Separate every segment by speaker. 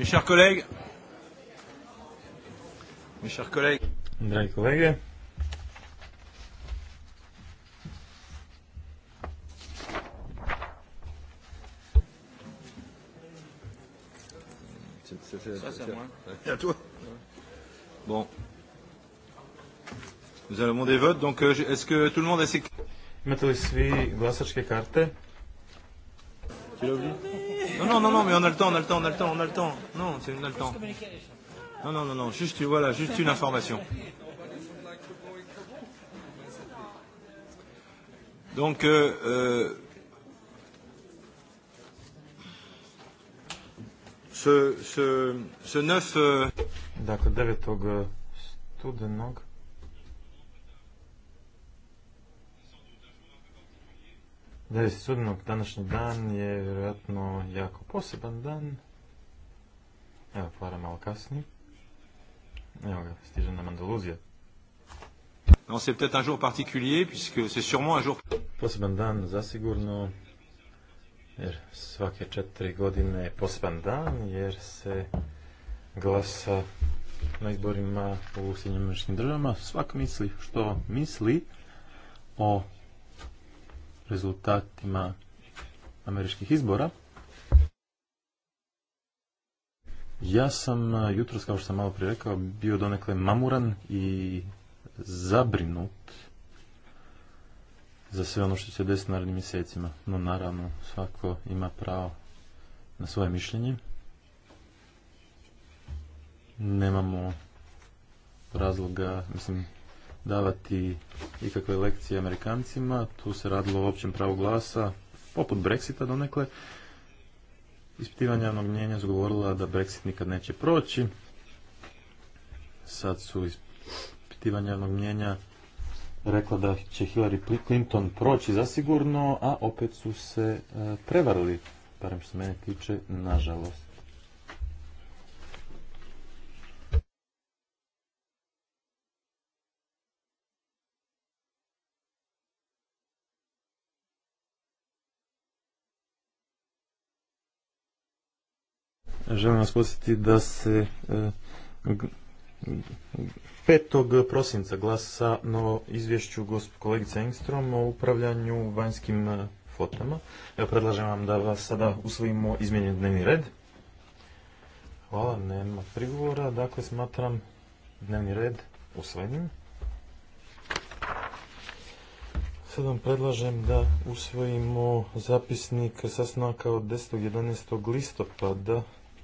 Speaker 1: Mes chers collègues, mes chers collègues, dragi kolege, Ça, c'est à moi. Et à toi. Bon. Nous allons des votes, donc euh, est-ce que tout le monde a ses... Imate li svi glasačke karte? Qui l'a oublié Non, non, non, non, mais on a le temps, on a le temps, on a le temps, on a le temps. Non, c'est on a le temps. Non, non, non, non, juste, voilà, juste une information.
Speaker 2: Donc, euh, euh, ce, ce, ce 9... Euh...
Speaker 1: Dakle, 9. Euh, studenog 9. studenog današnji dan je vjerojatno jako poseban dan. Evo, Klara malo kasnije. Evo ga, stiže nam Andaluzija. Poseban dan, zasigurno, jer svake četiri godine je poseban dan, jer se glasa na izborima u Sjednjim državama. Svak misli što misli o rezultatima američkih izbora, ja sam e, jutros, kao što sam malo rekao, bio donekle mamuran i zabrinut za sve ono što će desiti narednim mjesecima. No naravno, svako ima pravo na svoje mišljenje. Nemamo razloga, mislim, davati ikakve lekcije Amerikancima. Tu se radilo o općem pravu glasa, poput Brexita donekle. ispitivanje javnog mnjenja zgovorila da Brexit nikad neće proći. Sad su ispitivanja javnog mnjenja rekla da će Hillary Clinton proći zasigurno, a opet su se e, prevarili, barem što se mene tiče, nažalost. Želim vas posjetiti da se 5. E, prosinca glasa novo izvješću kolegice Engstrom o upravljanju vanjskim e, flotama. Ja predlažem vam da vas sada usvojimo izmjenjen dnevni red. Hvala, nema prigovora. Dakle, smatram dnevni red usvojenim. Sada vam predlažem da usvojimo zapisnik sasnaka od 10. 11. listopada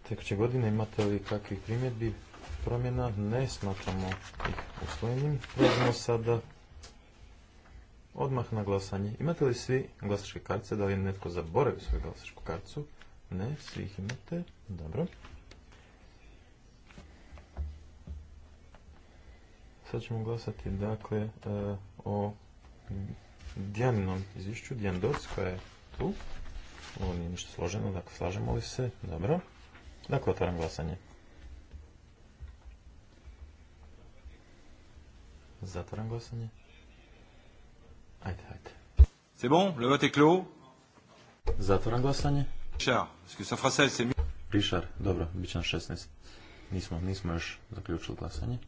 Speaker 1: tekuće godine. Imate li kakvih primjedbi promjena? Ne, smatramo ih usvojenim. sada odmah na glasanje. Imate li svi glasačke kartice? Da li je netko zaboravio svoju glasačku karticu? Ne, svi ih imate. Dobro. Sad ćemo glasati dakle e, o Dijaninom izvješću, Dijan Doc koja je tu. Ovo nije ništa složeno, dakle slažemo li se? Dobro. Dakle, otvaram glasanje. Zatvaram glasanje. Ajde, ajde. C'est bon, le vote est clos. Zatvaram glasanje. Richard, parce que ça fera 16, c'est mieux. Richard, dobro, bit će na 16. Nismo, nismo još zaključili glasanje.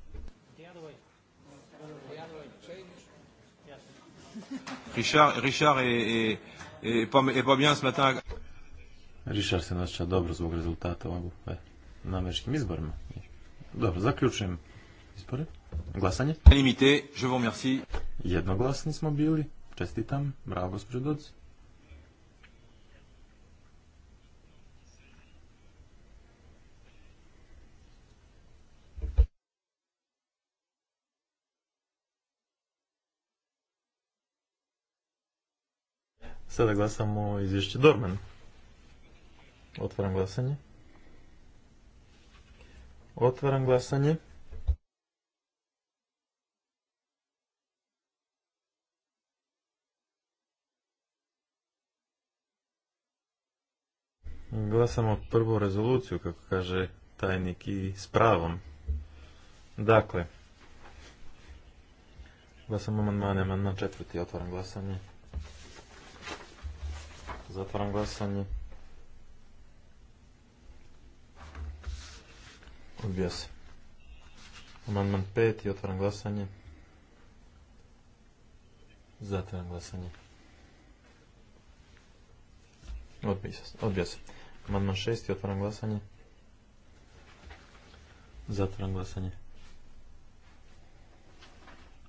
Speaker 1: Richard, Richard est, et, et pas, et pas bien ce matin. Rišar se naša dobro zbog rezultata ovog e, na američkim izborima. Dobro, zaključujem izbore. Glasanje. je vous merci. Jednoglasni smo bili. Čestitam. Bravo, gospođo Dodz. Sada glasamo izvješće Dorman. Otvaram glasanje. Otvaram glasanje. Glasamo prvu rezoluciju, kako kaže tajnik, i s pravom. Dakle, glasamo amandmane, amandman četvrti, otvaram glasanje. Zatvaram glasanje. Odbija se. Amandman 5 i otvaram glasanje. Zatvaram glasanje. Odbija se. Amandman 6 i otvaram glasanje. Zatvaram glasanje.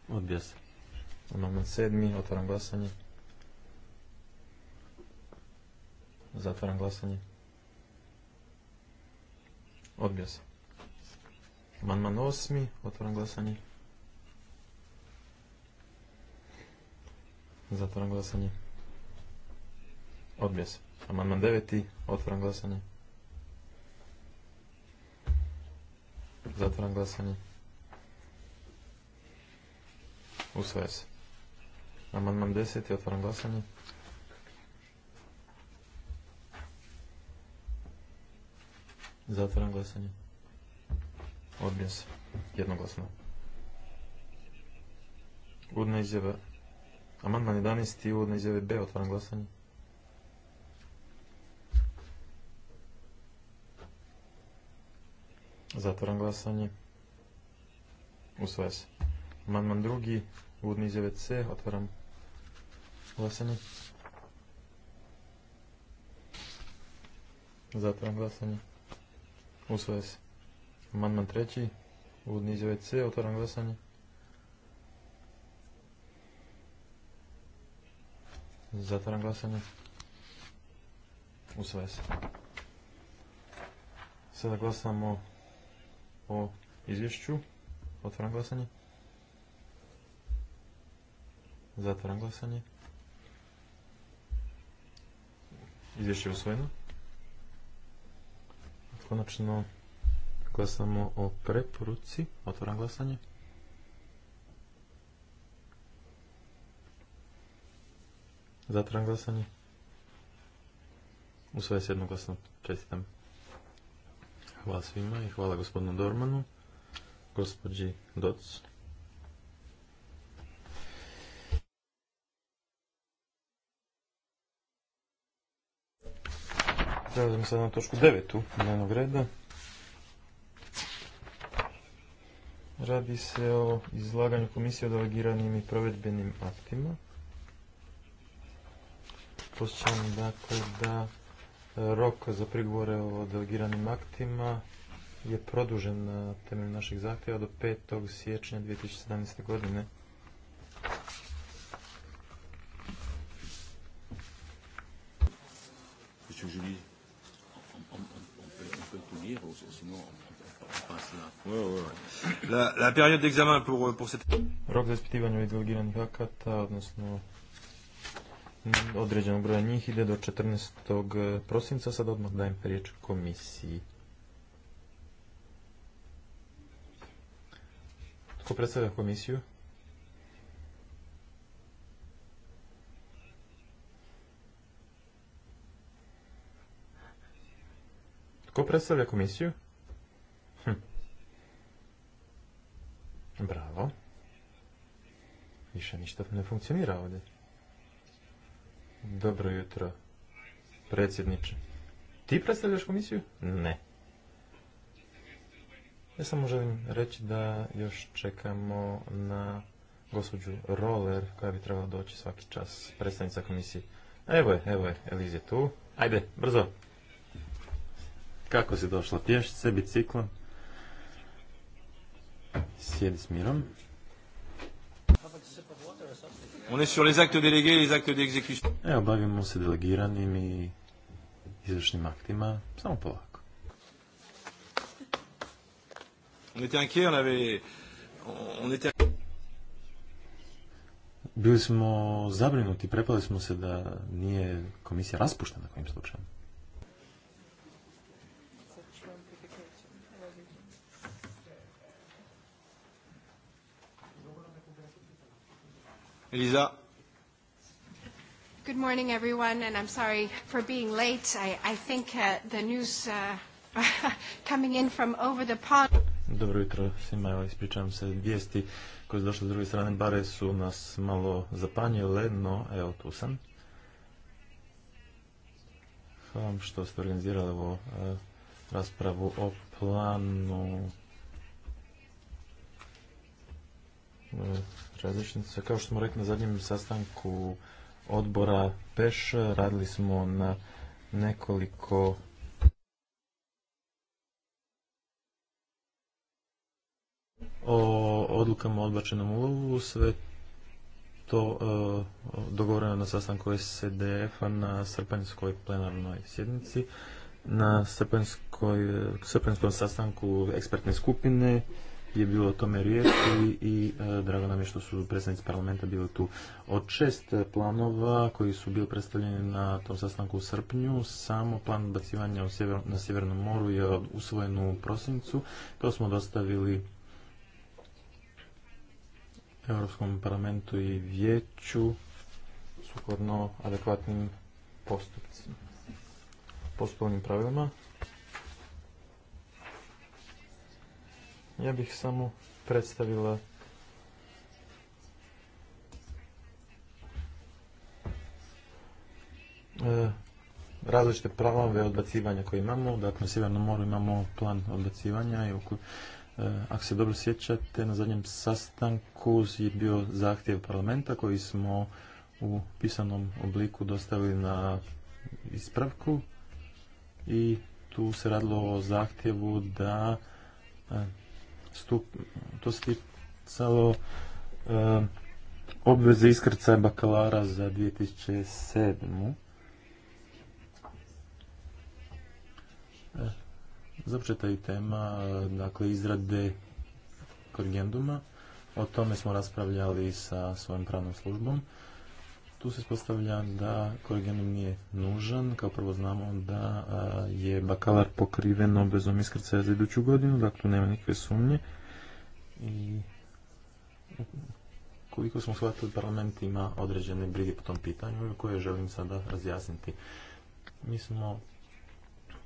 Speaker 1: Odbija se. Amandman 7. Otvaram glasanje. Zatvaram glasanje. Odbija se. Amandman osmi, otvoram glasanje. Zatvoram glasanje. Odbija se. Amandman deveti, otvoram glasanje. Zatvoram glasanje. Usvaja se. Amandman deseti, otvoram glasanje. Zatvoram glasanje. Odbija se. Jednoglasno. Uvodna izjava. Amandman 11 i uvodna izjava B. Otvaram glasanje. Zatvaram glasanje. Usvaja se. Amandman drugi. Uvodna izjava C. Otvaram glasanje. Zatvaram glasanje. Usvaja se. Amandman treći, uvodni izjave C, otvaram glasanje. Zatvaram glasanje. Usvaja se. Sada glasamo o izvješću. Otvaram glasanje. Zatvaram glasanje. Izvješće je usvojeno. Konačno Glasamo o preporuci. Otvoram glasanje. Zatvoram glasanje. U sve sedmo glasno čestitam. Hvala svima i hvala gospodinu Dormanu, gospođi Doc. Prelazimo sad na točku devetu dnevnog reda. Radi se o izlaganju komisije o delegiranim i provedbenim aktima. Posjećam dakle da e, rok za prigovore o delegiranim aktima je produžen na temelju naših zahtjeva do 5. siječnja 2017. godine. Monsieur Julie, La période euh, Rok za ispitivanje ovih delegiranih akata, odnosno određenog broja njih, ide do 14. E, prosinca. Sad odmah dajem riječ komisiji. Tko predstavlja komisiju? Tko predstavlja komisiju? Bravo. Više ništa ne funkcionira ovdje. Dobro jutro, predsjedniče. Ti predstavljaš komisiju? Ne. Ja samo želim reći da još čekamo na gospođu Roller koja bi trebala doći svaki čas, predstavnica komisije. Evo je, evo je, Eliz je tu. Ajde, brzo. Kako si došla? Pješice, biciklom? sjedi s mirom. On est sur les actes délégués Evo, bavimo se delegiranim i izvršnim aktima, samo polako. On était inquiet, on avait... On était... Bili smo zabrinuti, prepali smo se da nije komisija raspuštena na kojim slučajem. Elisa.
Speaker 2: Good morning, everyone, and I'm sorry for being late. I, I think uh, the news uh, coming in from over the pond...
Speaker 1: Dobro jutro svima, evo ispričavam se vijesti koje su došle s druge strane bare su nas malo zapanjile, no evo tu sam. Hvala vam što ste organizirali ovo e, raspravu o planu različnice. Kao što smo rekli na zadnjem sastanku odbora PEŠ, radili smo na nekoliko o odlukama o odbačenom ulovu, sve to e, dogovoreno na sastanku SDF-a na srpanjskoj plenarnoj sjednici, na srpanjskom sastanku ekspertne skupine je bilo o tome riječi i e, drago nam je što su predstavnici parlamenta bili tu. Od šest e, planova koji su bili predstavljeni na tom sastanku u srpnju, samo plan bacivanja na Sjevernom moru je usvojen u prosincu. To smo dostavili Europskom parlamentu i vijeću sukladno adekvatnim postupcima, poslovnim pravilima. Ja bih samo predstavila e, različite planove odbacivanja koje imamo. Dakle, na Sjevernom moru imamo plan odbacivanja i e, ako se dobro sjećate, na zadnjem sastanku je bio zahtjev parlamenta koji smo u pisanom obliku dostavili na ispravku i tu se radilo o zahtjevu da e, stup, to se eh, obveze iskrcaja bakalara za 2007. sedam eh, Započeta i tema, eh, dakle, izrade korgenduma. O tome smo raspravljali sa svojom pravnom službom. Tu se spostavlja da korigenom nije nužan. Kao prvo znamo da je bakalar pokriven obvezom iskrcaja za iduću godinu, dakle nema nikakve sumnje. I koliko smo shvatili parlament ima određene brige po tom pitanju koje želim sada razjasniti. Mi smo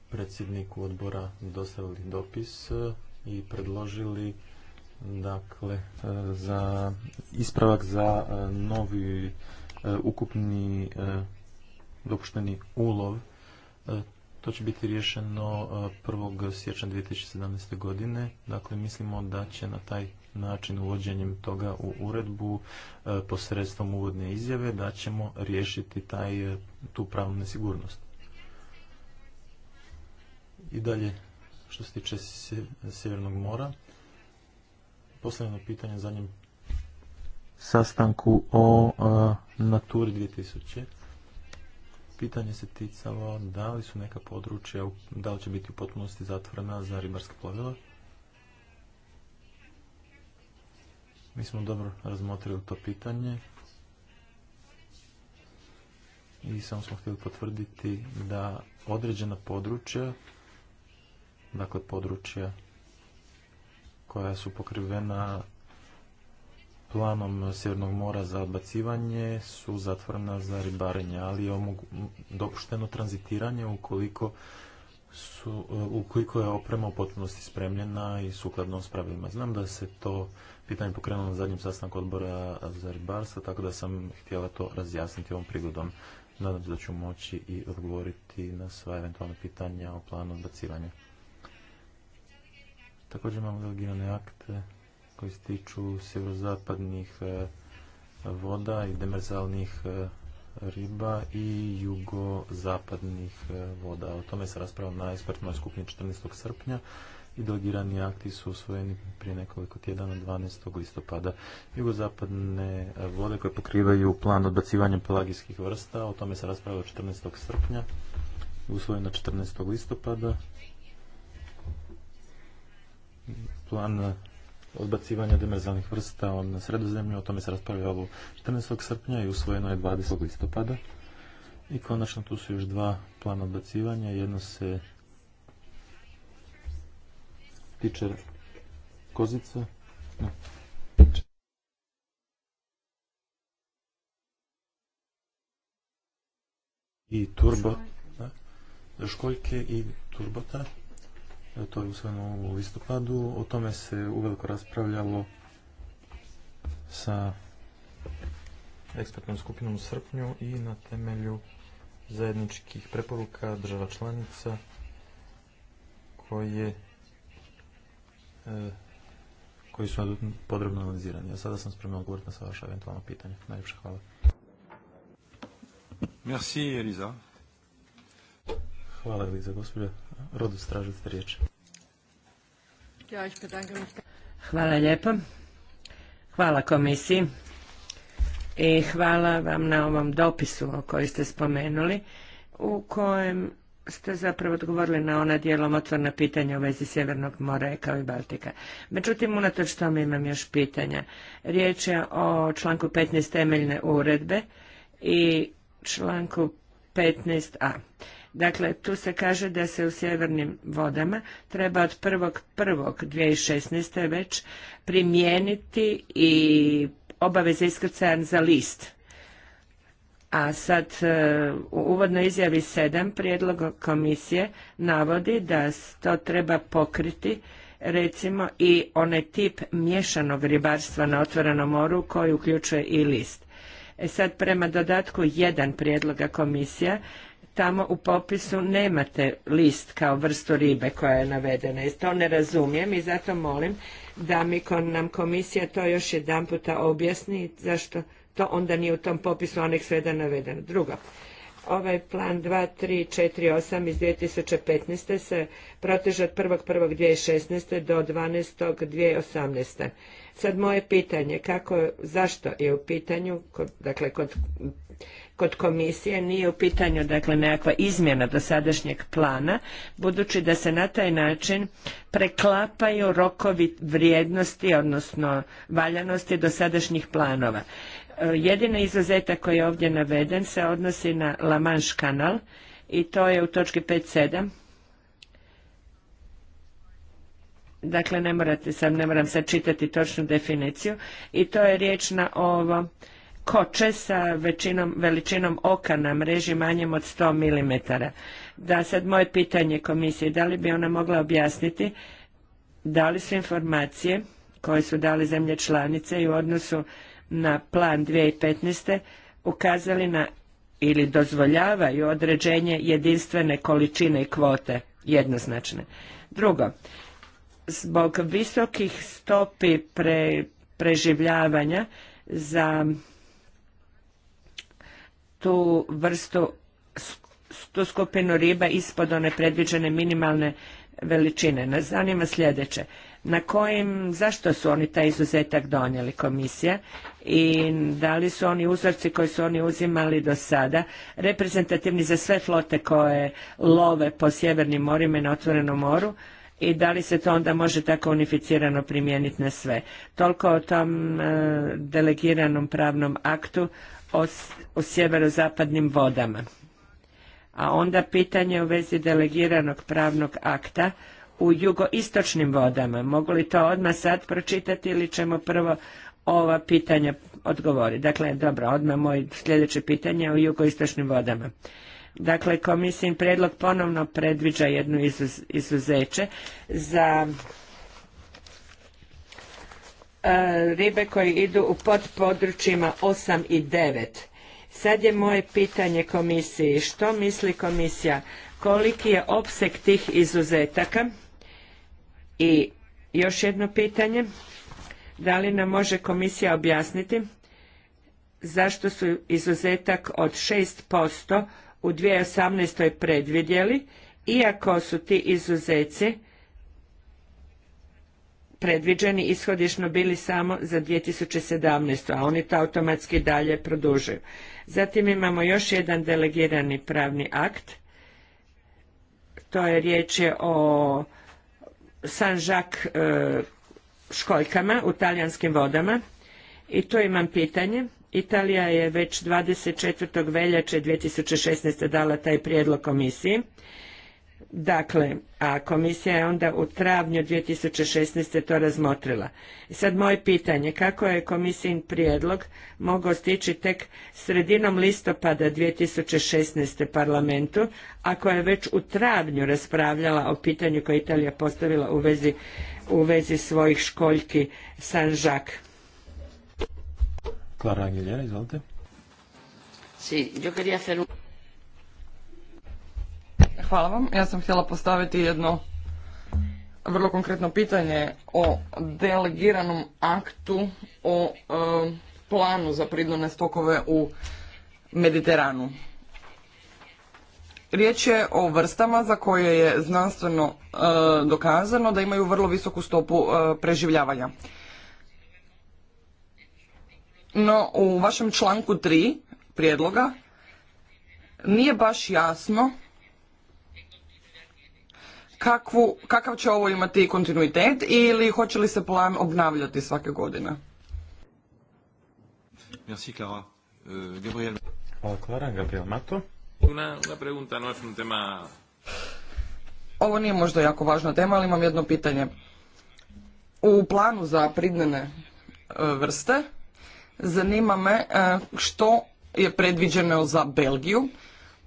Speaker 1: predsjedniku odbora dostavili dopis e, i predložili dakle e, za ispravak za e, novi E, ukupni e, dopušteni ulov. E, to će biti rješeno 1. siječnja 2017. godine. Dakle, mislimo da će na taj način uvođenjem toga u uredbu posredstvom uvodne izjave da ćemo riješiti taj, tu pravnu nesigurnost. I dalje, što se tiče Sjevernog mora, posljedno pitanje zadnjem sastanku o e, Naturi 2000. Pitanje se ticalo da li su neka područja, da li će biti u potpunosti zatvorena za ribarska plovila. Mi smo dobro razmotrili to pitanje i samo smo htjeli potvrditi da određena područja, dakle područja koja su pokrivena planom Sjevernog mora za odbacivanje su zatvorena za ribarenje, ali je dopušteno tranzitiranje ukoliko, su, eh, ukoliko je oprema u potpunosti spremljena i sukladno s pravilima. Znam da se to pitanje pokrenulo na zadnjem sastanku odbora za ribarstvo, tako da sam htjela to razjasniti ovom prigodom. Nadam se da ću moći i odgovoriti na sva eventualna pitanja o planu odbacivanja. Također imamo delegirane akte koji se sjeverozapadnih e, voda i demerzalnih e, riba i jugozapadnih e, voda. O tome se raspravo na ekspertnoj skupini 14. srpnja i delegirani akti su usvojeni prije nekoliko tjedana 12. listopada. Jugozapadne vode koje pokrivaju plan odbacivanja pelagijskih vrsta, o tome se raspravo 14. srpnja usvojeno 14. listopada. Plan odbacivanja demerzalnih vrsta na sredozemlju, o tome se raspravljalo 14. srpnja i usvojeno je 20. listopada. I konačno tu su još dva plana odbacivanja, jedno se tiče kozica, i turbo, školjke i turbota. E, to je usvojeno u listopadu. O tome se uveliko raspravljalo sa ekspertnom skupinom u srpnju i na temelju zajedničkih preporuka država članica koje e, koji su podrobno analizirani. a sada sam spreman odgovoriti na sva vaša eventualna pitanja. Najljepša hvala. Merci, Eliza. Hvala, Eliza, gospodine Rodu tražite riječ.
Speaker 2: Hvala lijepo. Hvala komisiji i hvala vam na ovom dopisu o koji ste spomenuli u kojem ste zapravo odgovorili na ona dijelom otvorna pitanja u vezi Sjevernog mora i kao i Baltika. Međutim, unatoč tome imam još pitanja. Riječ je o članku 15 temeljne uredbe i članku 15a. Dakle, tu se kaže da se u sjevernim vodama treba od 1.1.2016. već primijeniti i obaveze iskrcajan za list. A sad e, u uvodnoj izjavi 7 prijedlog komisije navodi da to treba pokriti recimo i onaj tip miješanog ribarstva na otvorenom moru koji uključuje i list. E sad prema dodatku jedan prijedloga komisija tamo u popisu nemate list kao vrstu ribe koja je navedena i to ne razumijem i zato molim da mi nam komisija to još jedan puta objasni zašto to onda nije u tom popisu onih sveda navedeno. Drugo, ovaj plan 2348 iz 2015. se proteže od 1.1.2016. do 12.2018. Sad moje pitanje, kako, zašto je u pitanju, dakle kod kod komisije nije u pitanju dakle nekakva izmjena dosadašnjeg plana, budući da se na taj način preklapaju rokovi vrijednosti, odnosno valjanosti dosadašnjih planova. E, jedini izuzetak koji je ovdje naveden se odnosi na La Manche kanal i to je u točki 5.7. Dakle, ne morate sam, ne moram sad čitati točnu definiciju i to je riječ na ovo koče sa većinom, veličinom oka na mreži manjem od 100 mm. Da sad moje pitanje komisije, da li bi ona mogla objasniti da li su informacije koje su dali zemlje članice i u odnosu na plan 2015. ukazali na ili dozvoljavaju određenje jedinstvene količine i kvote jednoznačne. Drugo, zbog visokih stopi pre, preživljavanja za tu vrstu, tu skupinu riba ispod one predviđene minimalne veličine. Nas zanima sljedeće. Na kojim, zašto su oni taj izuzetak donijeli komisija i da li su oni uzorci koji su oni uzimali do sada reprezentativni za sve flote koje love po sjevernim morima i na otvorenom moru i da li se to onda može tako unificirano primijeniti na sve. Toliko o tom e, delegiranom pravnom aktu o, sjeverozapadnim vodama. A onda pitanje u vezi delegiranog pravnog akta u jugoistočnim vodama. Mogu li to odmah sad pročitati ili ćemo prvo ova pitanja odgovoriti? Dakle, dobro, odmah moje sljedeće pitanje u jugoistočnim vodama. Dakle, komisijin predlog ponovno predviđa jednu izuzeće za E, ribe koje idu u podpodručjima 8 i 9. Sad je moje pitanje komisiji. Što misli komisija? Koliki je opseg tih izuzetaka? I još jedno pitanje. Da li nam može komisija objasniti zašto su izuzetak od 6% u 2018. predvidjeli, iako su ti izuzeci predviđeni ishodišno bili samo za 2017. a oni to automatski dalje produžuju. Zatim imamo još jedan delegirani pravni akt. To je riječ je o San Jacques e, školjkama u talijanskim vodama. I tu imam pitanje. Italija je već 24. veljače 2016. dala taj prijedlog komisiji Dakle, a komisija je onda u travnju 2016. to razmotrila. I sad moje pitanje, kako je komisijin prijedlog mogao stići tek sredinom listopada 2016. parlamentu, ako je već u travnju raspravljala o pitanju koje Italija postavila u vezi, u vezi svojih školjki San žak
Speaker 1: Klara izvolite.
Speaker 3: quería hacer un... Hvala vam. Ja sam htjela postaviti jedno vrlo konkretno pitanje o delegiranom aktu o e, planu za pridlone stokove u Mediteranu. Riječ je o vrstama za koje je znanstveno e, dokazano da imaju vrlo visoku stopu e, preživljavanja. No, u vašem članku 3 prijedloga nije baš jasno kakvu, kakav će ovo imati kontinuitet ili hoće li se plan obnavljati svake godine?
Speaker 1: Merci, Clara. Euh, Gabriel. Gabriel Mato.
Speaker 3: Una, una pregunta, no es un tema... Ovo nije možda jako važna tema, ali imam jedno pitanje. U planu za pridnene e, vrste zanima me e, što je predviđeno za Belgiju,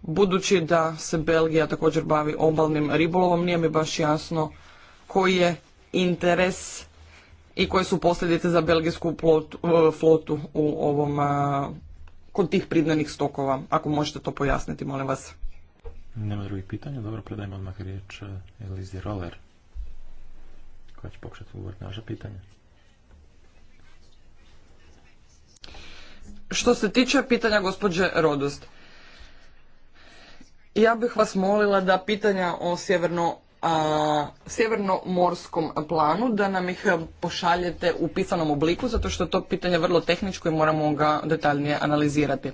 Speaker 3: Budući da se Belgija također bavi obalnim ribolovom, nije mi baš jasno koji je interes i koje su posljedice za belgijsku e, flotu u ovom, e, kod tih pridnenih stokova. Ako možete to pojasniti, molim vas.
Speaker 1: Nema drugih pitanja, dobro, predajmo odmah riječ e, Elizi Roller, koja će pokušati odgovoriti naše pitanje.
Speaker 3: Što se tiče pitanja gospođe Rodost, ja bih vas molila da pitanja o sjeverno a, sjevernomorskom planu, da nam ih eh, pošaljete u pisanom obliku, zato što je to pitanje vrlo tehničko i moramo ga detaljnije analizirati.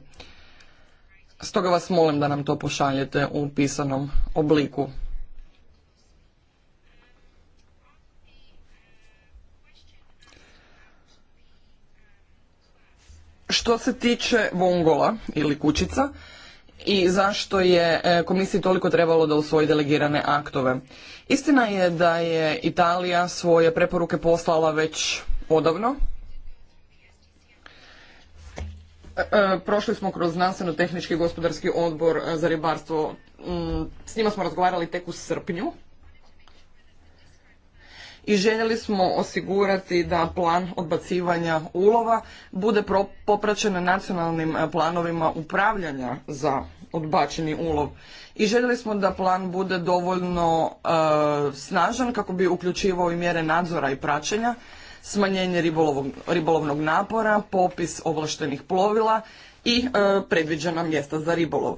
Speaker 3: Stoga vas molim da nam to pošaljete u pisanom obliku. Što se tiče vongola ili kućica, i zašto je e, komisiji toliko trebalo da usvoji delegirane aktove. Istina je da je Italija svoje preporuke poslala već odavno. E, e, prošli smo kroz znanstveno-tehnički gospodarski odbor za ribarstvo. Mm, s njima smo razgovarali tek u srpnju i željeli smo osigurati da plan odbacivanja ulova bude popraćen nacionalnim e, planovima upravljanja za odbačeni ulov i željeli smo da plan bude dovoljno e, snažan kako bi uključivao i mjere nadzora i praćenja smanjenje ribolovnog napora popis ovlaštenih plovila i e, predviđena mjesta za ribolov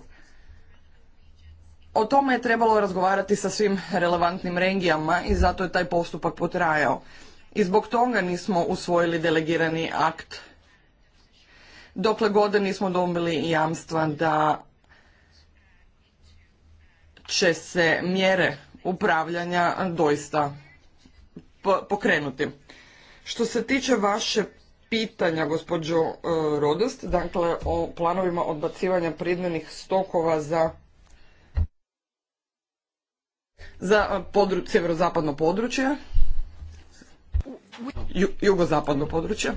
Speaker 3: o tome je trebalo razgovarati sa svim relevantnim regijama i zato je taj postupak potrajao. I zbog toga nismo usvojili delegirani akt. Dokle god nismo dobili jamstva da će se mjere upravljanja doista pokrenuti. Što se tiče vaše pitanja, gospođo e, Rodost, dakle o planovima odbacivanja pridnenih stokova za za sjeverozapadno područje, jugozapadno područje.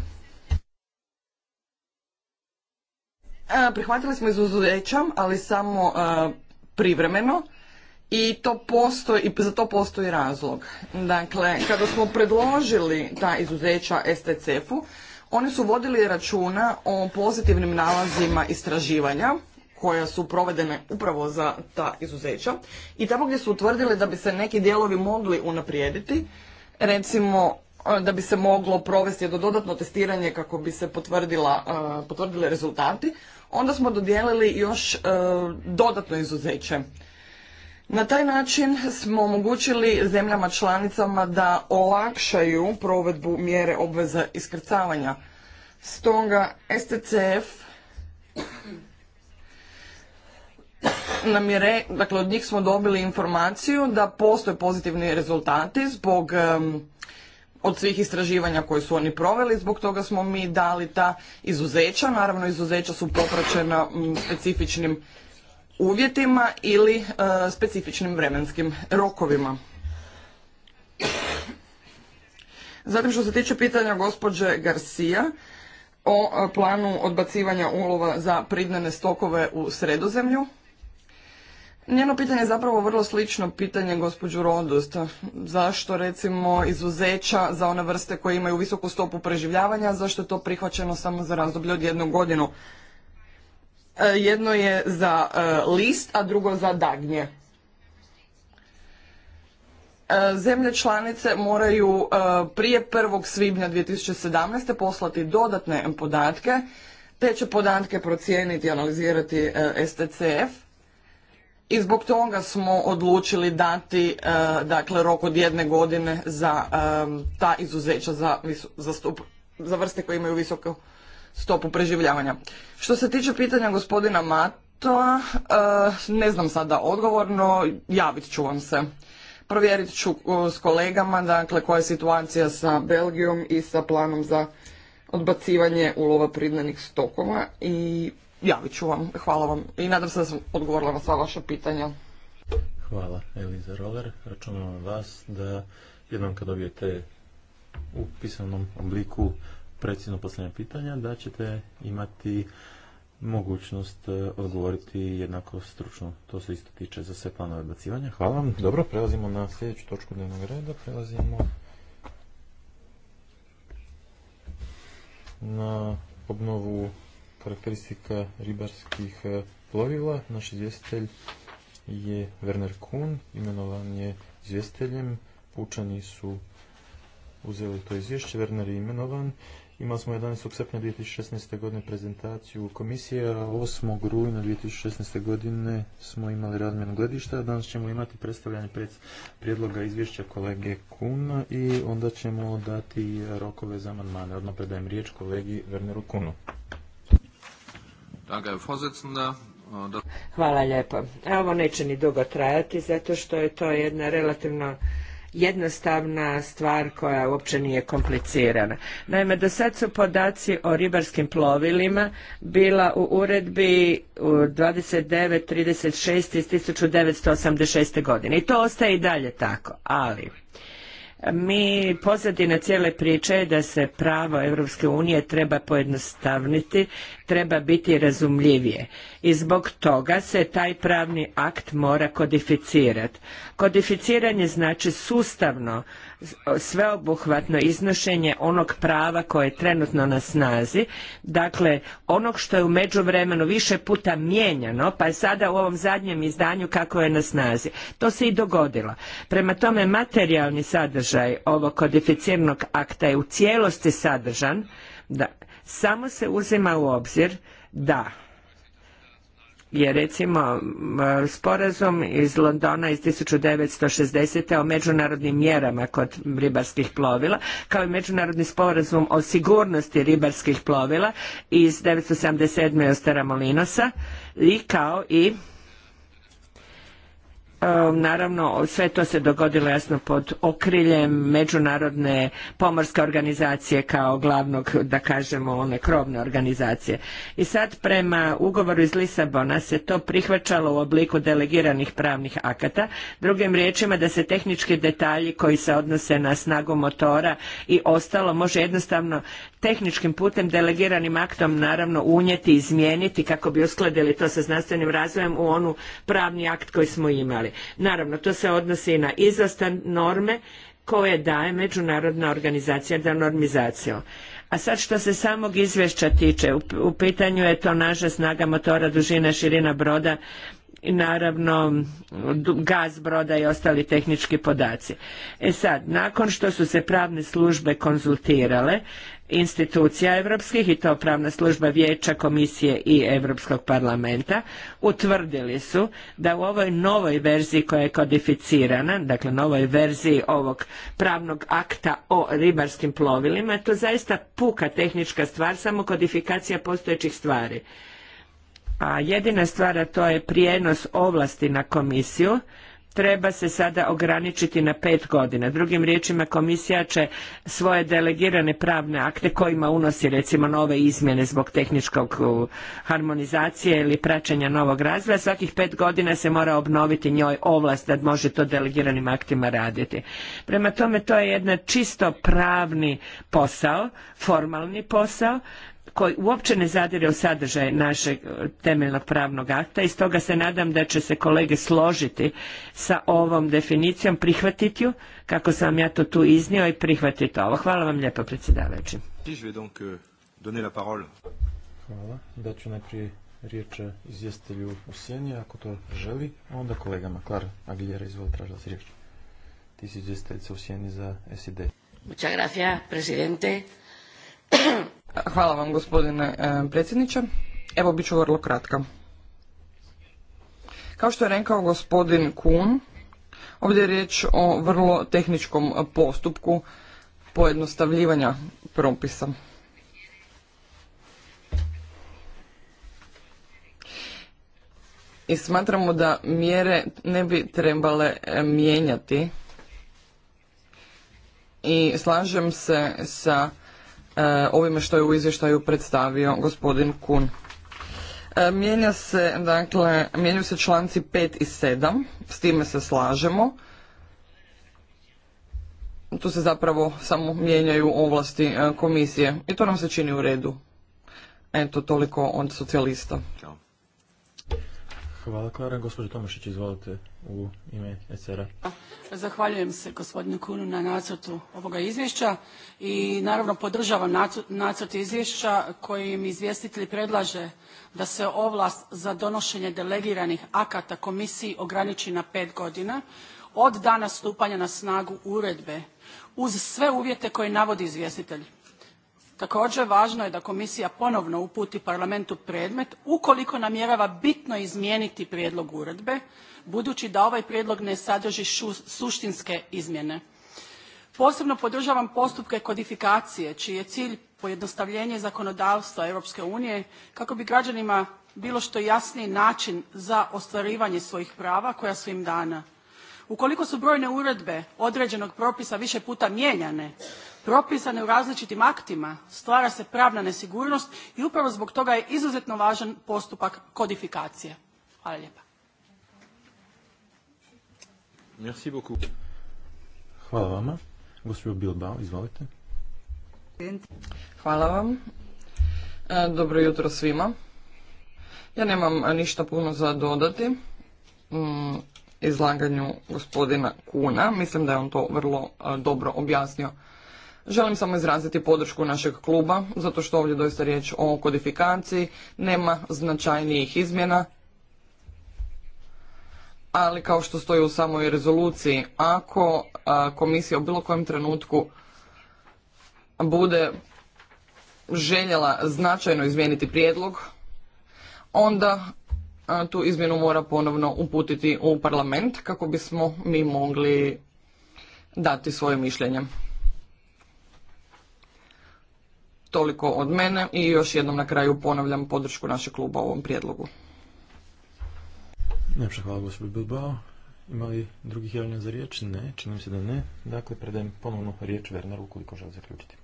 Speaker 3: prihvatili smo izuzeća, ali samo privremeno i to i za to postoji razlog. Dakle, kada smo predložili ta izuzeća STCF-u, oni su vodili računa o pozitivnim nalazima istraživanja koja su provedene upravo za ta izuzeća i tamo gdje su utvrdili da bi se neki dijelovi mogli unaprijediti, recimo e, da bi se moglo provesti jedno dodatno testiranje kako bi se e, potvrdili rezultati, onda smo dodijelili još e, dodatno izuzeće. Na taj način smo omogućili zemljama članicama da olakšaju provedbu mjere obveza iskrcavanja. Stoga STCF nam dakle od njih smo dobili informaciju da postoje pozitivni rezultati zbog od svih istraživanja koje su oni proveli, zbog toga smo mi dali ta izuzeća. Naravno, izuzeća su popraćena specifičnim uvjetima ili e, specifičnim vremenskim rokovima. Zatim što se tiče pitanja gospođe Garcia o planu odbacivanja ulova za pridnene stokove u sredozemlju. Njeno pitanje je zapravo vrlo slično pitanje gospođu Rodost. Zašto recimo izuzeća za one vrste koje imaju visoku stopu preživljavanja, zašto je to prihvaćeno samo za razdoblje od jednog godinu? E, jedno je za e, list, a drugo za dagnje. E, zemlje članice moraju prije 1. svibnja 2017. poslati dodatne podatke, te će podatke procijeniti i analizirati STCF i zbog toga smo odlučili dati e, dakle rok od jedne godine za e, ta izuzeća za, za, stup, za vrste koje imaju visoku stopu preživljavanja. Što se tiče pitanja gospodina Matoa, e, ne znam sada odgovorno, javit ću vam se. Provjerit ću s kolegama dakle koja je situacija sa Belgijom i sa planom za odbacivanje ulova pridnenih stokova i javit ću vam. Hvala vam i nadam se da sam odgovorila na sva vaša pitanja.
Speaker 1: Hvala Eliza Roller. Računam vas da jednom kad dobijete u pisanom obliku precizno posljednje pitanja, da ćete imati mogućnost e, odgovoriti jednako stručno. To se isto tiče za sve planove odbacivanja. Hvala vam. Dobro, prelazimo na sljedeću točku dnevnog reda. Prelazimo na obnovu karakteristika ribarskih e, plovila. Naš izvjestitelj je Werner Kuhn, imenovan je izvjestiteljem. Pučani su uzeli to izvješće, Werner je imenovan. Imali smo 11. srpnja 2016. godine prezentaciju komisije, a 8. rujna 2016. godine smo imali razmjenu gledišta. Danas ćemo imati predstavljanje prijedloga izvješća kolege Kuna i onda ćemo dati rokove za amandmane. Odmah predajem riječ kolegi Werneru Kunu.
Speaker 3: Äh,
Speaker 2: Hvala lijepo. Ovo neće ni dugo trajati zato što je to jedna relativno jednostavna stvar koja uopće nije komplicirana. Naime, do sad su podaci o ribarskim plovilima bila u uredbi 2936 iz 1986. godine i to ostaje i dalje tako, ali mi pozadina cijele priče je da se pravo Europske unije treba pojednostavniti, treba biti razumljivije i zbog toga se taj pravni akt mora kodificirati. Kodificiranje znači sustavno sveobuhvatno iznošenje onog prava koje je trenutno na snazi, dakle onog što je u međuvremenu više puta mijenjano, pa je sada u ovom zadnjem izdanju kako je na snazi. To se i dogodilo. Prema tome materijalni sadržaj ovog kodificiranog akta je u cijelosti sadržan, da samo se uzima u obzir da je recimo sporazum iz Londona iz 1960. o međunarodnim mjerama kod ribarskih plovila, kao i međunarodni sporazum o sigurnosti ribarskih plovila iz 1977. Ostara staramolinosa i kao i Naravno, sve to se dogodilo jasno pod okriljem Međunarodne pomorske organizacije kao glavnog, da kažemo, one krovne organizacije. I sad prema ugovoru iz Lisabona se to prihvaćalo u obliku delegiranih pravnih akata. Drugim riječima da se tehnički detalji koji se odnose na snagu motora i ostalo može jednostavno tehničkim putem delegiranim aktom naravno unijeti, izmijeniti kako bi uskladili to sa znanstvenim razvojem u onu pravni akt koji smo imali. Naravno, to se odnosi i na izastan norme koje daje Međunarodna organizacija za normizaciju. A sad što se samog izvješća tiče, u pitanju je to naša snaga motora, dužina, širina broda, i naravno gaz broda i ostali tehnički podaci. E sad, nakon što su se pravne službe konzultirale, institucija europskih i to pravna služba vijeća, komisije i Europskog parlamenta utvrdili su da u ovoj novoj verziji koja je kodificirana, dakle novoj verziji ovog pravnog akta o ribarskim plovilima, to zaista puka tehnička stvar, samo kodifikacija postojećih stvari. A jedina stvar, a to je prijenos ovlasti na komisiju treba se sada ograničiti na pet godina. Drugim riječima komisija će svoje delegirane pravne akte kojima unosi recimo nove izmjene zbog tehničkog harmonizacije ili praćenja novog razvoja, svakih pet godina se mora obnoviti njoj ovlast da može to delegiranim aktima raditi. Prema tome to je jedan čisto pravni posao, formalni posao koji uopće ne zadire u sadržaj našeg e, temeljnog pravnog akta i stoga se nadam da će se kolege složiti sa ovom definicijom, prihvatiti ju kako sam ja to tu iznio i prihvatiti ovo. Hvala vam lijepo predsjedavajući.
Speaker 1: Euh, Hvala. Daću najprije riječ izvjestitelju u sjeni, ako to želi, a onda kolega makar Aguilera izvoli tražila riječ. Ti si izvjestiteljica u sjeni za SID.
Speaker 2: Muchas gracias, presidente. Hvala vam
Speaker 3: gospodine e, predsjedniče. Evo bit ću vrlo kratka. Kao što je rekao gospodin Kun, ovdje je riječ o vrlo tehničkom postupku pojednostavljivanja propisa. I smatramo da mjere ne bi trebale e, mijenjati i slažem se sa E, ovime što je u izvještaju predstavio gospodin Kun. E, mijenja se, dakle, mijenjaju se članci 5 i 7, s time se slažemo. Tu se zapravo samo mijenjaju ovlasti e, komisije i to nam se čini u redu. Eto, toliko od socijalista. Hvala, Klara. Gospođo Tomašić, izvolite u ime ECR-a.
Speaker 4: Pa, zahvaljujem se gospodinu Kunu na nacrtu ovoga izvješća i naravno podržavam nacrt izvješća kojim izvjestitelj predlaže da se ovlast za donošenje delegiranih akata komisiji ograniči na pet godina od dana stupanja na snagu uredbe uz sve uvjete koje navodi izvjestitelj. Također važno je da komisija ponovno uputi parlamentu predmet ukoliko namjerava bitno izmijeniti prijedlog uredbe budući da ovaj prijedlog ne sadrži suštinske izmjene. Posebno podržavam postupke kodifikacije čiji je cilj pojednostavljenje zakonodavstva Europske unije kako bi građanima bilo što jasniji način za ostvarivanje svojih prava koja su im dana. Ukoliko su brojne uredbe određenog propisa više puta mijenjane, propisane u različitim aktima stvara se pravna nesigurnost i upravo zbog toga je izuzetno važan postupak kodifikacije. Hvala lijepa.
Speaker 3: Merci beaucoup.
Speaker 1: Hvala vama. Bilbao, izvolite.
Speaker 3: Hvala vam. E, dobro jutro svima. Ja nemam ništa puno za dodati mm, izlaganju gospodina Kuna. Mislim da je on to vrlo e, dobro objasnio. Želim samo izraziti podršku našeg kluba, zato što ovdje doista riječ o kodifikaciji, nema značajnijih izmjena, ali kao što stoji u samoj rezoluciji, ako komisija u bilo kojem trenutku bude željela značajno izmijeniti prijedlog, onda tu izmjenu mora ponovno uputiti u parlament kako bismo mi mogli dati svoje mišljenje. Toliko od mene i još jednom na kraju ponavljam podršku našeg kluba u ovom prijedlogu.
Speaker 1: Najpša hvala gospodin Bilbao. Ima li drugih javljanja za riječ? Ne, mi se da ne. Dakle, predajem
Speaker 2: ponovno riječ Werneru ukoliko želi zaključiti.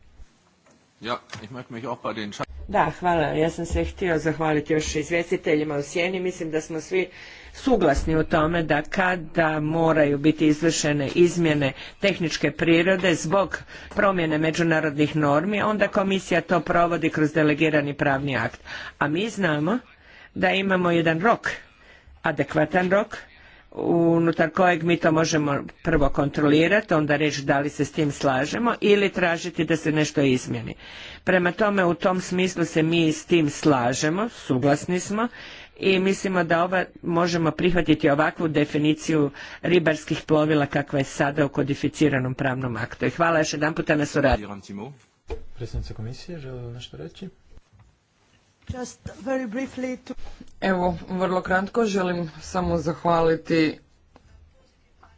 Speaker 1: Ja, ich möchte mich auch bei den
Speaker 2: da, hvala. Ja sam se htio zahvaliti još izvjestiteljima u Sjeni. Mislim da smo svi suglasni u tome da kada moraju biti izvršene izmjene tehničke prirode zbog promjene međunarodnih normi, onda komisija to provodi kroz delegirani pravni akt. A mi znamo da imamo jedan rok, adekvatan rok, unutar kojeg mi to možemo prvo kontrolirati, onda reći da li se s tim slažemo ili tražiti da se nešto izmjeni. Prema tome u tom smislu se mi s tim slažemo, suglasni smo i mislimo da ova možemo prihvatiti ovakvu definiciju ribarskih plovila kakva je sada u kodificiranom pravnom aktu. I hvala još jedan puta na suradnju.
Speaker 3: Predsjednica komisije, li nešto reći? Evo, vrlo kratko želim samo zahvaliti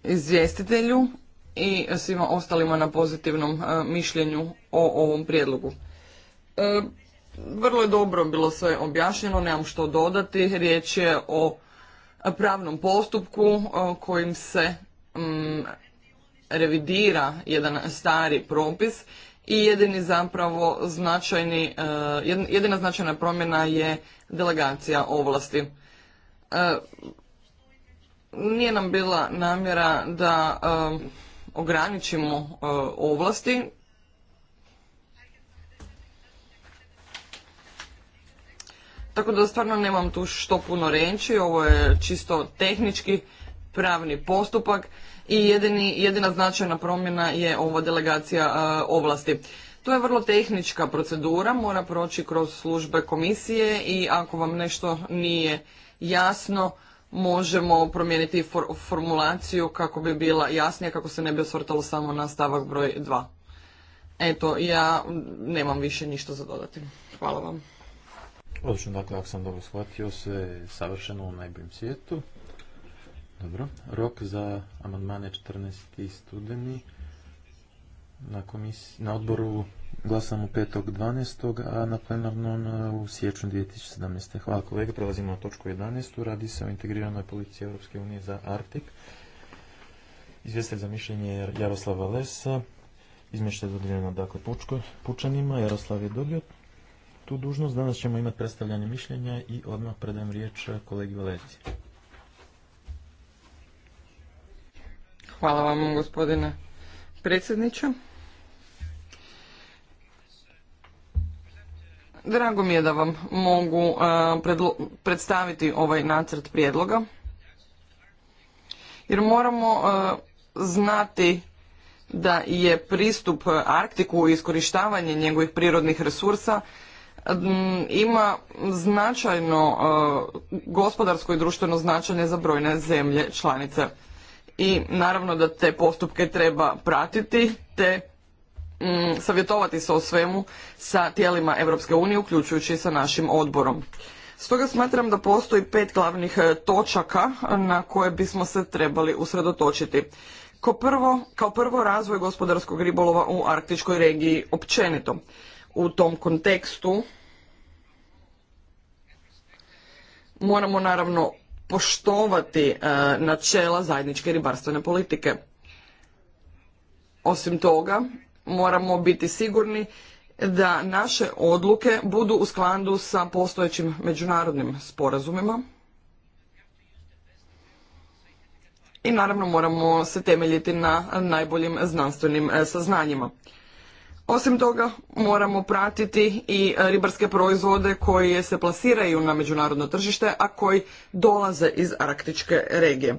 Speaker 3: izvjestitelju i svima ostalima na pozitivnom e, mišljenju o ovom prijedlogu. E, vrlo je dobro bilo sve objašnjeno, nemam što dodati. Riječ je o pravnom postupku e, kojim se mm, revidira jedan stari propis i jedini zapravo značajni, e, jedina značajna promjena je delegacija ovlasti. E, nije nam bila namjera da ograničimo ovlasti, Tako da stvarno nemam tu što puno reći, ovo je čisto tehnički pravni postupak i jedina značajna promjena je ova delegacija ovlasti. To je vrlo tehnička procedura, mora proći kroz službe komisije i ako vam nešto nije jasno, možemo promijeniti formulaciju kako bi bila jasnija, kako se ne bi osvrtalo samo na stavak broj 2. Eto, ja nemam više ništa za dodati. Hvala vam.
Speaker 1: Odlično, dakle, ako sam dobro shvatio, sve je savršeno u najboljem svijetu. Dobro, rok za amandmane 14. studeni. Na, komisiji na odboru glasamo 5.12. a na plenarnom u siječnju 2017. Hvala kolega. prelazimo na točku 11. Radi se o integriranoj policiji Europske unije za Arktik. Izvjestelj za mišljenje Jaroslava Lesa. Izmješta je dodijeljeno dakle pučanima. Jaroslav je dobio tu dužnost. Danas ćemo imati predstavljanje mišljenja i odmah predajem riječ kolegi Valerici.
Speaker 3: Hvala vam gospodine predsjedniče. Drago mi je da vam mogu e, predstaviti ovaj nacrt prijedloga jer moramo e, znati da je pristup Arktiku i iskorištavanje njegovih prirodnih resursa Mm, ima značajno e, gospodarsko i društveno značenje za brojne zemlje članice. I naravno da te postupke treba pratiti te mm, savjetovati se o svemu sa tijelima Europske unije uključujući i sa našim odborom. Stoga smatram da postoji pet glavnih e, točaka na koje bismo se trebali usredotočiti. prvo, kao prvo razvoj gospodarskog ribolova u arktičkoj regiji općenito u tom kontekstu moramo naravno poštovati e, načela zajedničke ribarstvene politike. Osim toga, moramo biti sigurni da naše odluke budu u skladu sa postojećim međunarodnim sporazumima. I naravno moramo se temeljiti na najboljim znanstvenim e, saznanjima. Osim toga, moramo pratiti i e, ribarske proizvode koji se plasiraju na međunarodno tržište, a koji dolaze iz arktičke regije.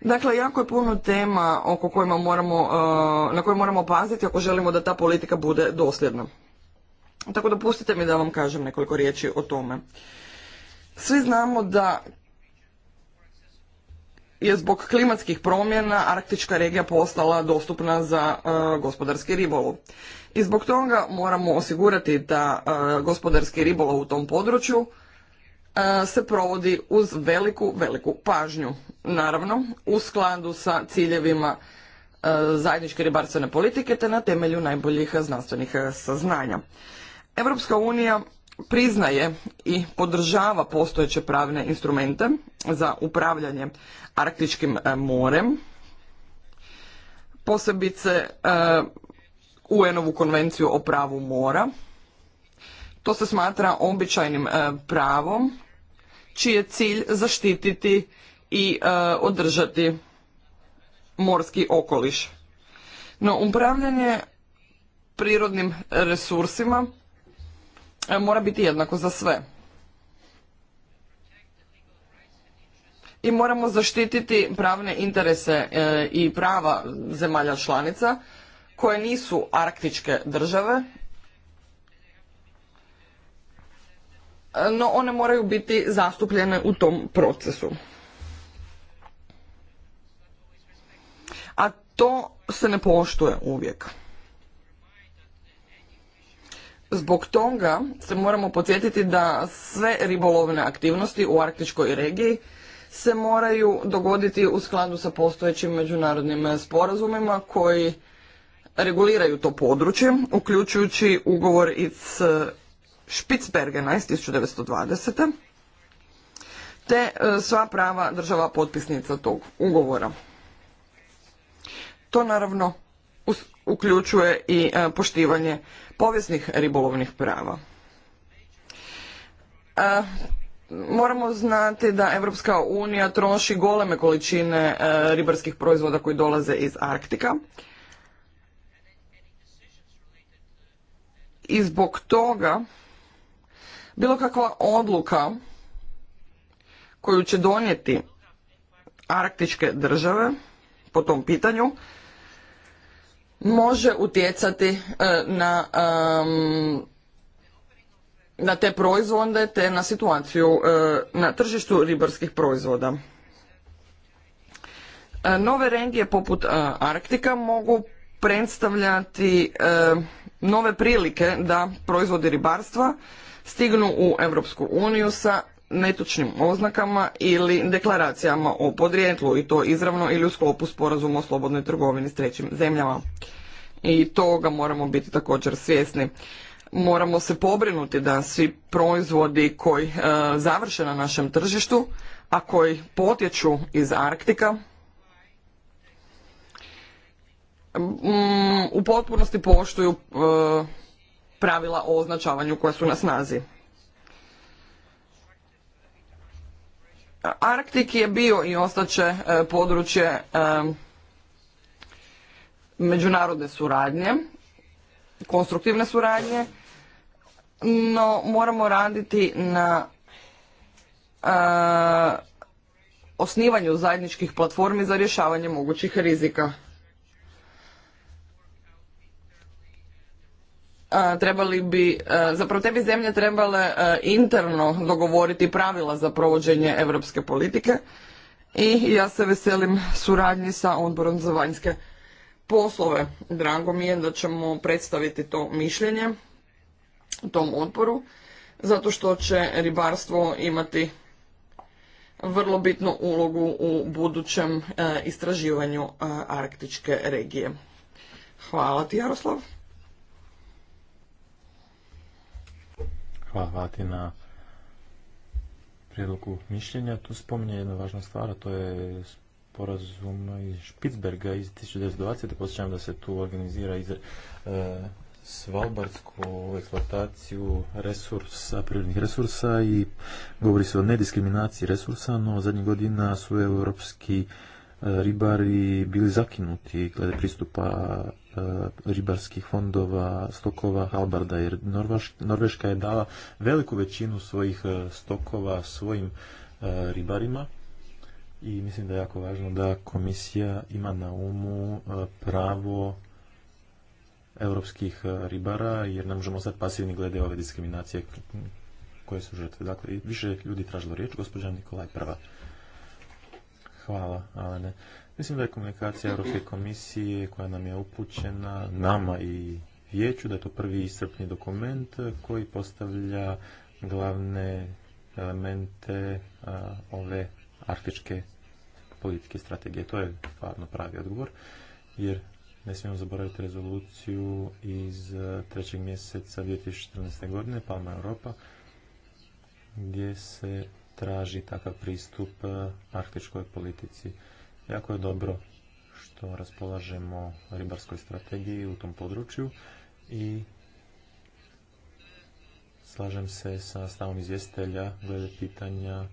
Speaker 3: Dakle, jako je puno tema oko kojima moramo, e, na koje moramo paziti ako želimo da ta politika bude dosljedna. Tako da pustite mi da vam kažem nekoliko riječi o tome. Svi znamo da je zbog klimatskih promjena arktička regija postala dostupna za e, gospodarski ribolov i zbog toga moramo osigurati da e, gospodarski ribolov u tom području e, se provodi uz veliku, veliku pažnju. Naravno, u skladu sa ciljevima e, zajedničke ribarstvene politike te na temelju najboljih znanstvenih saznanja. Europska unija priznaje i podržava postojeće pravne instrumente za upravljanje arktičkim morem, posebice UN-ovu konvenciju o pravu mora. To se smatra običajnim e, pravom čiji je cilj zaštititi i e, održati morski okoliš. No, upravljanje prirodnim resursima e, mora biti jednako za sve. I moramo zaštititi pravne interese i prava zemalja članica, koje nisu arktičke države, no one moraju biti zastupljene u tom procesu. A to se ne poštuje uvijek. Zbog toga se moramo podsjetiti da sve ribolovne aktivnosti u arktičkoj regiji se moraju dogoditi u skladu sa postojećim međunarodnim sporazumima koji reguliraju to područje, uključujući ugovor iz e, Špicbergena iz 1920. te e, sva prava država potpisnica tog ugovora. To naravno uključuje i e, poštivanje povijesnih ribolovnih prava. Moramo znati da Europska unija troši goleme količine ribarskih proizvoda koji dolaze iz Arktika i zbog toga bilo kakva odluka koju će donijeti arktičke države po tom pitanju može utjecati e, na, na te proizvode te na situaciju e, na tržištu ribarskih proizvoda. E, nove regije poput Arktika mogu predstavljati nove prilike da proizvodi ribarstva stignu u Europsku uniju sa netočnim oznakama ili deklaracijama o podrijetlu i to izravno ili u sklopu sporazuma o slobodnoj trgovini s trećim zemljama. I toga moramo biti također svjesni. Moramo se pobrinuti da svi proizvodi koji e, završe na našem tržištu, a koji potječu iz Arktika, Mm, u potpunosti poštuju e, pravila o označavanju koja su na snazi. Arktik je bio i ostaće e, područje e, međunarodne suradnje, konstruktivne suradnje, no moramo raditi na osnivanju zajedničkih platformi za rješavanje mogućih rizika. trebali bi, zapravo te bi zemlje trebale interno dogovoriti pravila za provođenje europske politike i ja se veselim suradnji sa odborom za vanjske poslove. Drago mi je da ćemo predstaviti to mišljenje tom odboru, zato što će ribarstvo imati vrlo bitnu ulogu u budućem istraživanju arktičke regije. Hvala ti, Jaroslav.
Speaker 1: Hvala Vati na prijedlogu mišljenja. Tu spominje jedna važna stvar, a to je sporazum iz Špitsberga iz 1920. Posjećam da se tu organizira iz, e, svalbardsku eksploataciju resursa, prirodnih resursa i govori se o nediskriminaciji resursa, no zadnjih godina su europski e, ribari bili zakinuti glede pristupa E, ribarskih fondova, stokova Halbarda, jer Norveška je dala veliku većinu svojih e, stokova svojim e, ribarima i mislim da je jako važno da komisija ima na umu pravo europskih ribara, jer ne možemo sad pasivni glede ove diskriminacije koje su žrtve. Dakle, više ljudi tražilo riječ, gospođa Nikolaj Prva. Hvala, Alene. Mislim da je komunikacija Europske komisije koja nam je upućena, nama i vijeću, da je to prvi iscrpni dokument koji postavlja glavne elemente ove arktičke politike strategije. To je stvarno pravi odgovor, jer ne smijemo zaboraviti rezoluciju iz e, trećeg mjeseca 2014. godine, Palma Europa, gdje se traži takav pristup e, arktičkoj politici. Jako je dobro što raspolažemo ribarskoj strategiji u tom području i slažem se sa stavom izvjestitelja glede pitanja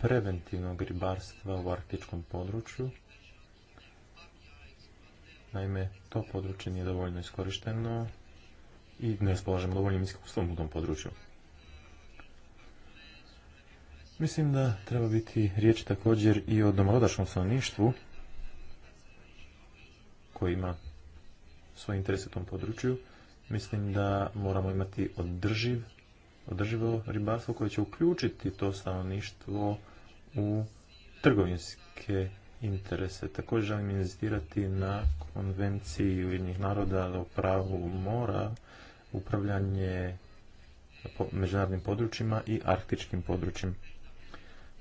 Speaker 1: preventivnog ribarstva u arktičkom području. Naime, to područje nije dovoljno iskorišteno i ne raspolažemo dovoljnim iskustvom u tom području. Mislim da treba biti riječ također i o domorodačnom stanovništvu koji ima svoje interese u tom području. Mislim da moramo imati održiv, održivo ribarstvo koje će uključiti to stanovništvo u trgovinske interese. Također želim inzistirati na konvenciji Ujedinjenih naroda o pravu mora, upravljanje međunarodnim područjima i arktičkim područjima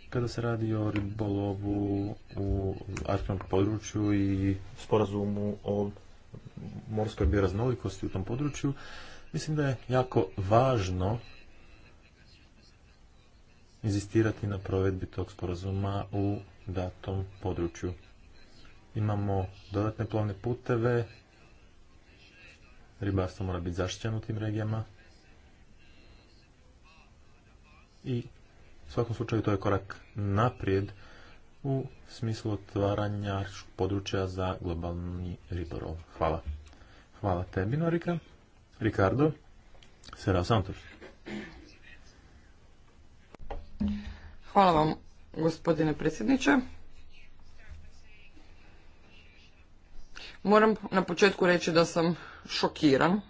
Speaker 1: kada se radi o ribolovu u arktičnom području i sporazumu o morskoj bioraznolikosti u tom području, mislim da je jako važno inzistirati na provedbi tog sporazuma u datom području. Imamo dodatne plovne puteve, ribarstvo mora biti zaštićeno u tim regijama i u svakom slučaju to je korak naprijed u smislu otvaranja područja za globalni ribolov. Hvala. Hvala tebi, Norika. Ricardo, Sera Santos.
Speaker 3: Hvala vam, gospodine predsjedniče. Moram na početku reći da sam šokiran.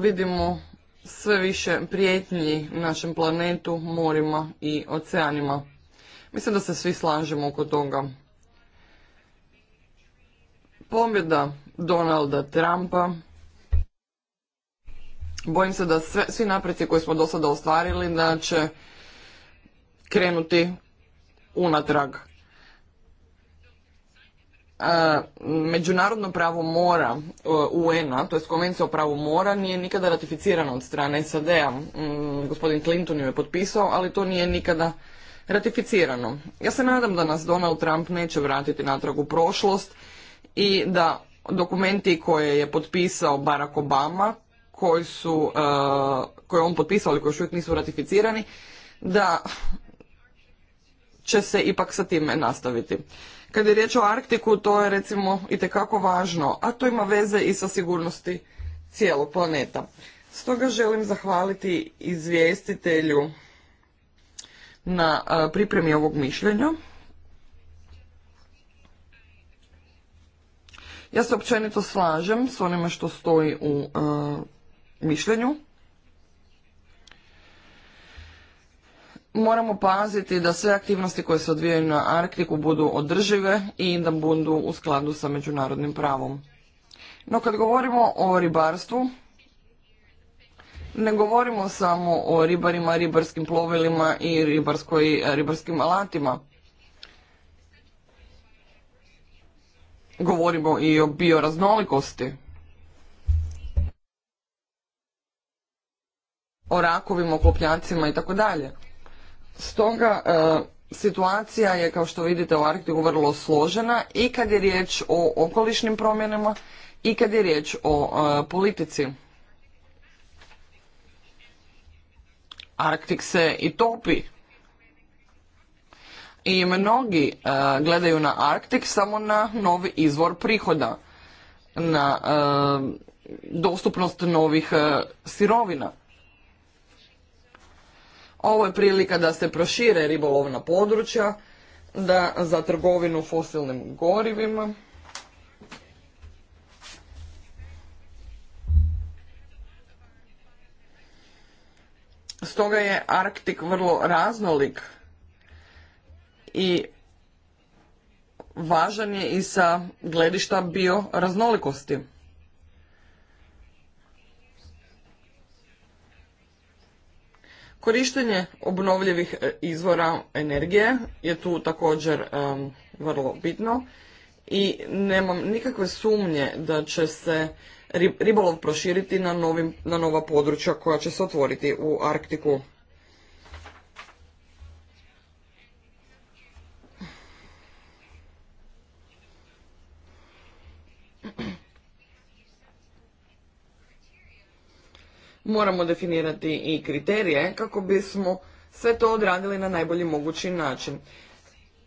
Speaker 3: Vidimo sve više prijetnji našem planetu, morima i oceanima. Mislim da se svi slažemo oko toga. Pobjeda Donalda Trumpa. Bojim se da sve, svi napreci koje smo do sada ostvarili da će krenuti unatrag međunarodno pravo mora UN-a, to je konvencija o pravu mora, nije nikada ratificirana od strane SAD-a. Mm, gospodin Clinton ju je potpisao, ali to nije nikada ratificirano. Ja se nadam da nas Donald Trump neće vratiti natrag u prošlost i da dokumenti koje je potpisao Barack Obama, koji su, e, koje je on potpisao, ali koji još uvijek nisu ratificirani, da će se ipak sa time nastaviti. Kad je riječ o Arktiku, to je recimo itekako važno, a to ima veze i sa sigurnosti cijelog planeta. Stoga želim zahvaliti izvjestitelju na pripremi ovog mišljenja. Ja se općenito slažem s onime što stoji u mišljenju. moramo paziti da sve aktivnosti koje se odvijaju na Arktiku budu održive i da budu u skladu sa međunarodnim pravom. No kad govorimo o ribarstvu, ne govorimo samo o ribarima, ribarskim plovilima i ribarskoj, ribarskim alatima. Govorimo i o bioraznolikosti. O rakovima, o klopnjacima i tako dalje. Stoga e, situacija je kao što vidite u Arktiku vrlo složena i kad je riječ o okolišnim promjenama i kad je riječ o e, politici. Arktik se i topi. I mnogi e, gledaju na Arktik samo na novi izvor prihoda, na dostupnost novih sirovina. Ovo je prilika da se prošire ribolovna područja, da za trgovinu fosilnim gorivima. Stoga je Arktik vrlo raznolik i važan je i sa gledišta bioraznolikosti. Korištenje obnovljivih e, izvora energije je tu također vrlo bitno i nemam nikakve sumnje da će se ribolov proširiti na, na nova područja koja će se otvoriti u Arktiku. moramo definirati i kriterije kako bismo sve to odradili na najbolji mogući način.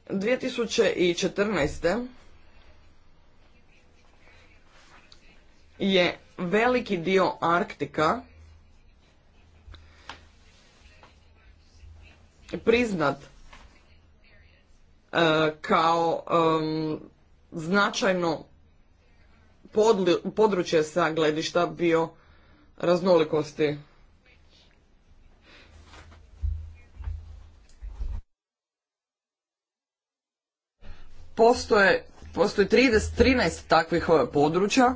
Speaker 3: 2014. je veliki dio Arktika priznat e, kao značajno područje sa gledišta bio raznolikosti. Postoje, postoje 30, 13 takvih e, područja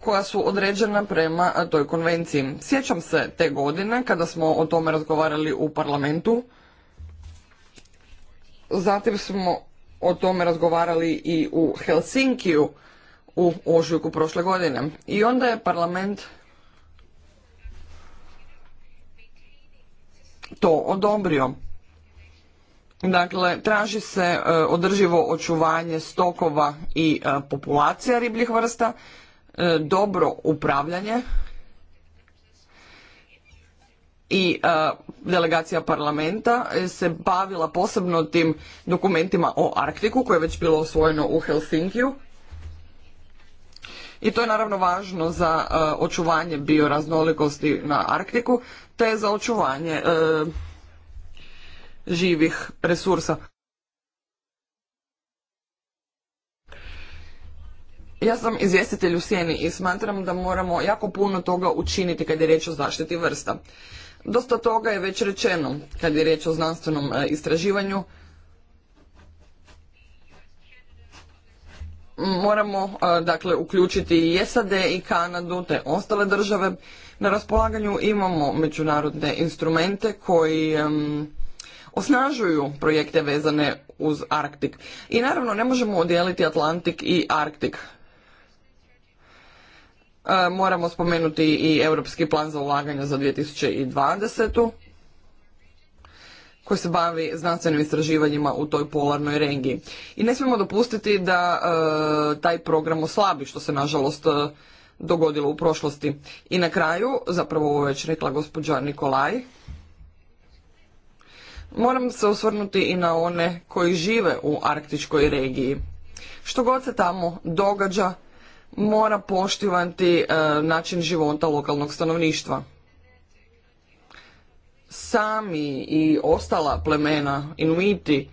Speaker 3: koja su određena prema e, toj konvenciji. Sjećam se te godine kada smo o tome razgovarali u parlamentu. Zatim smo o tome razgovarali i u Helsinkiju u ožujku prošle godine. I onda je parlament to odobrio. Dakle, traži se e, održivo očuvanje stokova i e, populacija ribljih vrsta, e, dobro upravljanje i delegacija parlamenta se bavila posebno tim dokumentima o Arktiku koje je već bilo osvojeno u Helsinkiju i to je naravno važno za e, očuvanje bioraznolikosti na Arktiku te za očuvanje e, živih resursa. Ja sam izvjestitelj u sjeni i smatram da moramo jako puno toga učiniti kad je riječ o zaštiti vrsta. Dosta toga je već rečeno kad je riječ o znanstvenom e, istraživanju, moramo dakle uključiti i SAD i Kanadu te ostale države. Na raspolaganju imamo međunarodne instrumente koji osnažuju projekte vezane uz Arktik. I naravno ne možemo odijeliti Atlantik i Arktik. E, moramo spomenuti i Europski plan za ulaganja za 2020 koji se bavi znanstvenim istraživanjima u toj polarnoj regiji. I ne smijemo dopustiti da e, taj program oslabi, što se nažalost e, dogodilo u prošlosti. I na kraju, zapravo ovo već rekla gospođa Nikolaj, moram se osvrnuti i na one koji žive u arktičkoj regiji. Što god se tamo događa, mora poštivati e, način života lokalnog stanovništva. Sami i ostala plemena, Inuiti,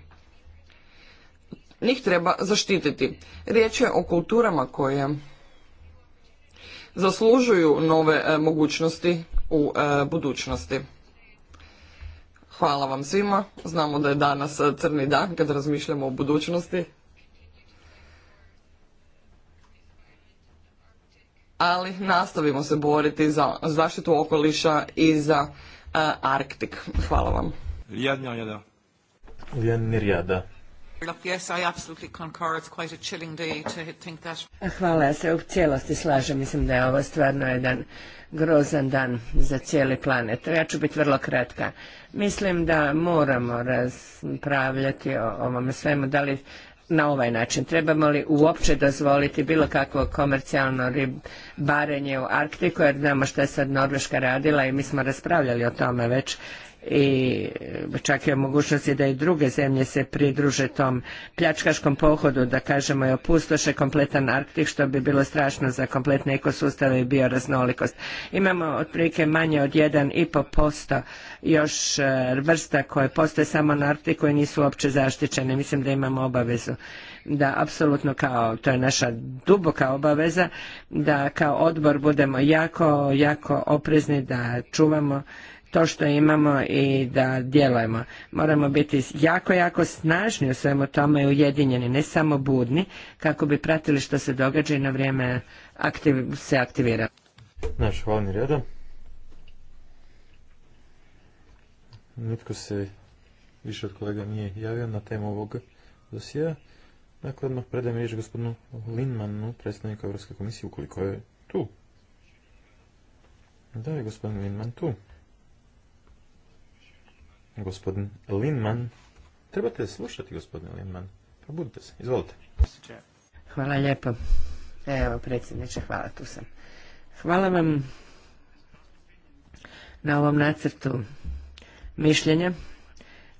Speaker 3: njih treba zaštititi. Riječ je o kulturama koje zaslužuju nove e, mogućnosti u e, budućnosti. Hvala vam svima. Znamo da je danas e, crni dan kad razmišljamo o budućnosti. Ali nastavimo se boriti za zaštitu okoliša i za Eh, Arktik. Hvala vam. day Rjada.
Speaker 1: think Rjada.
Speaker 2: E, hvala, ja se u cijelosti slažem. Mislim da je ovo stvarno jedan grozan dan za cijeli planet. Ja ću biti vrlo kratka. Mislim da moramo raspravljati o ovome svemu, da li na ovaj način? Trebamo li uopće dozvoliti bilo kakvo komercijalno ribarenje u Arktiku jer znamo što je sad Norveška radila i mi smo raspravljali o tome već i čak i o mogućnosti da i druge zemlje se pridruže tom pljačkaškom pohodu, da kažemo i opustoše kompletan Arktik, što bi bilo strašno za kompletne ekosustave i bioraznolikost. Imamo otprilike manje od 1,5% još e, vrsta koje postoje samo na Arktiku i nisu uopće zaštićene. Mislim da imamo obavezu da apsolutno kao, to je naša duboka obaveza, da kao odbor budemo jako, jako oprezni da čuvamo to što imamo i da djelujemo. Moramo biti jako, jako snažni u svemu tome i ujedinjeni, ne samo budni, kako bi pratili što se događa i na vrijeme aktiv, se aktivira.
Speaker 1: Naš hvalni Nitko se više od kolega nije javio na temu ovog dosija. Dakle, odmah predajem riječ gospodinu Linmanu, predstavniku Europske komisije, ukoliko je tu. Da je gospodin Linman tu. Gospodin Linman. Trebate slušati, gospodin Linman. Probudite se. Izvolite.
Speaker 2: Hvala lijepo. Evo, predsjedniče, hvala, tu sam. Hvala vam na ovom nacrtu mišljenja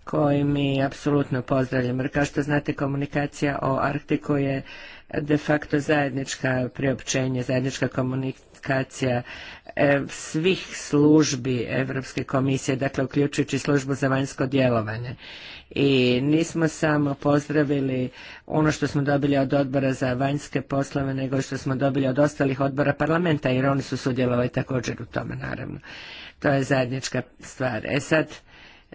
Speaker 2: koji mi apsolutno pozdravljam. Jer kao što znate, komunikacija o Arktiku je de facto zajednička priopćenje, zajednička komunikacija komunikacija e, svih službi Europske komisije, dakle uključujući službu za vanjsko djelovanje. I nismo samo pozdravili ono što smo dobili od odbora za vanjske poslove, nego što smo dobili od ostalih odbora parlamenta, jer oni su sudjelovali također u tome, naravno. To je zajednička stvar. E sad,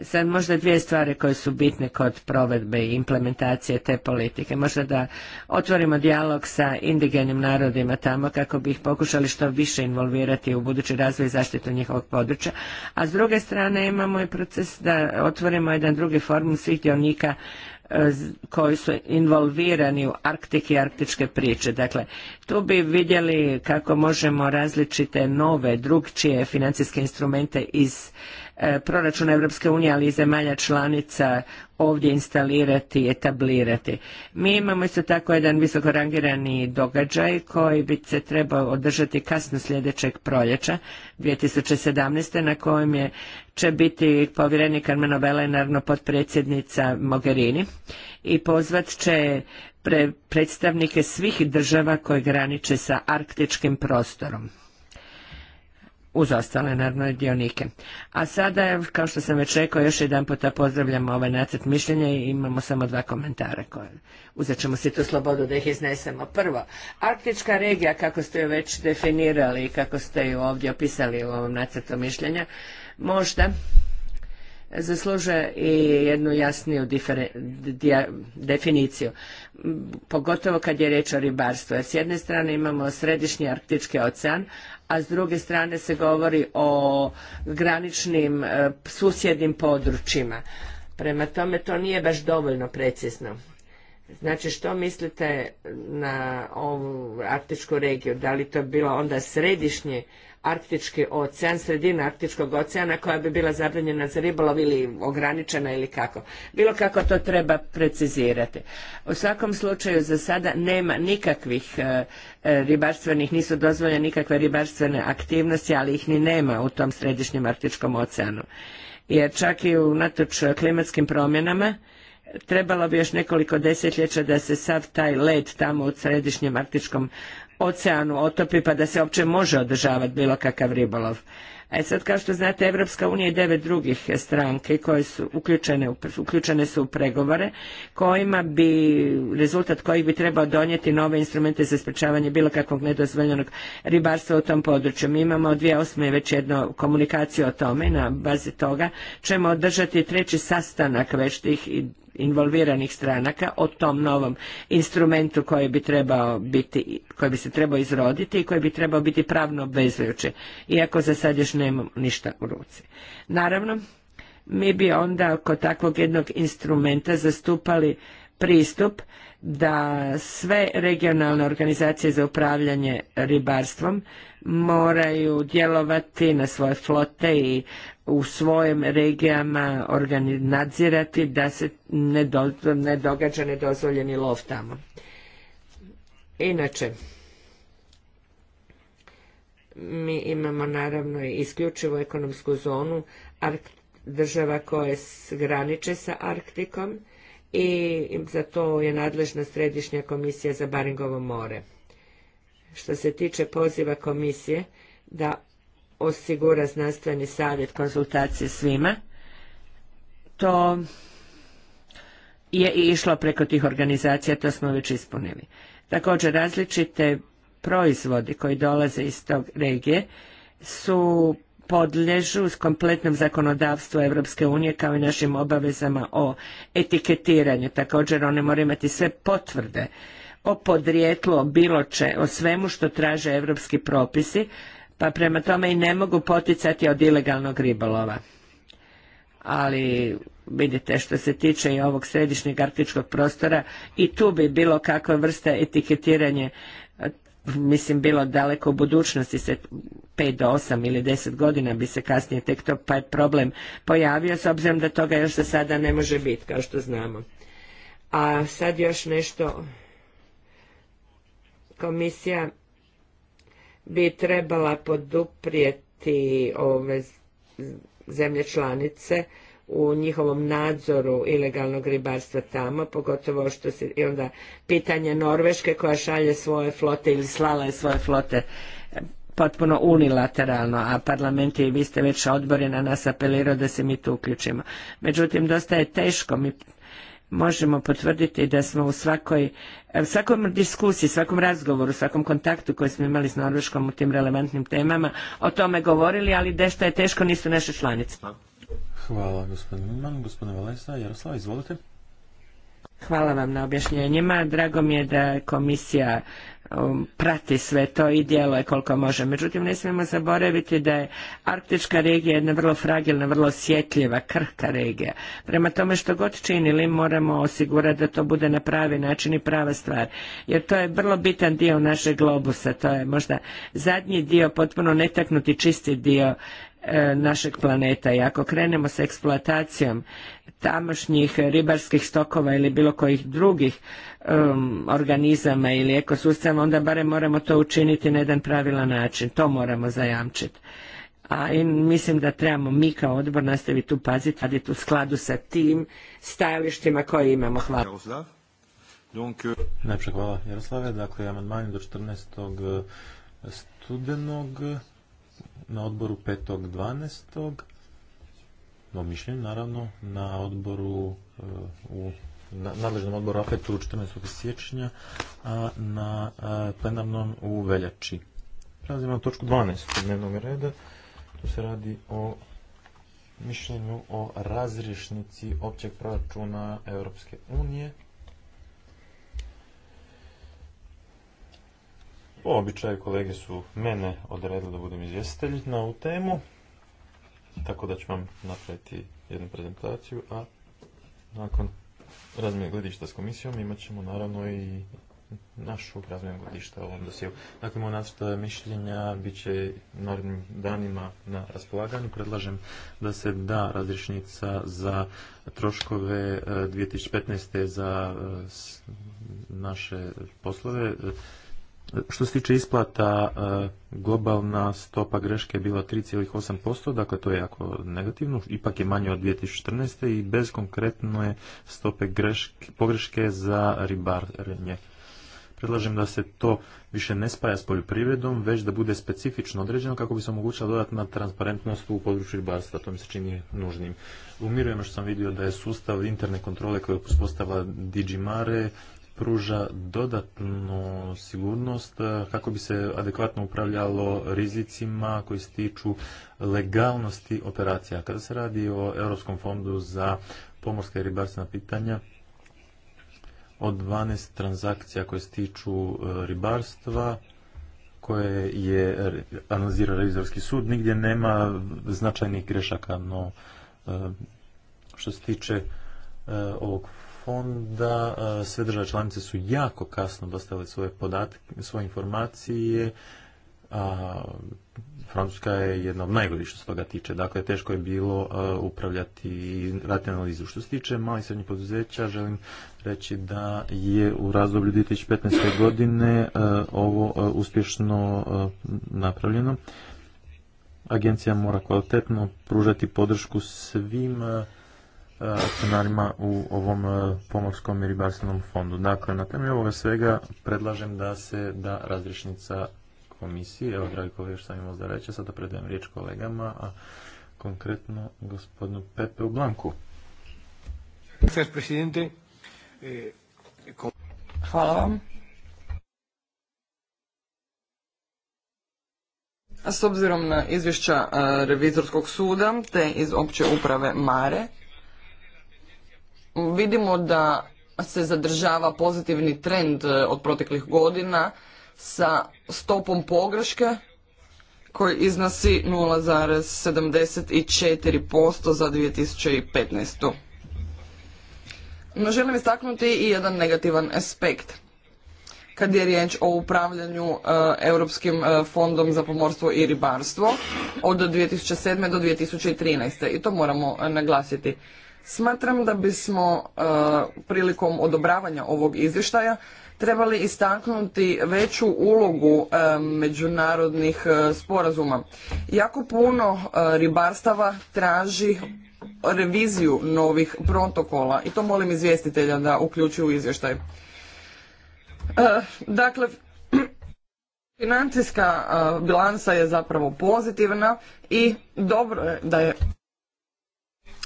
Speaker 2: Sad možda dvije stvari koje su bitne kod provedbe i implementacije te politike. Možda da otvorimo dijalog sa indigenim narodima tamo kako bi ih pokušali što više involvirati u budući razvoj i zaštitu njihovog područja. A s druge strane imamo i proces da otvorimo jedan drugi forum svih dionika e, koji su involvirani u Arktike i arktičke priče. Dakle, tu bi vidjeli kako možemo različite nove, drugčije financijske instrumente iz E, proračun Europske unije, ali i zemalja članica ovdje instalirati i etablirati. Mi imamo isto tako jedan visoko događaj koji bi se trebao održati kasno sljedećeg proljeća 2017. na kojem je, će biti povjerenik Armeno velenarno naravno potpredsjednica Mogherini i pozvat će predstavnike svih država koje graniče sa arktičkim prostorom uz ostale naravno dionike. A sada, kao što sam već rekao, još jedan puta pozdravljam ovaj nacrt mišljenja i imamo samo dva komentara. Koje, uzet ćemo si tu slobodu da ih iznesemo. Prvo, arktička regija, kako ste ju već definirali i kako ste ju ovdje opisali u ovom nacrtu mišljenja, možda zasluže i jednu jasniju definiciju, pogotovo kad je riječ o ribarstvu. Jer s jedne strane imamo središnji arktički ocean, a s druge strane se govori o graničnim e, susjednim područjima. Prema tome to nije baš dovoljno precizno. Znači što mislite na ovu arktičku regiju? Da li to bilo onda središnje Arktički ocean, sredina Arktičkog oceana koja bi bila zabranjena za ribolov ili ograničena ili kako. Bilo kako to treba precizirati. U svakom slučaju za sada nema nikakvih e, e, ribarstvenih, nisu dozvoljene nikakve ribarstvene aktivnosti, ali ih ni nema u tom središnjem Arktičkom oceanu. Jer čak i unatoč klimatskim promjenama trebalo bi još nekoliko desetljeća da se sav taj led tamo u središnjem Arktičkom oceanu otopi pa da se uopće može održavati bilo kakav ribolov. E sad, kao što znate, Evropska unija i devet drugih stranke koje su uključene, uključene su u pregovore, kojima bi, rezultat kojih bi trebao donijeti nove instrumente za sprečavanje bilo kakvog nedozvoljenog ribarstva u tom području. Mi imamo od osme već jednu komunikaciju o tome na bazi toga ćemo održati treći sastanak već tih involviranih stranaka o tom novom instrumentu koji bi trebao biti, koji bi se trebao izroditi i koji bi trebao biti pravno obvezujući, iako za sad još nemam ništa u ruci. Naravno, mi bi onda kod takvog jednog instrumenta zastupali pristup da sve regionalne organizacije za upravljanje ribarstvom moraju djelovati na svoje flote i u svojim regijama nadzirati da se ne, do, ne događa nedozvoljeni lov tamo. Inače, mi imamo naravno i isključivo ekonomsku zonu država koje graniče sa Arktikom i za to je nadležna središnja komisija za Baringovo more. Što se tiče poziva komisije da osigura znanstveni savjet konzultacije svima, to je i išlo preko tih organizacija, to smo već ispunili. Također različite proizvodi koji dolaze iz tog regije su podlježu s kompletnom zakonodavstvu Europske unije kao i našim obavezama o etiketiranju. Također one moraju imati sve potvrde o podrijetlu, o biloče, o svemu što traže europski propisi, pa prema tome i ne mogu poticati od ilegalnog ribolova. Ali vidite što se tiče i ovog središnjeg arktičkog prostora i tu bi bilo kakva vrsta etiketiranje mislim bilo daleko u budućnosti 5 do 8 ili 10 godina bi se kasnije tek to pa problem pojavio s obzirom da toga još za sada ne može biti kao što znamo. A sad još nešto komisija bi trebala poduprijeti ove zemlje članice u njihovom nadzoru ilegalnog ribarstva tamo, pogotovo što se i onda pitanje Norveške koja šalje svoje flote ili slala je svoje flote e, potpuno unilateralno, a parlament i vi ste već odbori na nas apelirao da se mi tu uključimo. Međutim, dosta je teško, mi možemo potvrditi da smo u svakoj, e, svakom diskusiji, svakom razgovoru, svakom kontaktu koji smo imali s Norveškom u tim relevantnim temama o tome govorili, ali dešta je teško, nisu naše članice.
Speaker 1: Hvala gospodine gospodin Valesa,
Speaker 2: Jaroslav, izvolite. Hvala vam na objašnjenjima. Drago mi je da komisija um, prati sve to i djeluje koliko može. Međutim, ne smijemo zaboraviti da je arktička regija jedna vrlo fragilna, vrlo osjetljiva, krhka regija. Prema tome što god činili moramo osigurati da to bude na pravi način i prava stvar. Jer to je vrlo bitan dio našeg globusa. To je možda zadnji dio, potpuno netaknuti čisti dio e, našeg planeta i ako krenemo s eksploatacijom tamošnjih ribarskih stokova ili bilo kojih drugih um, organizama ili ekosustava, onda barem moramo to učiniti na jedan pravilan način. To moramo zajamčiti. A mislim da trebamo mi kao odbor nastaviti tu paziti, raditi u skladu sa tim stajalištima koje imamo. Hvala.
Speaker 1: Euh, Najprej hvala Jaroslave. Dakle, amandman do 14. Eh, studenog na odboru 5.12 smo mišljenju, naravno, na odboru eh, u nadležnom odboru AFET-u 14. siječnja, a na eh, plenarnom u veljači. Prelazimo na točku 12. dnevnog reda. Tu se radi o mišljenju o razrješnici općeg proračuna Europske unije. Po običaju kolege su mene odredili da budem izvjestitelj na ovu temu. Tako da ću vam napraviti jednu prezentaciju, a nakon razmjene gledišta s komisijom imat ćemo naravno i našu razmjenu gledišta u ovom dosiju. Dakle, moj nacrt mišljenja bit će narednim danima na raspolaganju. Predlažem da se da razrišnica za troškove 2015. E, za e, naše poslove. Što se tiče isplata, e, globalna stopa greške je bila 3,8%, dakle to je jako negativno, ipak je manje od 2014. i bez konkretne stope pogreške za ribarenje. Predlažem da se to više ne spaja s poljoprivredom, već da bude specifično određeno kako bi se omogućila dodatna transparentnost u području ribarstva, to mi se čini nužnim. Umirujemo što sam vidio da je sustav interne kontrole koje je uspostavila Digimare pruža dodatnu sigurnost eh, kako bi se adekvatno upravljalo rizicima koji se tiču legalnosti operacija. Kada se radi o Europskom fondu za pomorske i ribarstvena pitanja, od 12 transakcija koje se tiču eh, ribarstva, koje je analizirao revizorski sud, nigdje nema značajnih grešaka, no eh, što se tiče ovog fonda, sve države članice su jako kasno dostavile svoje podatke, svoje informacije, a Francuska je jedna od najgorih što se toga tiče. Dakle, teško je bilo upravljati i analizu. Što se tiče malih i srednjih poduzeća, želim reći da je u razdoblju 2015. godine ovo uspješno napravljeno. Agencija mora kvalitetno pružati podršku svim akcionarima u ovom e, pomorskom i ribarstvenom fondu. Dakle, na temelju ovoga svega predlažem da se da razrišnica komisije. Evo, dragi kolege, što sam imao za reći, sada predajem riječ kolegama, a konkretno gospodinu Pepe u Blanku. Eh,
Speaker 3: Hvala vam. S obzirom na izvješća e, Revizorskog suda te iz opće uprave Mare, vidimo da se zadržava pozitivni trend e, od proteklih godina sa stopom pogreške koji iznosi 0,74% za 2015. No želim istaknuti i jedan negativan aspekt. Kad je riječ o upravljanju e, Europskim e, fondom za pomorstvo i ribarstvo od 2007. do 2013. I to moramo naglasiti. Smatram da bismo e, prilikom odobravanja ovog izvještaja trebali istaknuti veću ulogu e, međunarodnih e, sporazuma. Jako puno ribarstava traži reviziju novih protokola i to molim izvjestitelja da uključi u izvještaj. dakle, financijska bilansa je zapravo pozitivna i dobro je da je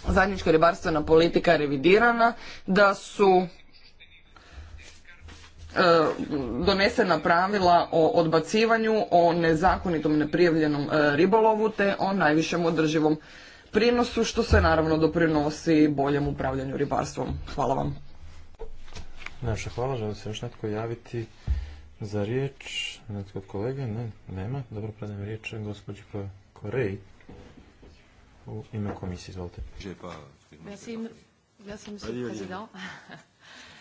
Speaker 3: zajednička ribarstvena politika revidirana, da su e, donesena pravila o odbacivanju, o nezakonitom neprijavljenom e, ribolovu te o najvišem održivom prinosu što se naravno doprinosi boljem upravljanju ribarstvom. Hvala vam.
Speaker 1: Naša hvala, Želim se još netko javiti za riječ, netko kolega, ne, nema, dobro predajem riječ gospođi Koreji u ime komisije. Izvolite.
Speaker 4: Merci,
Speaker 2: monsieur le président.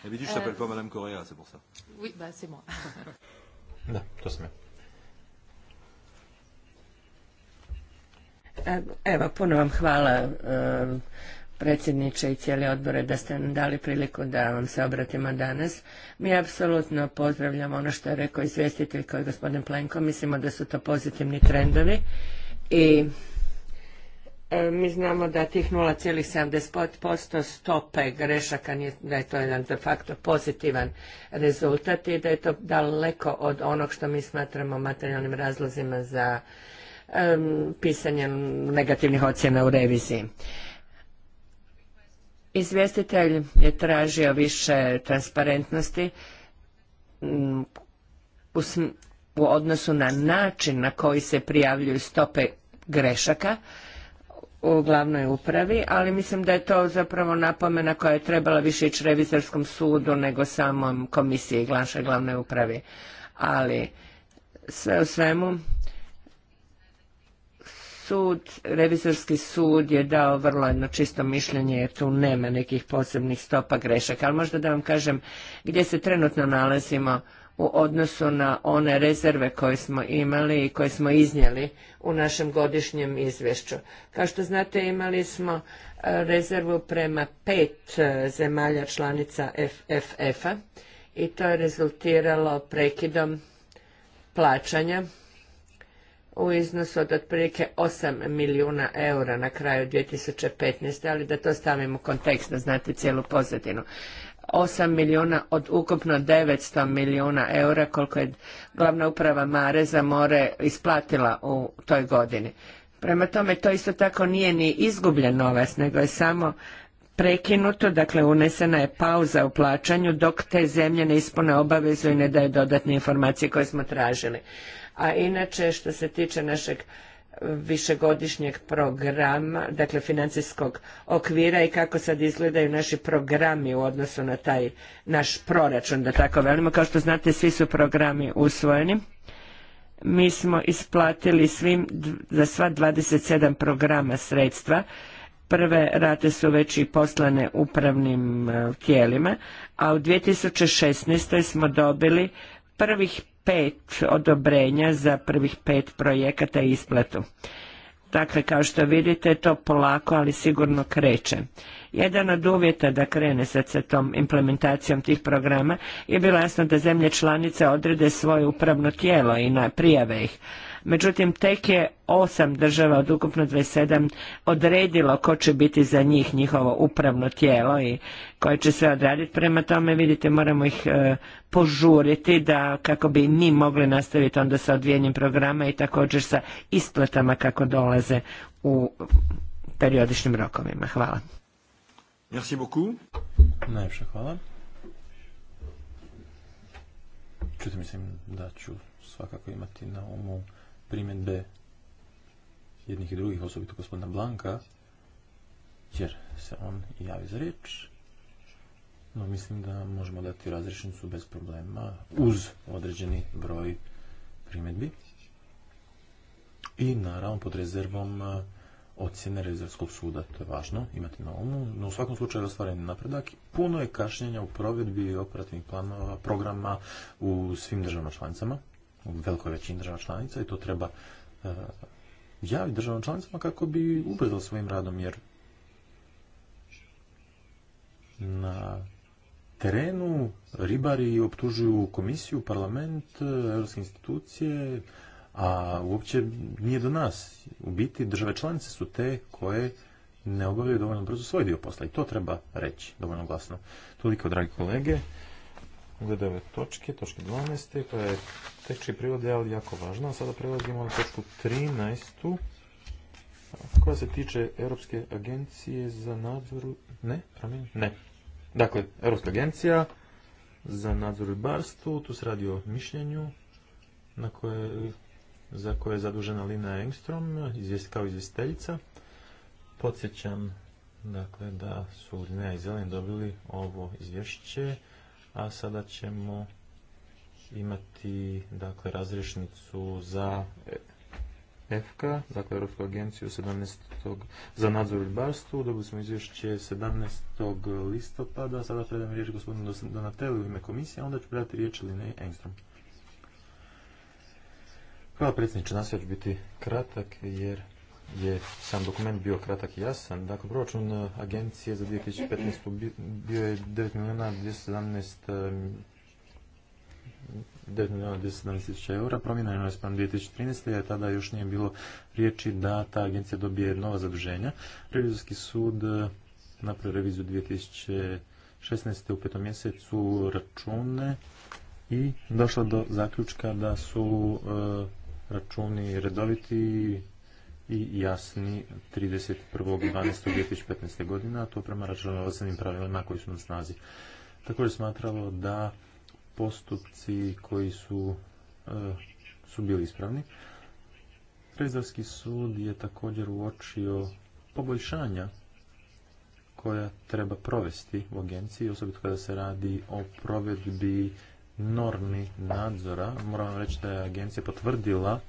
Speaker 1: D'habitude, eh euh, madame Correa,
Speaker 2: c'est moi.
Speaker 1: da, to sam ja.
Speaker 2: Evo, puno vam hvala ehm, predsjedniče i cijeli odbore da ste nam dali priliku da vam se obratimo danas. Mi apsolutno pozdravljamo ono što je rekao izvjestitelj koji je gospodin Plenko. Mislimo da su to pozitivni trendovi i E, mi znamo da tih 0,75% stope grešaka, da je to jedan de facto pozitivan rezultat i da je to daleko od onog što mi smatramo materijalnim razlozima za pisanje negativnih ocjena u reviziji. Izvjestitelj je tražio više transparentnosti u odnosu na način na koji se prijavljuju stope grešaka, u glavnoj upravi, ali mislim da je to zapravo napomena koja je trebala više ići revizorskom sudu nego samom komisiji glaše glavnoj upravi. Ali sve u svemu sud, revizorski sud je dao vrlo jedno čisto mišljenje jer tu nema nekih posebnih stopa grešaka, ali možda da vam kažem gdje se trenutno nalazimo u odnosu na one rezerve koje smo imali i koje smo iznijeli u našem godišnjem izvješću. Kao što znate imali smo e, rezervu prema pet e, zemalja članica FFF-a i to je rezultiralo prekidom plaćanja u iznosu od otprilike 8 milijuna eura na kraju 2015. ali da to stavimo u kontekst, da znate cijelu pozadinu. 8 milijuna od ukupno 900 milijuna eura koliko je glavna uprava Mare za more isplatila u toj godini. Prema tome to isto tako nije ni izgubljen novac nego je samo prekinuto, dakle unesena je pauza u plaćanju dok te zemlje ne ispune obavezu i ne daju dodatne informacije koje smo tražili. A inače što se tiče našeg višegodišnjeg programa, dakle financijskog okvira i kako sad izgledaju naši programi u odnosu na taj naš proračun, da tako velimo. Kao što znate, svi su programi usvojeni. Mi smo isplatili svim, za sva 27 programa sredstva, prve rate su već i poslane upravnim e, tijelima, a u 2016. smo dobili prvih pet odobrenja za prvih pet projekata i isplatu. Dakle, kao što vidite, to polako, ali sigurno kreće. Jedan od uvjeta da krene sad sa tom implementacijom tih programa je bilo jasno da zemlje članice odrede svoje upravno tijelo i prijave ih. Međutim, tek je osam država od ukupno 27 odredilo ko će biti za njih njihovo upravno tijelo i koje će sve odraditi. Prema tome, vidite, moramo ih e, požuriti da kako bi mi mogli nastaviti onda sa odvijenjem programa i također sa isplatama kako dolaze u periodičnim rokovima. Hvala.
Speaker 1: hvala. mislim da ću svakako imati na umu primjedbe jednih i drugih, osobito gospodina Blanka, jer se on javi za riječ. No, mislim da možemo dati razrešnicu bez problema uz određeni broj primjedbi. I naravno pod rezervom eh, ocjene Rezervskog suda, to je važno imati na umu. No u svakom slučaju ostvaren napredak. Puno je kašnjenja u provedbi operativnih planova, programa u svim državama članicama u velikoj većini država članica i to treba eh, javiti državama članicama kako bi ubrzali svojim radom jer na terenu ribari optužuju komisiju, parlament, europske eh, institucije, a uopće nije do nas. U biti države članice su te koje ne obavljaju dovoljno brzo svoj dio posla i to treba reći dovoljno glasno. Toliko, dragi kolege glede ove točke, točke 12. koja pa je tek prirode, ali jako važna. Sada prelazimo na točku 13. koja se tiče Europske agencije za nadzor... Ne? Promijen? Ne. Dakle, Europska agencija za nadzor barstvu. tu se radi o mišljenju na koje, za koje je zadužena Lina Engstrom, kao izvjestiteljica. Podsjećam dakle, da su Lina i Zelen dobili ovo izvješće a sada ćemo imati dakle razrješnicu za FK, dakle Europsku agenciju 17. za nadzor u ribarstvu. Dobili smo izvješće 17. listopada. Sada predam riječ gospodinu Donatelli u ime komisije, onda ću predati riječ Linej Engstrom. Hvala predsjedniče, nastojat ću biti kratak jer je sam dokument bio kratak i jasan. Dakle, proračun e, agencije za 2015. bio je 9 milijuna 217.000 e, eura, promjena je spram 2013. jer tada još nije bilo riječi da ta agencija dobije nova zaduženja. Revizorski sud e, napravio reviziju 2016. u petom mjesecu račune i došla do zaključka da su računi redoviti i jasni 31.12.2015. godine, a to prema računovodstvenim pravilima koji su na snazi. Također smatralo da postupci koji su, e, su bili ispravni. Rezarski sud je također uočio poboljšanja koja treba provesti u agenciji, osobito kada se radi o provedbi normi nadzora. Moram reći da je agencija potvrdila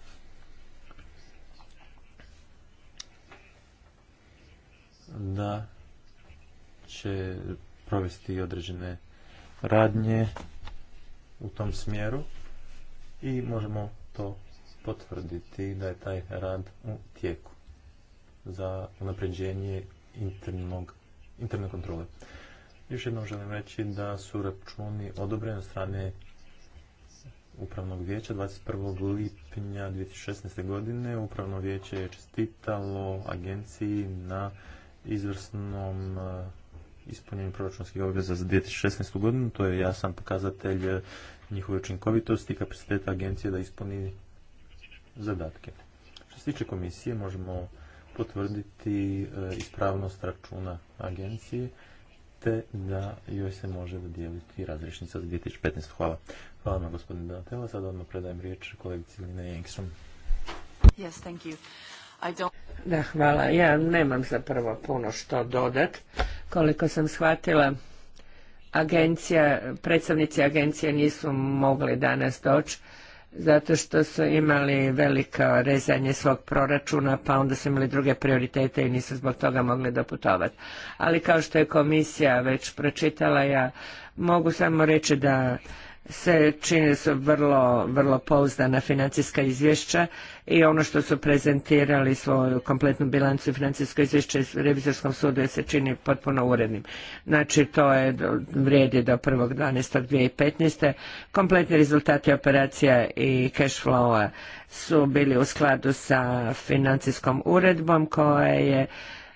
Speaker 1: da će provesti određene radnje u tom smjeru i možemo to potvrditi da je taj rad u tijeku za unapređenje interne kontrole. Još jednom želim reći da su računi odobreni od strane Upravnog vijeća 21. lipnja 2016. godine. Upravno vijeće je čestitalo agenciji na izvrsnom e, ispunjenju proračunskih obveza za 2016. godinu. To je jasan pokazatelj e, njihove učinkovitosti i kapaciteta agencije da ispuni zadatke. Što se tiče komisije, možemo potvrditi e, ispravnost računa agencije te da joj se može dodijeliti razrešnica za 2015. Hvala. Hvala vam, gospodin Sada odmah predajem riječ kolegici Lina Jengstrom.
Speaker 4: Yes, thank you. I don't...
Speaker 2: Da, hvala. Ja nemam zapravo puno što dodat. Koliko sam shvatila, agencija, predstavnici agencije nisu mogli danas doći zato što su imali veliko rezanje svog proračuna pa onda su imali druge prioritete i nisu zbog toga mogli doputovati. Ali kao što je komisija već pročitala, ja mogu samo reći da se čine su vrlo, vrlo pouzdana financijska izvješća i ono što su prezentirali svoju kompletnu bilancu i financijsko izvješće revizorskom sudu se čini potpuno urednim. Znači to je vrijedi do 1.12.2015. Kompletni rezultati operacija i cash flow su bili u skladu sa financijskom uredbom koja je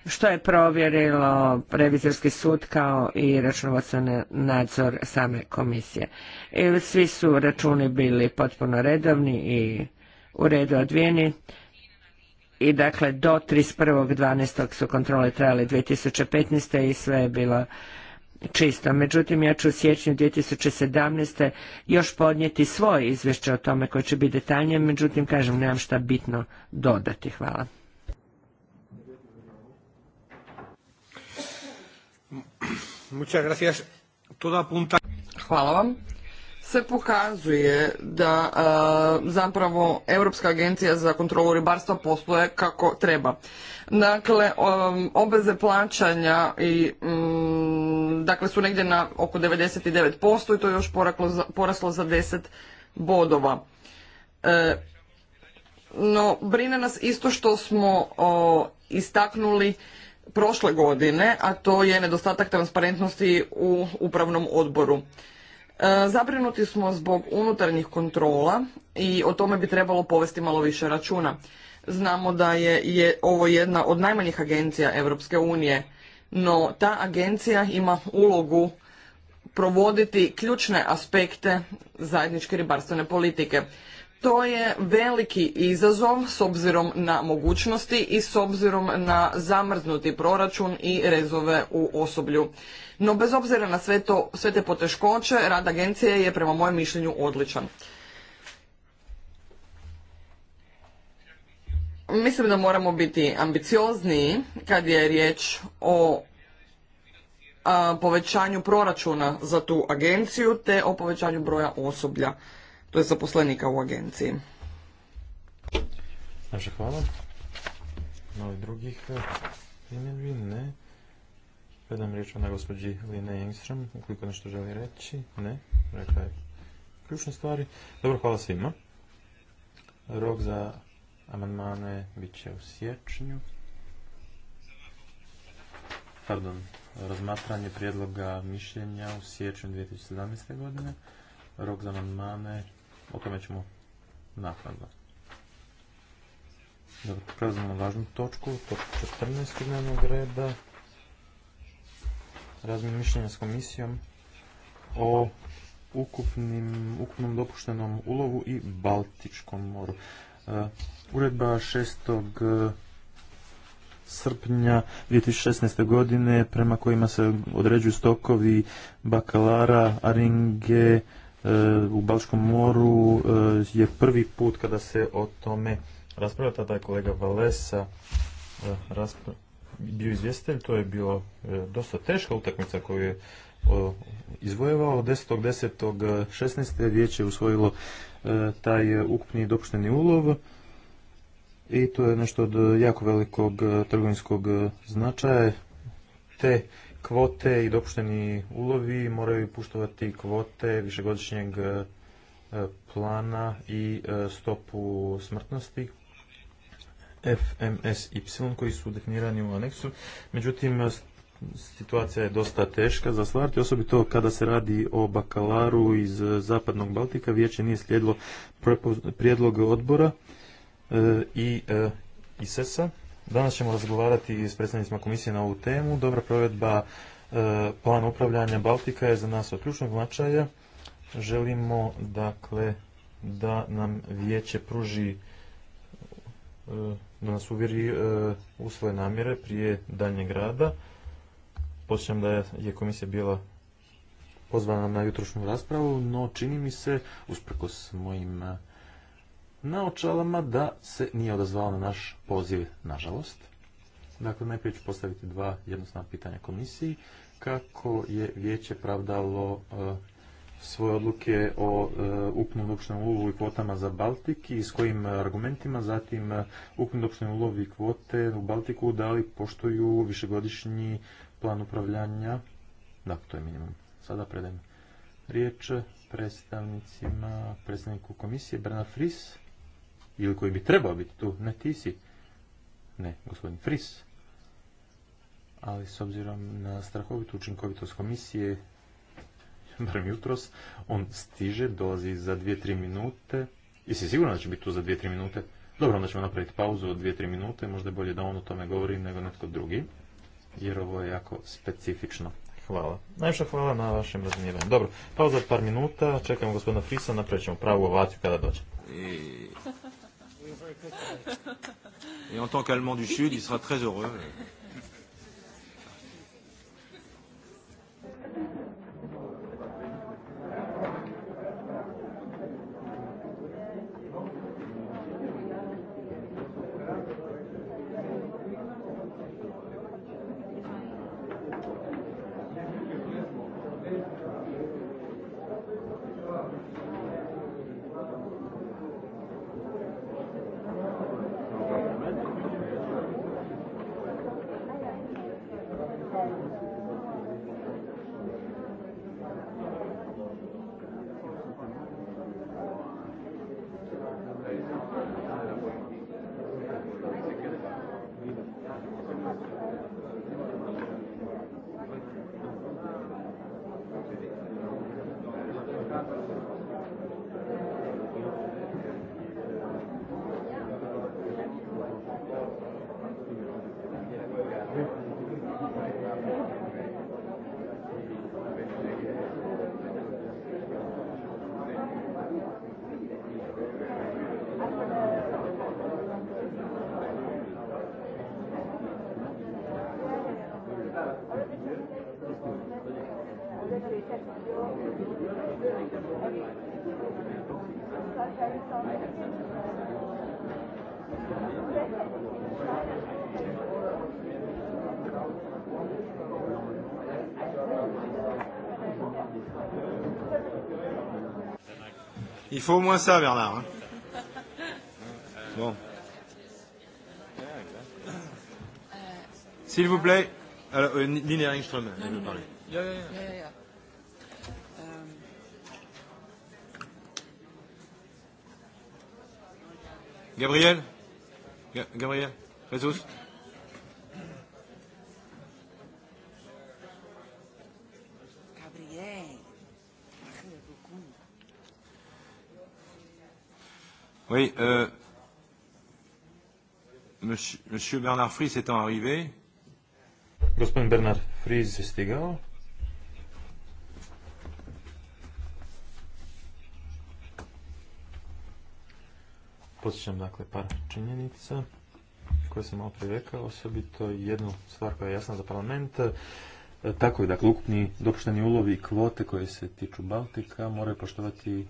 Speaker 2: što je provjerilo revizorski sud kao i računovodstveni nadzor same komisije. I svi su računi bili potpuno redovni i u redu odvijeni i dakle do 31.12. su kontrole trajale 2015. i sve je bilo čisto. Međutim, ja ću u sjećnju 2017. još podnijeti svoje izvješće o tome koje će biti detaljnije, međutim, kažem, nemam šta bitno dodati. Hvala.
Speaker 3: Hvala vam se pokazuje da zapravo Europska agencija za kontrolu ribarstva posluje kako treba. Dakle, obveze plaćanja i mm, dakle su negdje na oko 99% i to je još poraslo za 10 bodova. E, no, brine nas isto što smo istaknuli prošle godine, a to je nedostatak transparentnosti u upravnom odboru. E, zabrinuti smo zbog unutarnjih kontrola i o tome bi trebalo povesti malo više računa. Znamo da je, je ovo jedna od najmanjih agencija Europske unije, no ta agencija ima ulogu provoditi ključne aspekte zajedničke ribarstvene politike to je veliki izazov s obzirom na mogućnosti i s obzirom na zamrznuti proračun i rezove u osoblju. No bez obzira na sve, to, sve te poteškoće, rad agencije je prema mojem mišljenju odličan. Mislim da moramo biti ambiciozniji kad je riječ o povećanju proračuna za tu agenciju te o povećanju broja osoblja zaposlenika u agenciji.
Speaker 1: Naša hvala. i drugih e, primjedbi? Ne. Predam riječ na gospođi Line Engström, ukoliko nešto želi reći. Ne, rekla je ključne stvari. Dobro, hvala svima. Rok za amandmane bit će u siječnju. Pardon, razmatranje prijedloga mišljenja u siječnju 2017. godine. Rok za amandmane o tome ćemo nakladno. Dobro, prelazimo na važnu točku, točku 14. dnevnog reda. Razmi mišljenja s komisijom o ukupnim, ukupnom dopuštenom ulovu i Baltičkom moru. E, uredba 6 e, srpnja 2016. godine prema kojima se određuju stokovi bakalara, aringe, E, u Balčkom moru e, je prvi put kada se o tome raspravlja. Tada je kolega Valesa e, bio izvjestitelj. To je bilo dosta teška utakmica koju je izvojevao. 10.10.16. vijeće je usvojilo taj ukupni dopušteni ulov i to je nešto od jako velikog trgovinskog značaja. Te kvote i dopušteni ulovi moraju puštovati kvote višegodišnjeg e, plana i e, stopu smrtnosti FMSY koji su definirani u aneksu. Međutim, situacija je dosta teška za stvarati, osobito kada se radi o bakalaru iz Zapadnog Baltika. Vijeće nije slijedilo prijedlog odbora e, i ISESA. a Danas ćemo razgovarati s predstavnicima komisije na ovu temu. Dobra provedba e, plan upravljanja Baltika je za nas od ključnog značaja. Želimo dakle da nam vijeće pruži e, da nas uvjeri e, u svoje namjere prije daljnjeg rada. Počnem da je komisija bila pozvana na jutrošnju raspravu, no čini mi se, usprkos mojim na očalama da se nije odazvala na naš poziv, nažalost. Dakle, najprije ću postaviti dva jednostavna pitanja komisiji. Kako je vijeće pravdalo e, svoje odluke o e, ukupnom dopuštenom ulovu i kvotama za Baltik i s kojim argumentima, zatim e, ukupnom dopuštenom ulovu i kvote u Baltiku da li poštuju višegodišnji plan upravljanja? Dakle, to je minimum. Sada predajem riječ predstavnicima, predstavniku komisije Bernard Fris ili koji bi trebao biti tu, ne ti si, ne, gospodin Fris. Ali s obzirom na strahovitu učinkovitost komisije, barem jutros, on stiže, dolazi za dvije, tri minute. Jesi sigurno da će biti tu za dvije, tri minute? Dobro, onda ćemo napraviti pauzu od dvije, tri minute. Možda je bolje da on o tome govori nego netko drugi, jer ovo je jako specifično. Hvala. Najviše hvala na vašem razumijevanju. Dobro, pauza od par minuta, čekamo gospodina Frisa, napravit ćemo pravu ovaciju kada dođe. Et en tant qu'Allemand du Sud, il sera très heureux.
Speaker 2: faut au moins ça, Bernard. Hein.
Speaker 1: Bon. S'il vous plaît. Alors, euh, Nina Ringström, elle veut parler. Um, Gabriel Gabriel Jesus Oui, euh, monsieur, Bernard Fries arrivé. Gospodin Bernard Fries je stigao. Posjećam dakle par činjenica koje sam malo prije rekao, osobito jednu stvar koja je jasna za parlament. E, tako je, dakle, ukupni dopušteni ulovi i kvote koje se tiču Baltika moraju poštovati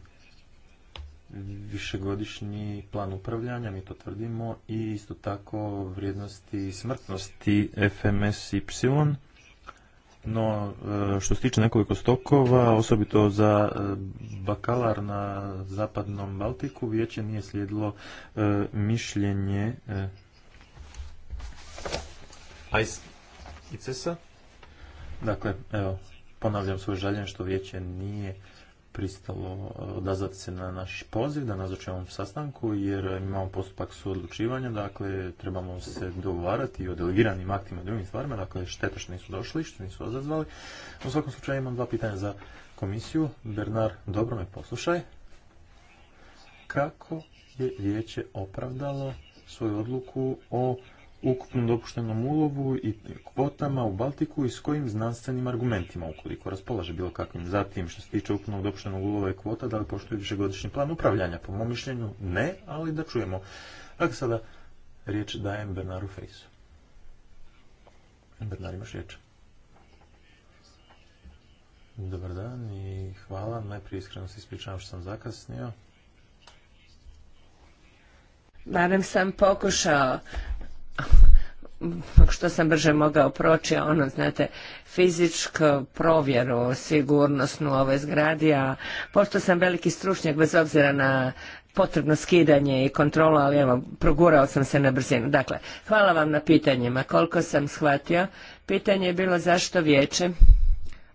Speaker 1: višegodišnji plan upravljanja, mi to tvrdimo, i isto tako vrijednosti smrtnosti FMS FMSY. No, e, što se tiče nekoliko stokova, osobito za e, bakalar na zapadnom Baltiku, vijeće nije slijedilo e, mišljenje ices Dakle, evo, ponavljam svoje žaljenje što vijeće nije pristalo eh, odazvati se na naš poziv, da nazoče ovom sastanku, jer imamo postupak suodlučivanja, dakle, trebamo se dogovarati i o delegiranim aktima i drugim stvarima, dakle, šteta što nisu došli, što nisu odazvali. U svakom slučaju imam dva pitanja za komisiju. Bernard, dobro me poslušaj. Kako je vijeće opravdalo svoju odluku o ukupnom dopuštenom ulovu i kvotama u Baltiku i s kojim znanstvenim argumentima ukoliko raspolaže bilo kakvim. Zatim što se tiče ukupnog dopuštenog ulova i kvota, da li poštuje višegodišnji plan upravljanja? Po mom mišljenju ne, ali da čujemo. Dakle, sada riječ dajem Bernaru Frisu. Bernar, imaš riječ. Dobar dan i hvala. Najprije iskreno se ispričavam što sam zakasnio.
Speaker 2: Barem sam pokušao što sam brže mogao proći, ono, znate, fizičku provjeru sigurnosnu ove zgradi, a pošto sam veliki stručnjak, bez obzira na potrebno skidanje i kontrolu, ali evo, progurao sam se na brzinu. Dakle, hvala vam na pitanjima. Koliko sam shvatio, pitanje je bilo zašto vijeće,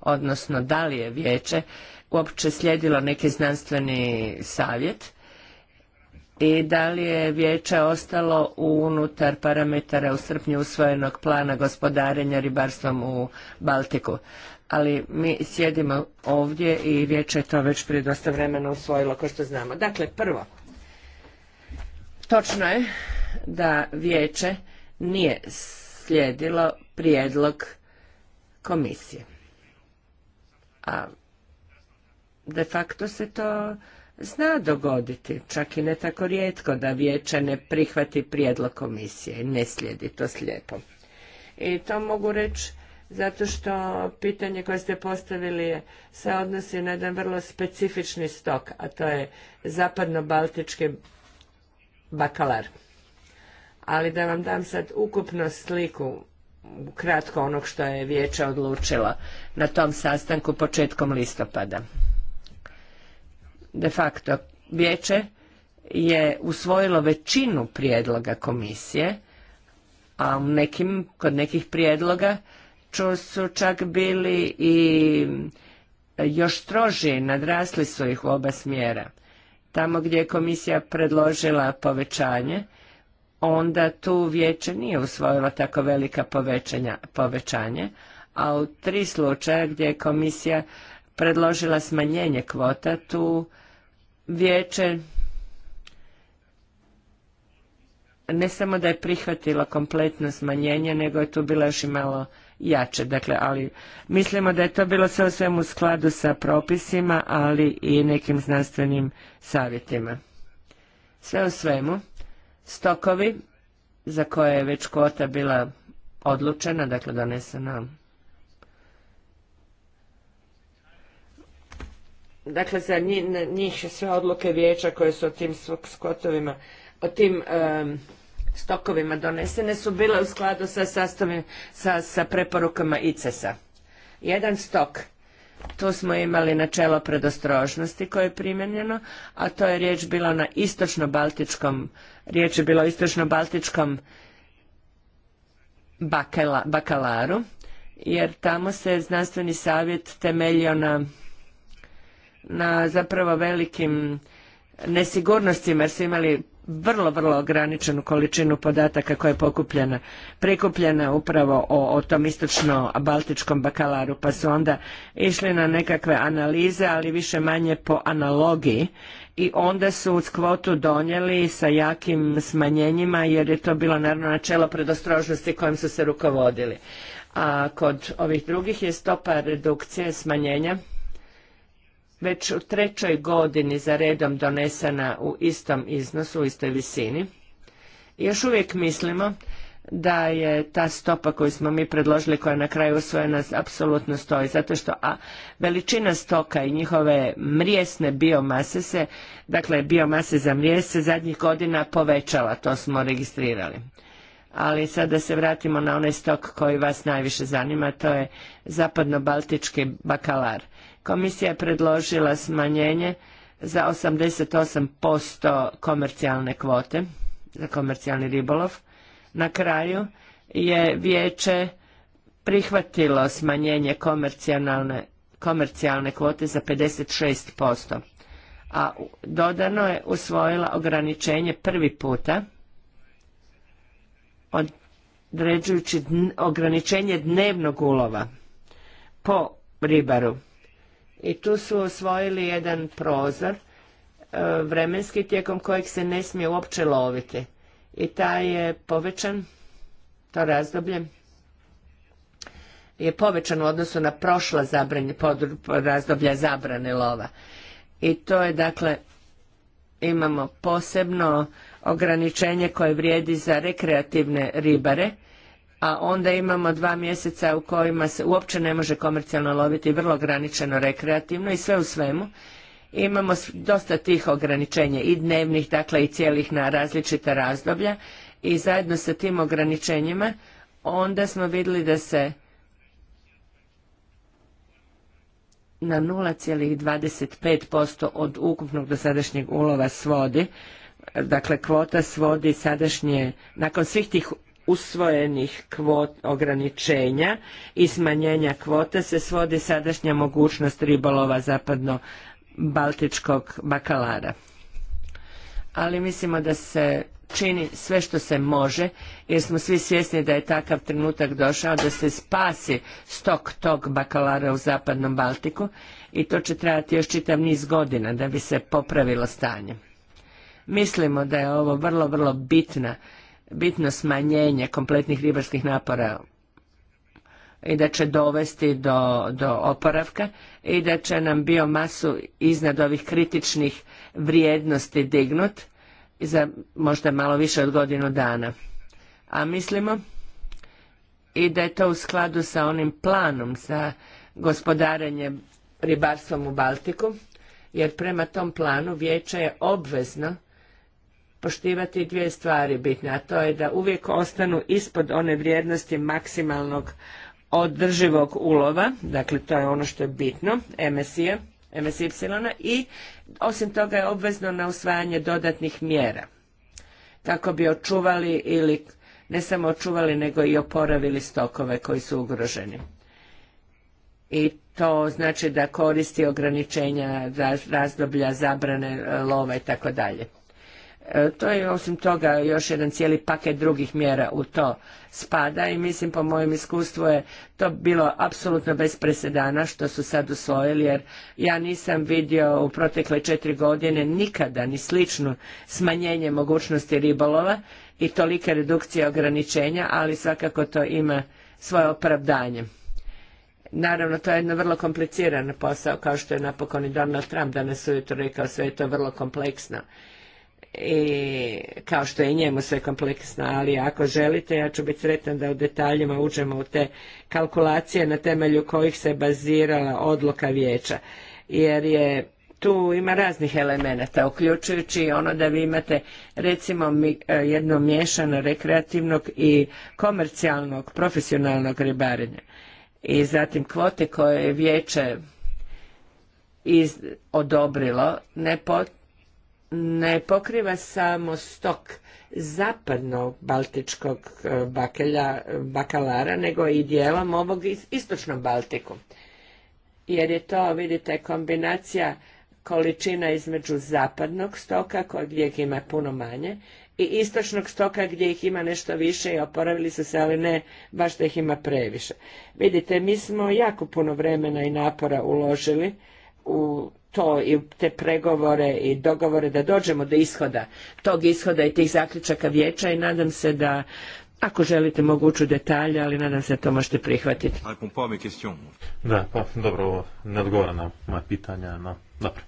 Speaker 2: odnosno da li je vijeće, uopće slijedilo neki znanstveni savjet, i da li je vijeće ostalo unutar parametara u srpnju usvojenog plana gospodarenja ribarstvom u Baltiku. Ali mi sjedimo ovdje i vijeće je to već prije dosta vremena usvojilo, kao što znamo. Dakle, prvo, točno je da vijeće nije slijedilo prijedlog komisije. A de facto se to zna dogoditi, čak i ne tako rijetko da vijeće ne prihvati prijedlog komisije ne slijedi to slijepo. I to mogu reći zato što pitanje koje ste postavili se odnosi na jedan vrlo specifični stok, a to je zapadno-baltički bakalar. Ali da vam dam sad ukupno sliku kratko onog što je vijeće odlučilo na tom sastanku početkom listopada de facto vijeće je usvojilo većinu prijedloga komisije, a nekim, kod nekih prijedloga ču su čak bili i još stroži, nadrasli su ih u oba smjera. Tamo gdje je komisija predložila povećanje, onda tu vijeće nije usvojilo tako velika povećanje, a u tri slučaja gdje je komisija predložila smanjenje kvota, tu vijeće ne samo da je prihvatilo kompletno smanjenje, nego je tu bilo još i malo jače. Dakle, ali mislimo da je to bilo sve u svemu u skladu sa propisima, ali i nekim znanstvenim savjetima. Sve u svemu, stokovi za koje je već kvota bila odlučena, dakle donesena dakle za njih, sve odluke vijeća koje su o tim skotovima, o tim stokovima donesene su bile u skladu sa sastavim, sa, preporukama ICES-a. Jedan stok, tu smo imali načelo predostrožnosti koje je primjenjeno, a to je riječ bila na istočno-baltičkom, riječ je bila o istočno-baltičkom bakalaru, jer tamo se znanstveni savjet temeljio na na zapravo velikim nesigurnostima jer su imali vrlo, vrlo ograničenu količinu podataka koja je pokupljena, prikupljena upravo o, o tom istočno-baltičkom bakalaru, pa su onda išli na nekakve analize, ali više manje po analogiji i onda su uz kvotu donijeli sa jakim smanjenjima jer je to bilo naravno načelo predostrožnosti kojim su se rukovodili. A kod ovih drugih je stopa redukcije smanjenja već u trećoj godini za redom donesena u istom iznosu, u istoj visini. Još uvijek mislimo da je ta stopa koju smo mi predložili, koja na kraju usvojena, apsolutno stoji, zato što a, veličina stoka i njihove mrijesne biomase se, dakle biomase za mrijes zadnjih godina povećala, to smo registrirali. Ali sada se vratimo na onaj stok koji vas najviše zanima, to je zapadno-baltički bakalar. Komisija je predložila smanjenje za 88% komercijalne kvote za komercijalni ribolov. Na kraju je vijeće prihvatilo smanjenje komercijalne, komercijalne kvote za 56%, a dodano je usvojila ograničenje prvi puta određujući dn, ograničenje dnevnog ulova po ribaru i tu su osvojili jedan prozor e, vremenski tijekom kojeg se ne smije uopće loviti. I taj je povećan, to razdoblje je povećan u odnosu na prošla zabranje, razdoblja zabrane lova. I to je dakle, imamo posebno ograničenje koje vrijedi za rekreativne ribare, a onda imamo dva mjeseca u kojima se uopće ne može komercijalno loviti, vrlo ograničeno rekreativno i sve u svemu. Imamo dosta tih ograničenja i dnevnih, dakle i cijelih na različita razdoblja i zajedno sa tim ograničenjima onda smo vidjeli da se na 0,25% od ukupnog dosadašnjeg ulova svodi, dakle kvota svodi sadašnje, nakon svih tih usvojenih kvot ograničenja i smanjenja kvote se svodi sadašnja mogućnost ribolova zapadno baltičkog bakalara. Ali mislimo da se čini sve što se može jer smo svi svjesni da je takav trenutak došao da se spasi stok tog bakalara u zapadnom Baltiku i to će trajati još čitav niz godina da bi se popravilo stanje. Mislimo da je ovo vrlo, vrlo bitna bitno smanjenje kompletnih ribarskih napora i da će dovesti do, do oporavka i da će nam biomasu iznad ovih kritičnih vrijednosti dignut za možda malo više od godinu dana. A mislimo i da je to u skladu sa onim planom za gospodarenje ribarstvom u Baltiku, jer prema tom planu vijeće je obvezno poštivati dvije stvari bitne, a to je da uvijek ostanu ispod one vrijednosti maksimalnog održivog ulova, dakle to je ono što je bitno, MSI-a, MSY, i osim toga je obvezno na usvajanje dodatnih mjera kako bi očuvali ili ne samo očuvali nego i oporavili stokove koji su ugroženi. I to znači da koristi ograničenja razdoblja zabrane lova i tako dalje. E, to je osim toga još jedan cijeli paket drugih mjera u to spada i mislim po mojem iskustvu je to bilo apsolutno bez presedana što su sad usvojili jer ja nisam vidio u protekle četiri godine nikada ni slično smanjenje mogućnosti ribolova i tolike redukcije ograničenja, ali svakako to ima svoje opravdanje. Naravno, to je jedno vrlo kompliciran posao, kao što je napokon i Donald Trump danas ujutro rekao, sve je to vrlo kompleksno i kao što je njemu sve kompleksno, ali ako želite ja ću biti sretan da u detaljima uđemo u te kalkulacije na temelju kojih se bazirala odluka vijeća. Jer je tu ima raznih elemenata, uključujući ono da vi imate recimo e, jedno miješano rekreativnog i komercijalnog, profesionalnog ribarenja. I zatim kvote koje je vijeće odobrilo ne pot, ne pokriva samo stok zapadnog baltičkog e, bakelja, bakalara, nego i dijelom ovog istočnom Baltiku. Jer je to, vidite, kombinacija količina između zapadnog stoka, gdje ih ima puno manje, i istočnog stoka gdje ih ima nešto više i oporavili su se, ali ne baš da ih ima previše. Vidite, mi smo jako puno vremena i napora uložili u to i te pregovore i dogovore da dođemo do ishoda, tog ishoda i tih zaključaka vijeća i nadam se da ako želite moguću detalje, ali nadam se da to možete prihvatiti.
Speaker 1: Da, pa dobro, ovo ne odgovara na moja pitanja, no dobro.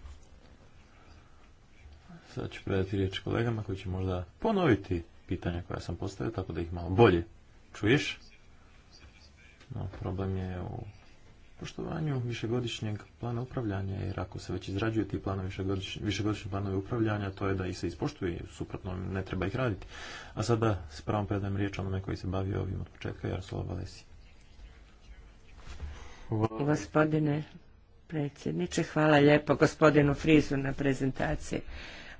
Speaker 1: Sad ću predati riječ kolegama koji će možda ponoviti pitanja koja sam postavio, tako da ih malo bolje čuješ. No, problem je u poštovanju višegodišnjeg plana upravljanja, jer ako se već izrađuju ti planovi višegodišnji, višegodišnji planovi upravljanja, to je da ih se ispoštuje, suprotno ne treba ih raditi. A sada s pravom predajem riječ onome koji se bavi ovim od početka, Jaroslav Valesi.
Speaker 2: Gospodine predsjedniče, hvala lijepo gospodinu Frizu na prezentaciji.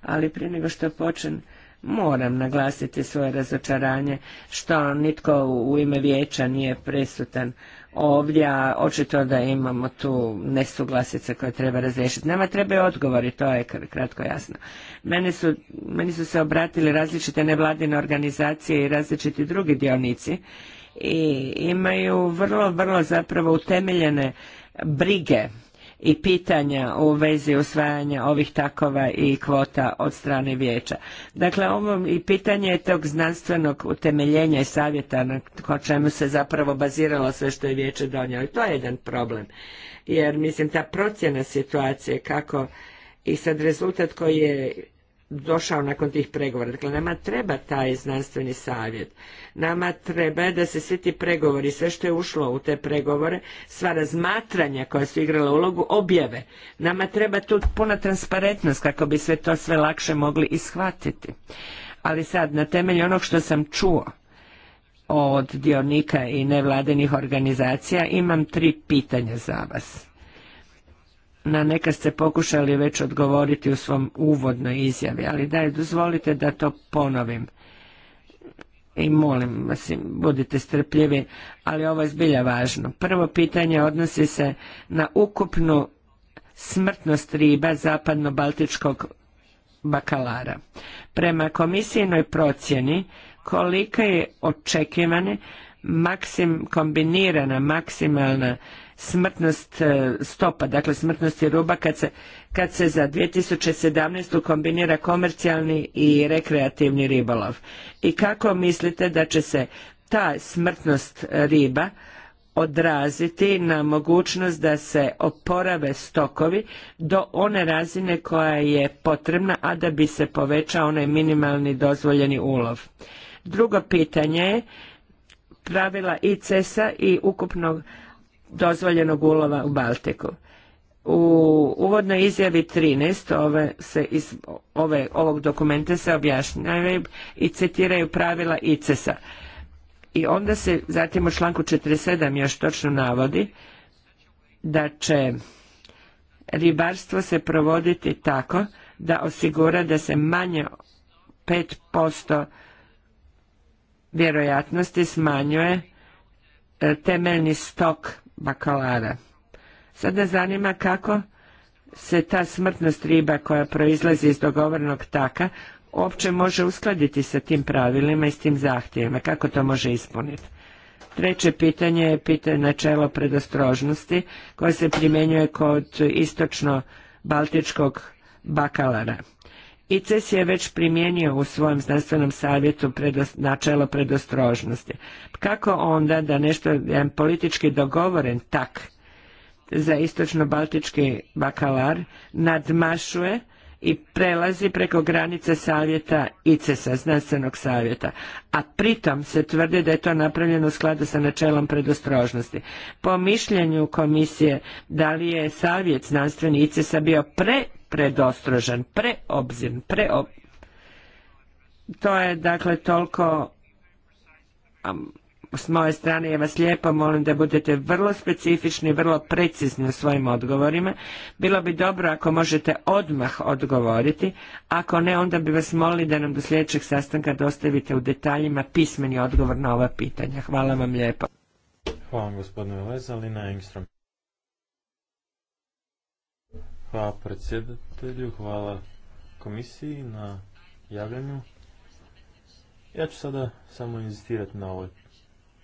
Speaker 2: Ali prije nego što počnem, moram naglasiti svoje razočaranje što nitko u ime vijeća nije presutan ovdje, očito da imamo tu nesuglasice koje treba razriješiti. Nama trebaju odgovori, to je kratko jasno. Meni su, meni su se obratili različite nevladine organizacije i različiti drugi dionici i imaju vrlo, vrlo zapravo utemeljene brige i pitanja u vezi usvajanja ovih takova i kvota od strane vijeća. Dakle, ovo i pitanje je tog znanstvenog utemeljenja i savjeta na čemu se zapravo baziralo sve što je vijeće donijelo. I to je jedan problem. Jer, mislim, ta procjena situacije kako i sad rezultat koji je došao nakon tih pregovora. Dakle, nama treba taj znanstveni savjet. Nama treba da se svi ti pregovori, sve što je ušlo u te pregovore, sva razmatranja koja su igrala ulogu, objave. Nama treba tu puna transparentnost kako bi sve to sve lakše mogli ishvatiti. Ali sad, na temelju onog što sam čuo od dionika i nevladenih organizacija, imam tri pitanja za vas na neka ste pokušali već odgovoriti u svom uvodnoj izjavi, ali daj dozvolite da to ponovim. I molim vas, budite strpljivi, ali ovo je zbilja važno. Prvo pitanje odnosi se na ukupnu smrtnost riba zapadno-baltičkog bakalara. Prema komisijnoj procjeni kolika je očekivane maksim, kombinirana maksimalna smrtnost e, stopa, dakle smrtnosti ruba kad se, kad se za 2017. kombinira komercijalni i rekreativni ribolov. I kako mislite da će se ta smrtnost riba odraziti na mogućnost da se oporave stokovi do one razine koja je potrebna, a da bi se povećao onaj minimalni dozvoljeni ulov. Drugo pitanje je pravila i CESA i ukupnog dozvoljenog ulova u Baltiku. U uvodnoj izjavi 13 ove se ove, ovog dokumenta se objašnjavaju i citiraju pravila ICES-a. I onda se zatim u članku 47 još točno navodi da će ribarstvo se provoditi tako da osigura da se manje 5% vjerojatnosti smanjuje e, temeljni stok bakalara. Sada zanima kako se ta smrtnost riba koja proizlazi iz dogovornog taka uopće može uskladiti sa tim pravilima i s tim zahtjevima, kako to može ispuniti. Treće pitanje je pitanje načelo predostrožnosti koje se primjenjuje kod istočno-baltičkog bakalara. ICES je već primijenio u svojem znanstvenom savjetu načelo predostrožnosti. Kako onda da nešto jedan politički dogovoren tak za istočno-baltički bakalar nadmašuje i prelazi preko granice savjeta ICES-a, znanstvenog savjeta, a pritom se tvrdi da je to napravljeno u skladu sa načelom predostrožnosti. Po mišljenju komisije, da li je savjet znanstveni ICES-a bio pre predostrožen, preobzirn, To je dakle toliko s moje strane ja vas lijepo molim da budete vrlo specifični, vrlo precizni u svojim odgovorima. Bilo bi dobro ako možete odmah odgovoriti, ako ne onda bi vas molili da nam do sljedećeg sastanka dostavite u detaljima pismeni odgovor na ova pitanja. Hvala vam lijepo.
Speaker 1: Hvala vam gospodine Lezalina Hvala predsjedatelju, hvala komisiji na javljanju. Ja ću sada samo inzistirati na ovoj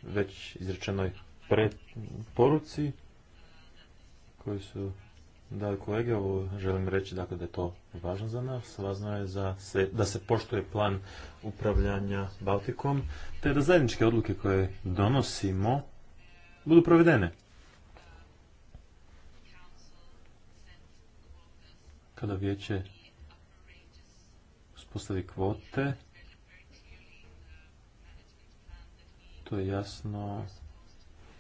Speaker 1: već izrečenoj poruci koju su dali kolege. Ovo želim reći dakle, da je to važno za nas. Važno je da se poštuje plan upravljanja Baltikom, te da zajedničke odluke koje donosimo budu provedene. kada vijeće uspostavi kvote, to je jasno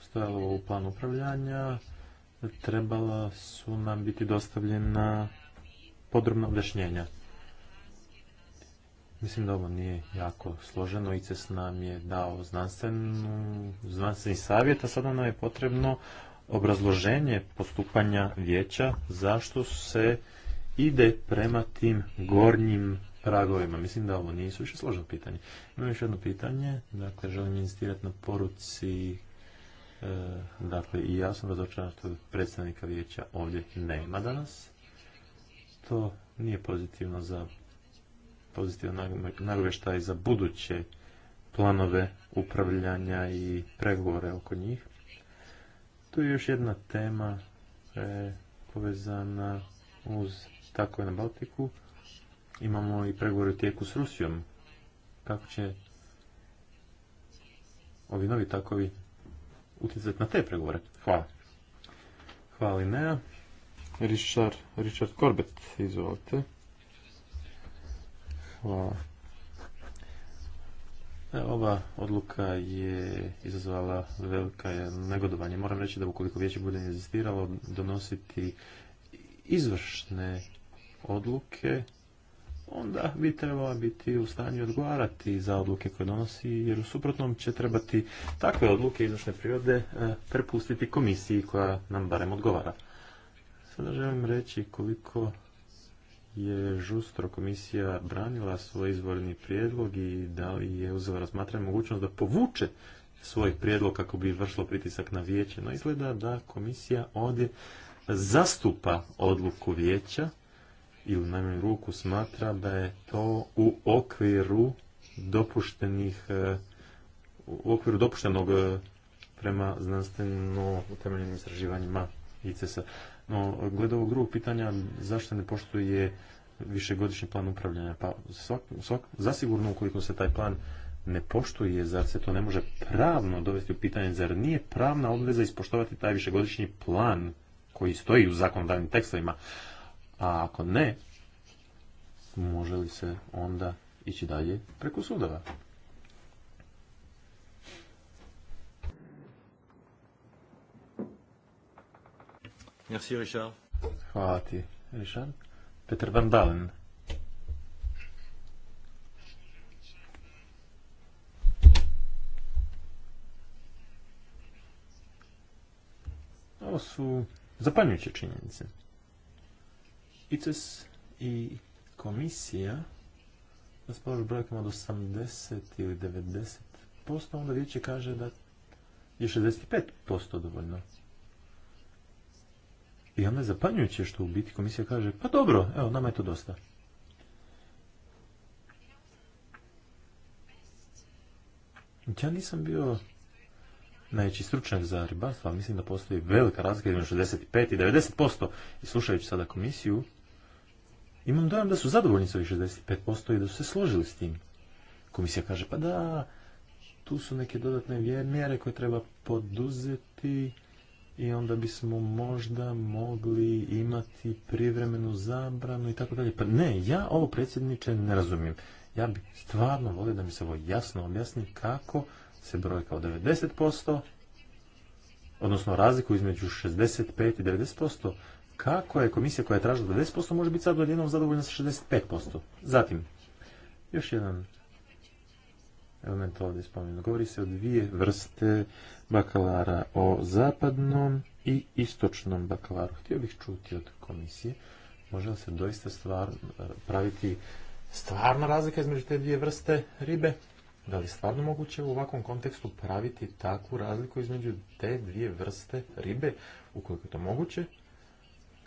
Speaker 1: stojalo u planu upravljanja, trebala su nam biti dostavljena podrobna objašnjenja. Mislim da ovo nije jako složeno. ICES nam je dao znanstveni savjet, a sada nam je potrebno obrazloženje postupanja vijeća zašto se ide prema tim gornjim pragovima. Mislim da ovo nisu više složeno pitanje. Imam još jedno pitanje, dakle želim insistirati na poruci e, dakle i ja sam razočaran što predstavnika vijeća ovdje nema danas. To nije pozitivno za pozitivan i za buduće planove upravljanja i pregovore oko njih. Tu je još jedna tema koja e, povezana uz tako je na Baltiku. Imamo i pregovore u tijeku s Rusijom. Kako će ovi novi takovi utjecati na te pregovore? Hvala. Hvala i Richard, Richard Corbett, izvolite. Hvala. E, ova odluka je izazvala velika negodovanje. Moram reći da ukoliko vijeće bude inzistiralo donositi izvršne odluke, onda bi trebala biti u stanju odgovarati za odluke koje donosi, jer u suprotnom će trebati takve odluke izvršne prirode e, prepustiti komisiji koja nam barem odgovara. Sada želim reći koliko je žustro komisija branila svoj izvorni prijedlog i da li je uzela razmatranje mogućnost da povuče svoj prijedlog kako bi vršilo pritisak na vijeće. No izgleda da komisija ovdje zastupa odluku vijeća ili najmanju ruku smatra da je to u okviru dopuštenih e, u okviru dopuštenog e, prema znanstveno utemeljenim istraživanjima ICS-a. No, glede ovog drugog pitanja, zašto ne poštuje višegodišnji plan upravljanja? Pa, svak, svak, zasigurno ukoliko se taj plan ne poštuje, zar se to ne može pravno dovesti u pitanje, zar nije pravna obveza ispoštovati taj višegodišnji plan koji stoji u zakonodavnim tekstovima? A ako ne, može li se onda ići dalje preko sudova? Merci Richard. Hvala ti, Richard. Peter Van Balen. Ovo su zapanjujuće činjenice. ICES i komisija raspolažu brojkom od 80 ili 90%, onda vijeće kaže da je 65% dovoljno. I onda je zapanjujuće što u biti komisija kaže, pa dobro, evo, nama je to dosta. Ja nisam bio najveći stručnjak za ribarstvo, ali mislim da postoji velika razlika između 65 i 90%. I slušajući sada komisiju, imam dojam da su zadovoljni s ovih 65% i da su se složili s tim. Komisija kaže, pa da, tu su neke dodatne mjere koje treba poduzeti i onda bismo možda mogli imati privremenu zabranu i tako dalje. Pa ne, ja ovo predsjedniče ne razumijem. Ja bih stvarno volio da mi se ovo jasno objasni kako se brojka od 90%, odnosno razliku između 65 i 90%, kako je komisija koja je tražila 20% može biti sad jednom zadovoljna sa 65%. Zatim, još jedan element ovdje spomenu. Govori se o dvije vrste bakalara, o zapadnom i istočnom bakalaru. Htio bih čuti od komisije, može li se doista praviti stvarna razlika između te dvije vrste ribe? Da li je stvarno moguće u ovakvom kontekstu praviti takvu razliku između te dvije vrste ribe, ukoliko je to moguće?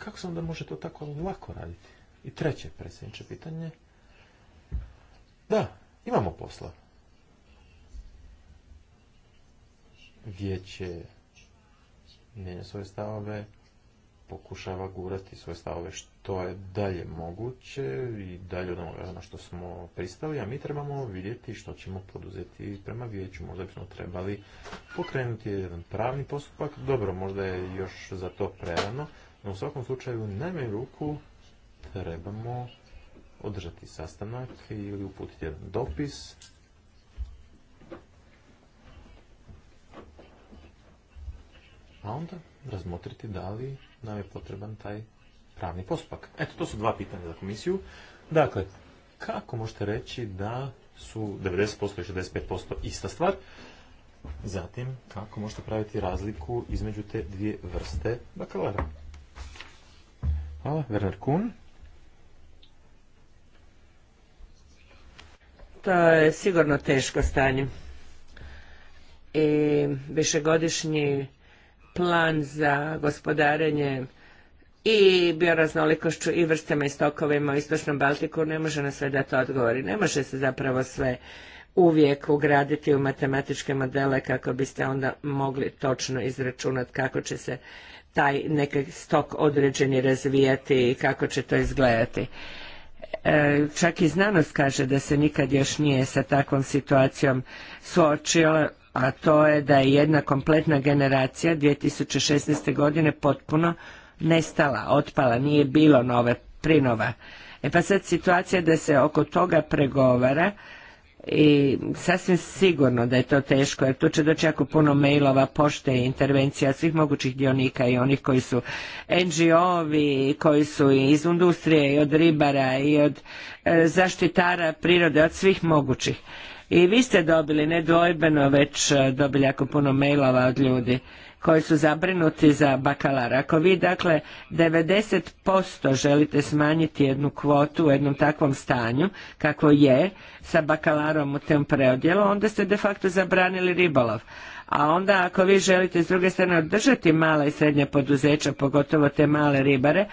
Speaker 1: Kako se onda može to tako lako raditi? I treće, predsjedniče, pitanje. Da, imamo posla. Vijeće mijenja svoje stavove, pokušava gurati svoje stavove što je dalje moguće i dalje od onoga na što smo pristali, a mi trebamo vidjeti što ćemo poduzeti prema vijeću. Možda bismo trebali pokrenuti jedan pravni postupak. Dobro, možda je još za to prerano, no u svakom slučaju, u najmanju ruku trebamo održati sastanak ili uputiti jedan dopis a onda razmotriti da li nam je potreban taj pravni postupak. Eto, to su dva pitanja za komisiju. Dakle, kako možete reći da su 90% i 65% ista stvar? Zatim, kako možete praviti razliku između te dvije vrste bakalara? Hvala. Werner Kuhn.
Speaker 2: To je sigurno teško stanje. I višegodišnji plan za gospodarenje i bioraznolikošću i vrstama i stokovima u Istočnom Baltiku ne može na sve dati odgovori. Ne može se zapravo sve uvijek ugraditi u matematičke modele kako biste onda mogli točno izračunati kako će se taj neki stok određeni razvijati i kako će to izgledati. E, čak i znanost kaže da se nikad još nije sa takvom situacijom suočila, a to je da je jedna kompletna generacija 2016. godine potpuno nestala, otpala, nije bilo nove prinova. E pa sad situacija da se oko toga pregovara i sasvim sigurno da je to teško jer tu će doći jako puno mailova, pošte, intervencija svih mogućih dionika i onih koji su NGO-ovi, koji su iz industrije i od ribara i od e, zaštitara prirode, od svih mogućih. I vi ste dobili, nedvojbeno, već e, dobili jako puno mailova od ljudi koji su zabrinuti za bakalar. Ako vi dakle 90% želite smanjiti jednu kvotu u jednom takvom stanju kako je sa bakalarom u tem preodjelu, onda ste de facto zabranili ribolov. A onda ako vi želite s druge strane održati mala i srednja poduzeća, pogotovo te male ribare,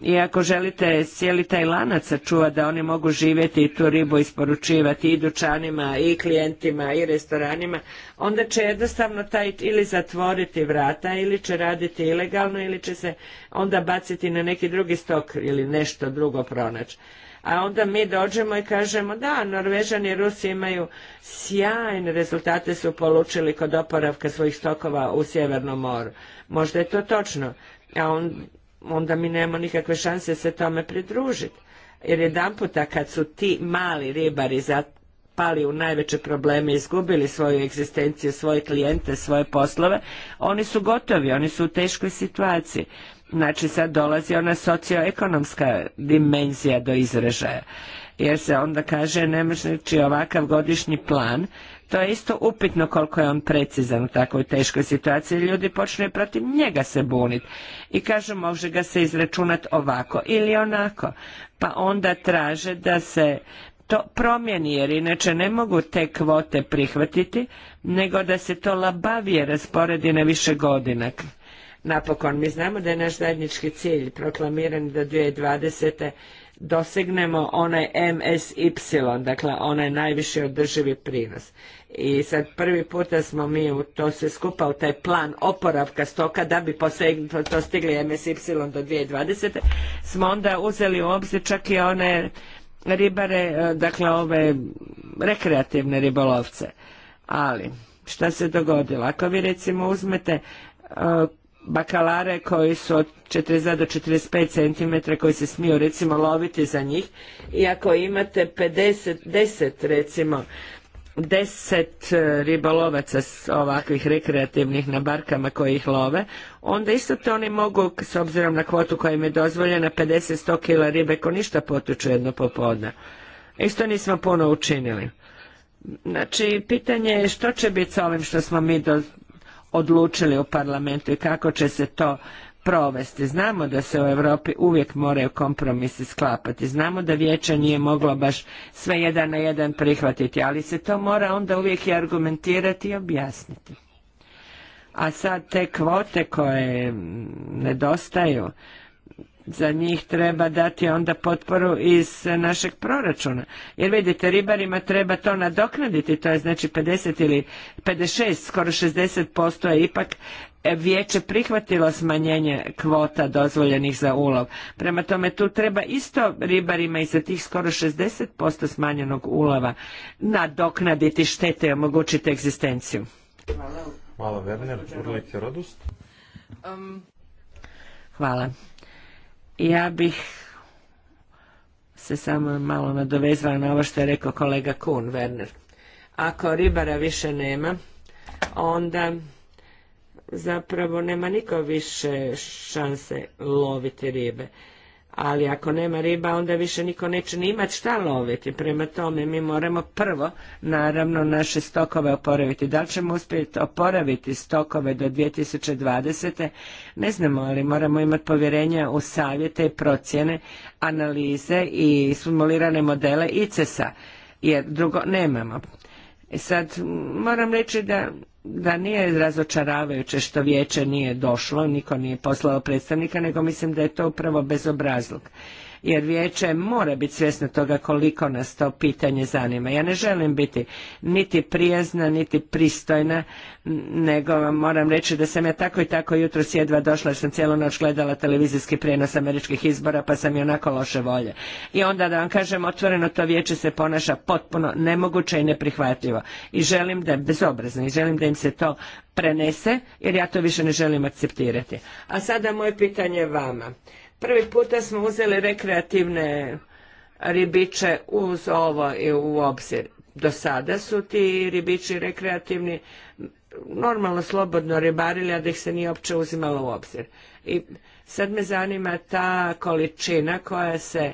Speaker 2: i ako želite cijeli taj lanac sačuva da oni mogu živjeti i tu ribu isporučivati i dućanima i klijentima i restoranima, onda će jednostavno taj ili zatvoriti vrata ili će raditi ilegalno ili će se onda baciti na neki drugi stok ili nešto drugo pronaći a onda mi dođemo i kažemo da, Norvežani i Rusi imaju sjajne rezultate su polučili kod oporavka svojih stokova u Sjevernom moru. Možda je to točno, a on, onda mi nemamo nikakve šanse se tome pridružiti. Jer jedan puta kad su ti mali ribari pali u najveće probleme, izgubili svoju egzistenciju, svoje klijente, svoje poslove, oni su gotovi, oni su u teškoj situaciji. Znači sad dolazi ona socioekonomska dimenzija do izražaja. Jer se onda kaže, ne znači ovakav godišnji plan, to je isto upitno koliko je on precizan u takvoj teškoj situaciji. Ljudi počne protiv njega se buniti i kažu može ga se izračunati ovako ili onako. Pa onda traže da se to promjeni jer inače ne mogu te kvote prihvatiti nego da se to labavije rasporedi na više godina napokon. Mi znamo da je naš zajednički cilj proklamiran da 2020. dosegnemo onaj MSY, dakle onaj najviši održivi prinos. I sad prvi puta smo mi u to se skupa u taj plan oporavka stoka da bi stigli MSY do 2020. smo onda uzeli u obzir čak i one ribare, e, dakle ove rekreativne ribolovce. Ali, šta se dogodilo? Ako vi recimo uzmete e, bakalare koji su od 42 do 45 cm koji se smiju recimo loviti za njih i ako imate 50, 10 recimo 10 e, ribolovaca ovakvih rekreativnih na barkama koji ih love, onda isto to oni mogu, s obzirom na kvotu koja im je dozvoljena, 50-100 kila ribe ko ništa potuču jedno popodne. Isto nismo puno učinili. Znači, pitanje je što će biti s ovim što smo mi do, odlučili u parlamentu i kako će se to provesti. Znamo da se u Europi uvijek moraju kompromisi sklapati. Znamo da vijeće nije moglo baš sve jedan na jedan prihvatiti, ali se to mora onda uvijek i argumentirati i objasniti. A sad te kvote koje nedostaju, za njih treba dati onda potporu iz e, našeg proračuna. Jer vidite, ribarima treba to nadoknaditi, to je znači 50 ili 56, skoro 60% je ipak e, vijeće prihvatilo smanjenje kvota dozvoljenih za ulov. Prema tome tu treba isto ribarima i za tih skoro 60% smanjenog ulova nadoknaditi štete i omogućiti egzistenciju. Hvala. Um, Hvala Hvala. Ja bih se samo malo nadovezala na ovo što je rekao kolega Kuhn, Werner. Ako ribara više nema, onda zapravo nema niko više šanse loviti ribe ali ako nema riba onda više niko neće ni imati šta loviti. Prema tome mi moramo prvo naravno naše stokove oporaviti. Da li ćemo uspjeti oporaviti stokove do 2020. ne znamo, ali moramo imati povjerenja u savjete i procjene, analize i simulirane modele ICES-a jer drugo nemamo. E sad moram reći da da nije razočaravajuće što vijeće nije došlo, niko nije poslao predstavnika, nego mislim da je to upravo bezobrazlog jer vijeće mora biti svjesno toga koliko nas to pitanje zanima. Ja ne želim biti niti prijezna, niti pristojna, nego vam moram reći da sam ja tako i tako jutros sjedva došla jer sam cijelu noć gledala televizijski prijenos američkih izbora pa sam i onako loše volje. I onda da vam kažem otvoreno to vijeće se ponaša potpuno nemoguće i neprihvatljivo. I želim da, bezobrazno, i želim da im se to prenese jer ja to više ne želim akceptirati. A sada moje pitanje vama. Prvi puta smo uzeli rekreativne ribiče uz ovo i u obzir. Do sada su ti ribiči rekreativni normalno slobodno ribarili, a da ih se nije uopće uzimalo u obzir. I sad me zanima ta količina koja se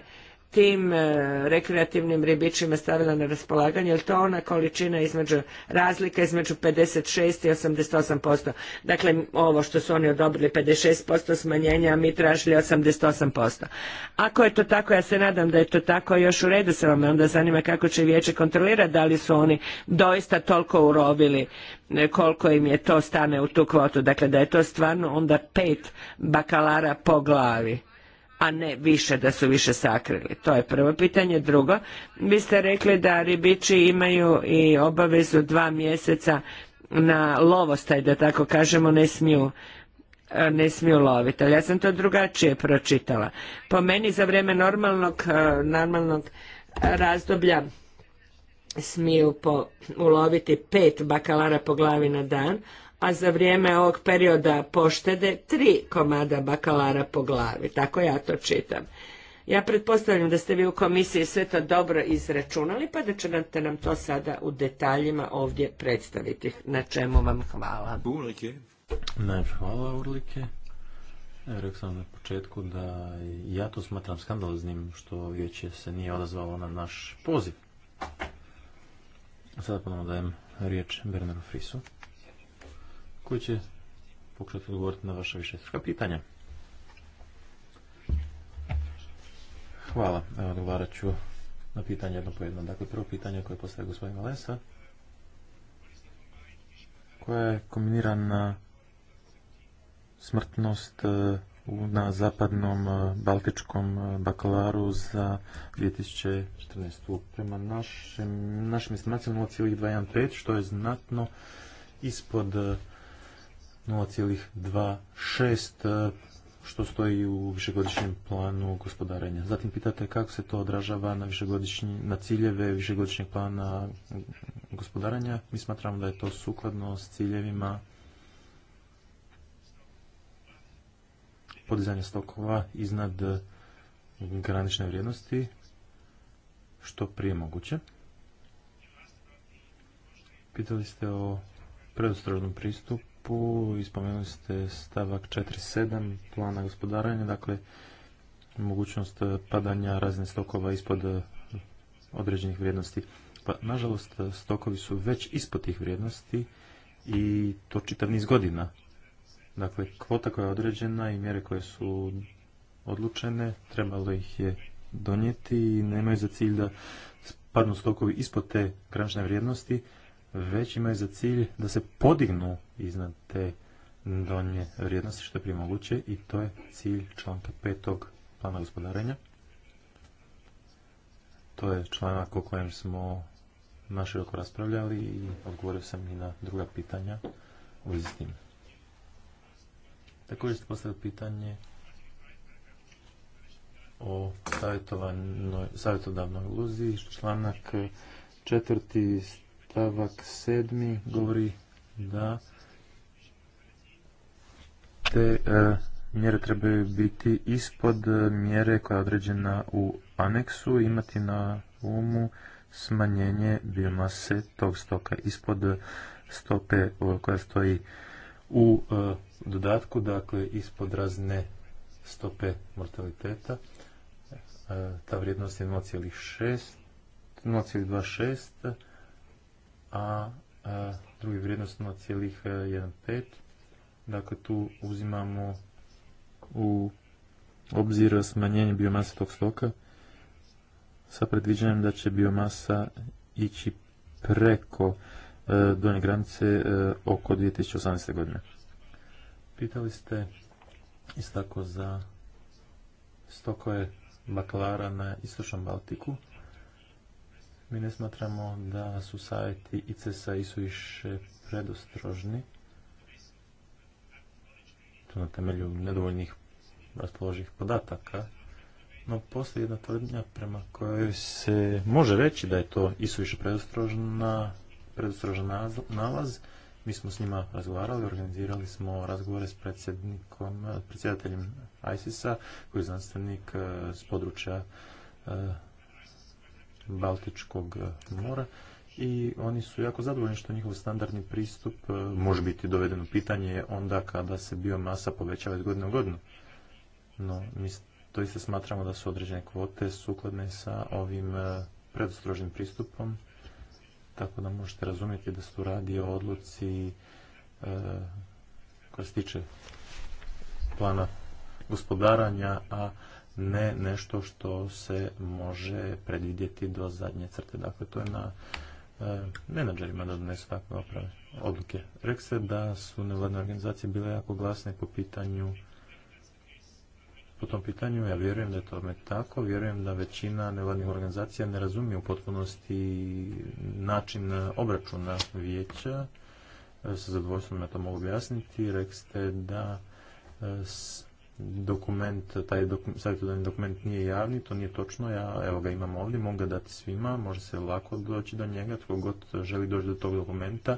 Speaker 2: tim e, rekreativnim ribičima stavila na raspolaganje, jer to ona količina između razlika između 56 i 88%. Dakle, ovo što su oni odobrili 56% smanjenja, a mi tražili 88%. Ako je to tako, ja se nadam da je to tako, još u redu se vam onda zanima kako će vijeće kontrolirati da li su oni doista toliko urobili e, koliko im je to stane u tu kvotu. Dakle, da je to stvarno onda pet bakalara po glavi a ne više da su više sakrili? To je prvo pitanje. Drugo, vi ste rekli da ribiči imaju i obavezu dva mjeseca na lovostaj, da tako kažemo, ne smiju e, ne smiju loviti. Ali ja sam to drugačije pročitala. Po meni za vrijeme normalnog, e, normalnog razdoblja smiju uloviti pet bakalara po glavi na dan, a za vrijeme ovog perioda poštede tri komada bakalara po glavi. Tako ja to čitam. Ja pretpostavljam da ste vi u komisiji sve to dobro izračunali, pa da ćete nam to sada u detaljima ovdje predstaviti. Na čemu vam hvala. Urlike.
Speaker 1: hvala Urlike. rekao sam na početku da ja to smatram skandaloznim što vijeće se nije odazvalo na naš poziv. Sada ponovno dajem riječ Berneru Frisu koji će pokušati odgovoriti na vaše višestruka pitanja. Hvala. Evo, odgovarat ću na pitanje jedno po jedno. Dakle, prvo pitanje koje postaje gospodin lesa koja je kombinirana smrtnost e, na zapadnom e, baltičkom e, bakalaru za 2014. Prema našim, našim 0,215, što je znatno ispod 0,26 e, što stoji u višegodišnjem planu gospodarenja. Zatim pitate kako se to odražava na, na ciljeve višegodišnjeg plana gospodarenja. Mi smatramo da je to sukladno s ciljevima podizanja stokova iznad granične vrijednosti što prije moguće. Pitali ste o predostrožnom pristupu pu i ste stavak 4.7 plana gospodaranja, dakle mogućnost eh, padanja razne stokova ispod eh, određenih vrijednosti. Pa, nažalost, eh, stokovi su već ispod tih vrijednosti i to čitav niz godina. Dakle, kvota koja je određena i mjere koje su odlučene, trebalo ih je donijeti i nemaju za cilj da padnu stokovi ispod te granične vrijednosti, već imaju za cilj da se podignu iznad te donje vrijednosti što je prije moguće i to je cilj članka petog plana gospodarenja. To je članak o kojem smo naširoko raspravljali i odgovorio sam i na druga pitanja u vezi s tim. Također ste postavili pitanje o savjetodavnoj iluziji, članak četvrti stavak sedmi govori da te e, mjere trebaju biti ispod mjere koja je određena u aneksu, imati na umu smanjenje biomase tog stoka ispod stope e, koja stoji u e, dodatku, dakle ispod razne stope mortaliteta. ta vrijednost je 0,26 a, drugi vrijednost 0,15. Dakle, tu uzimamo u obzir smanjenje biomase tog stoka sa predviđanjem da će biomasa ići preko e, donje granice e, oko 2018. godine. Pitali ste isto tako za stokoje baklara na istočnom Baltiku. Mi ne smatramo da su savjeti ICES-a i su više predostrožni. To na temelju nedovoljnih raspoloživih podataka. No, postoji jedna tvrdnja prema kojoj se može reći da je to isuviše predostrožna, predostrožan nalaz. Mi smo s njima razgovarali, organizirali smo razgovore s predsjednikom, predsjedateljem ISIS-a, koji je znanstvenik eh, s područja eh, Baltičkog e, mora i oni su jako zadovoljni što njihov standardni pristup e, može biti dovedeno pitanje onda kada se biomasa povećava iz godine u godinu. No, mi se smatramo da su određene kvote sukladne sa ovim e, predostrožnim pristupom, tako da možete razumjeti da se tu radi o odluci koja se tiče plana gospodaranja, a ne nešto što se može predvidjeti do zadnje crte. Dakle, to je na e, menadžerima da donesu takve odluke. Rek se da su nevladne organizacije bile jako glasne po pitanju po tom pitanju, ja vjerujem da je tome tako, vjerujem da većina nevladnih organizacija ne razumije u potpunosti način obračuna vijeća. E, sa zadovoljstvom na to mogu objasniti. Rek ste da e, dokument, taj dokum, savjetodavni dokument nije javni, to nije točno, ja evo ga imam ovdje, mogu ga dati svima, može se lako doći do njega, tko god želi doći do tog dokumenta,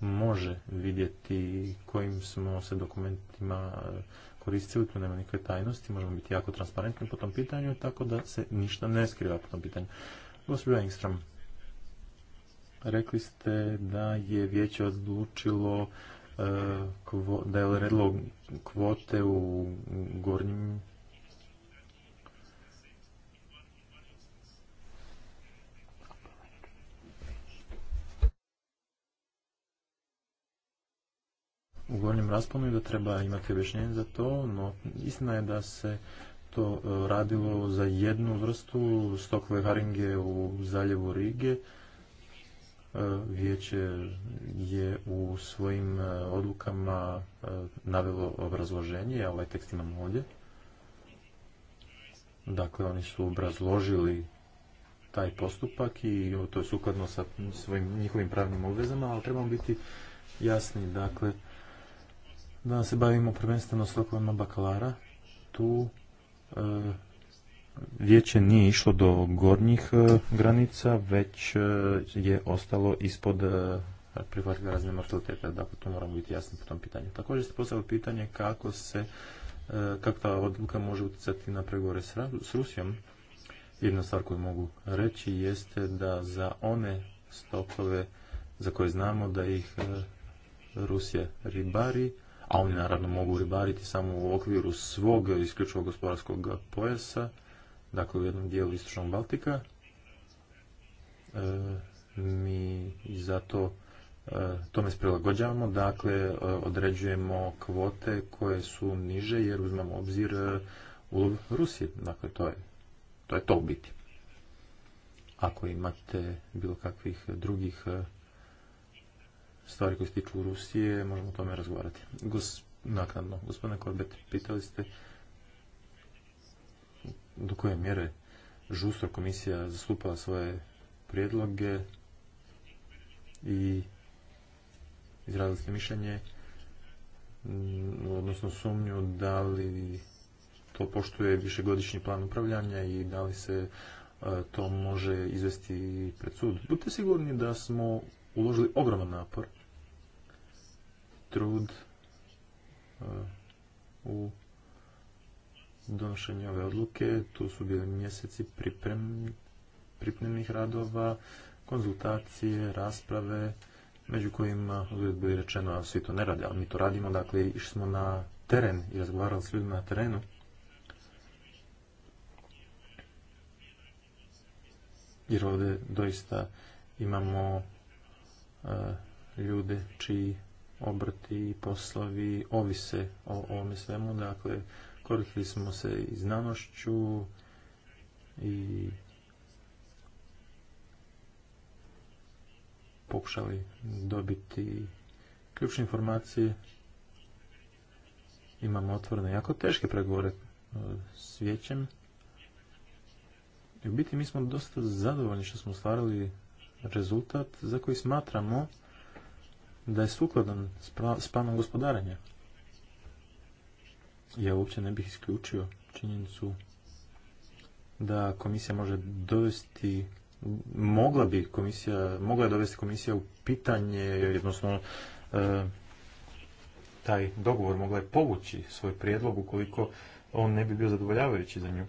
Speaker 1: može vidjeti kojim smo se dokumentima e, koristili, tu nema nikakve tajnosti, možemo biti jako transparentni po tom pitanju, tako da se ništa ne skriva po tom pitanju. Gospodin Engstrom, rekli ste da je vijeće odlučilo da je redlo kvote u gornjim u gornjem rasponu i da treba imati objašnjenje za to, no istina je da se to e, radilo za jednu vrstu stokove haringe u zaljevu Rige, E, vijeće je u svojim e, odlukama e, navelo obrazloženje, ja ovaj tekst imam ovdje. Dakle, oni su obrazložili taj postupak i to je sukladno sa svojim njihovim pravnim obvezama, ali trebamo biti jasni, dakle, da se bavimo prvenstveno slokovima bakalara, tu vijeće nije išlo do gornjih e, granica, već e, je ostalo ispod e, privatne razne mortaliteta. Dakle, to moramo biti jasni po tom pitanju. Također ste postavili pitanje kako se kako ta odluka može utjecati na pregovore s, Rusijom. Jedna stvar koju mogu reći jeste da za one stopove za koje znamo da ih Rusija ribari, a oni naravno mogu ribariti samo u okviru svog isključivog gospodarskog pojasa, dakle u jednom dijelu Istočnog Baltika. E, mi i zato e, tome prilagođavamo, dakle e, određujemo kvote koje su niže jer uzmemo obzir e, u Rusije. Dakle, to je to, je to u biti. Ako imate bilo kakvih drugih stvari koje se tiču Rusije, možemo o tome razgovarati. Gos, naknadno, gospodine Korbet, pitali ste do koje mjere žustro komisija zastupala svoje prijedloge i izrazili ste mišljenje, mm, odnosno sumnju da li to poštuje višegodišnji plan upravljanja i da li se e, to može izvesti pred sud. Budite sigurni da smo uložili ogroman napor, trud e, u donošenje ove odluke. Tu su bili mjeseci pripremnih radova, konzultacije, rasprave, među kojima uvijek rečeno da svi to ne radi, ali mi to radimo, dakle išli smo na teren i razgovarali s ljudima na terenu. Jer ovdje doista imamo e, ljude čiji obrti i poslovi ovise o ovome svemu, dakle koristili smo se i znanošću i pokušali dobiti ključne informacije. Imamo otvorene jako teške pregovore e, s vijećem. I u biti mi smo dosta zadovoljni što smo ostvarili rezultat za koji smatramo da je sukladan s planom gospodarenja ja uopće ne bih isključio činjenicu da komisija može dovesti mogla bi komisija mogla je dovesti komisija u pitanje odnosno e, taj dogovor mogla je povući svoj prijedlog ukoliko on ne bi bio zadovoljavajući za nju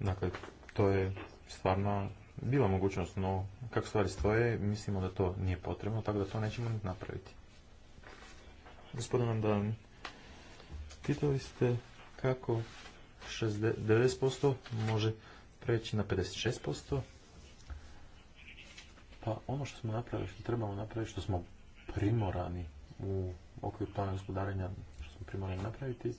Speaker 1: dakle to je stvarno bila mogućnost no kako stvari stoje mislimo da to nije potrebno tako da to nećemo napraviti Gospodin Andan, pitali ste kako 90% može preći na 56%. Pa ono što smo napravili, što trebamo napraviti, što smo primorani u okviru plana gospodarenja, što smo primorani napraviti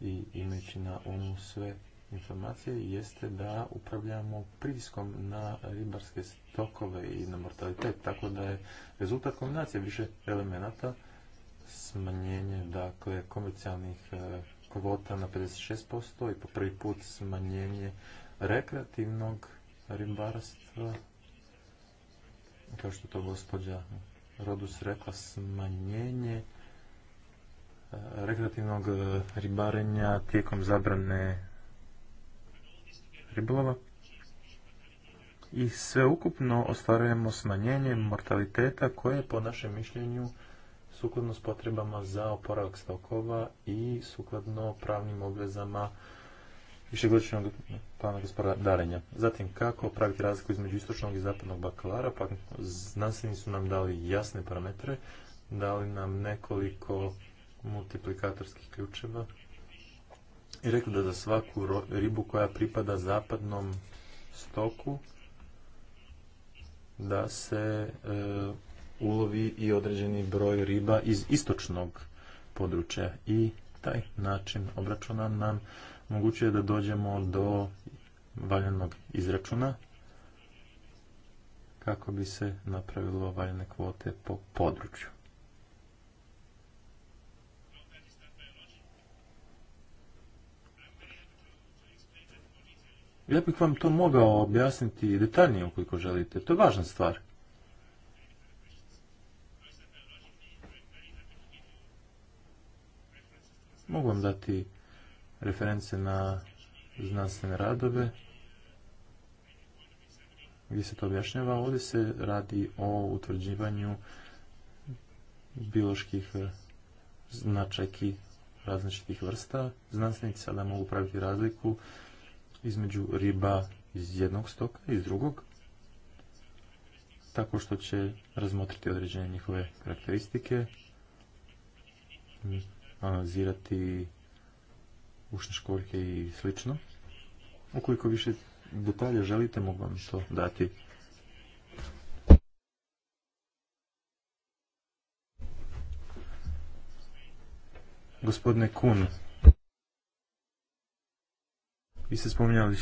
Speaker 1: i imajući na umu sve informacije, jeste da upravljamo pritiskom na ribarske stokove i na mortalitet, tako da je rezultat kombinacije više elemenata smanjenje dakle komercijalnih e, kvota na 56% i po prvi put smanjenje rekreativnog ribarstva kao što to gospođa Rodus rekla smanjenje e, rekreativnog e, ribarenja tijekom zabrane ribolova i sveukupno ostvarujemo smanjenje mortaliteta koje je po našem mišljenju sukladno s potrebama za oporavak stokova i sukladno pravnim obvezama višegodišnjeg plana gospodarenja. Zatim, kako praviti razliku između istočnog i zapadnog bakalara, pa znanstveni su nam dali jasne parametre, dali nam nekoliko multiplikatorskih ključeva i rekli da za svaku ribu koja pripada zapadnom stoku da se e, ulovi i određeni broj riba iz istočnog područja i taj način obračuna nam mogućuje da dođemo do valjanog izračuna kako bi se napravilo valjane kvote po području. Ja bih vam to mogao objasniti detaljnije ukoliko želite. To je važna stvar. Mogu vam dati reference na znanstvene radove gdje se to objašnjava. Ovdje se radi o utvrđivanju bioloških eh, značajki različitih vrsta. Znanstvenici sada mogu praviti razliku između riba iz jednog stoka i iz drugog, tako što će razmotriti određene njihove karakteristike analizirati ušne školjke i slično. Ukoliko više detalja želite, mogu vam to dati. Gospodine Kun, vi ste spominjali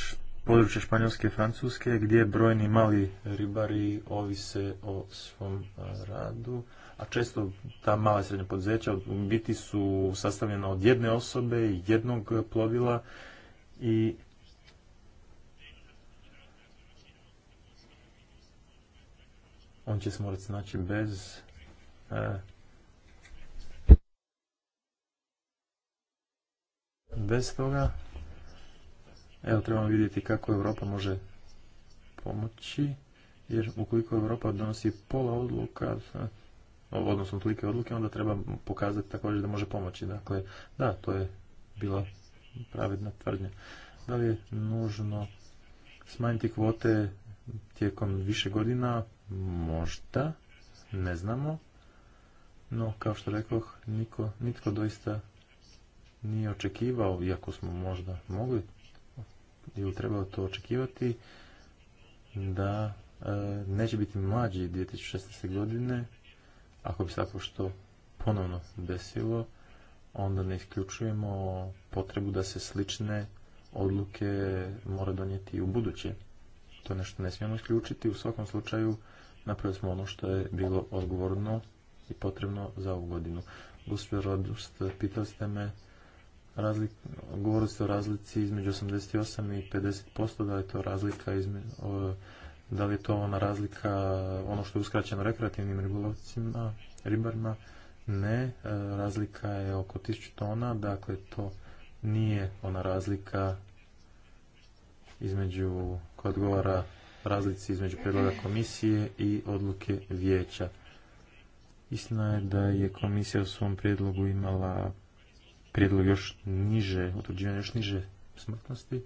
Speaker 1: područje Španjolske i Francuske gdje brojni mali ribari ovise o svom radu a često ta mala i srednja poduzeća biti su sastavljena od jedne osobe i jednog plovila i on će se morati znači bez e, bez toga evo trebamo vidjeti kako Europa može pomoći jer ukoliko Europa donosi pola odluka odnosno tolike odluke, onda treba pokazati također da može pomoći. Dakle, da, to je bila pravedna tvrdnja. Da li je nužno smanjiti kvote tijekom više godina? Možda, ne znamo. No, kao što rekoh, niko, nitko doista nije očekivao, iako smo možda mogli ili trebalo to očekivati, da e, neće biti mlađi 2016. godine ako bi se tako što ponovno desilo, onda ne isključujemo potrebu da se slične odluke mora donijeti i u buduće. To je nešto ne smijemo isključiti. U svakom slučaju napravili smo ono što je bilo odgovorno i potrebno za ovu godinu. Gospod Rodust, pitali ste me, govorili ste o razlici između 88 i 50%, da je to razlika između, da li je to ona razlika, ono što je uskraćeno rekreativnim ribolovcima, ribarima, ne, e, razlika je oko 1000 tona, dakle to nije ona razlika između, koja odgovara razlici između predloga komisije i odluke vijeća. Istina je da je komisija u svom prijedlogu imala prijedlog još niže, utvrđivanje još niže smrtnosti,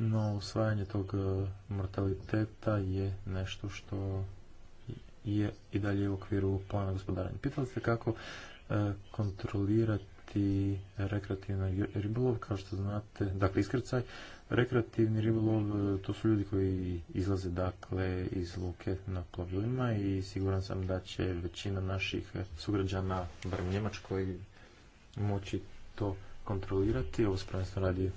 Speaker 1: no, usvajanje tog e, mortaliteta je nešto što je i dalje u okviru plana gospodaranja. Pitali ste kako e, kontrolirati rekreativni ribolov, kao što znate, dakle iskrcaj, rekreativni ribolov, e, to su ljudi koji izlaze dakle iz luke na plovilima i siguran sam da će većina naših sugrađana, bar u Njemačkoj, moći to kontrolirati. Ovo spravenstvo radi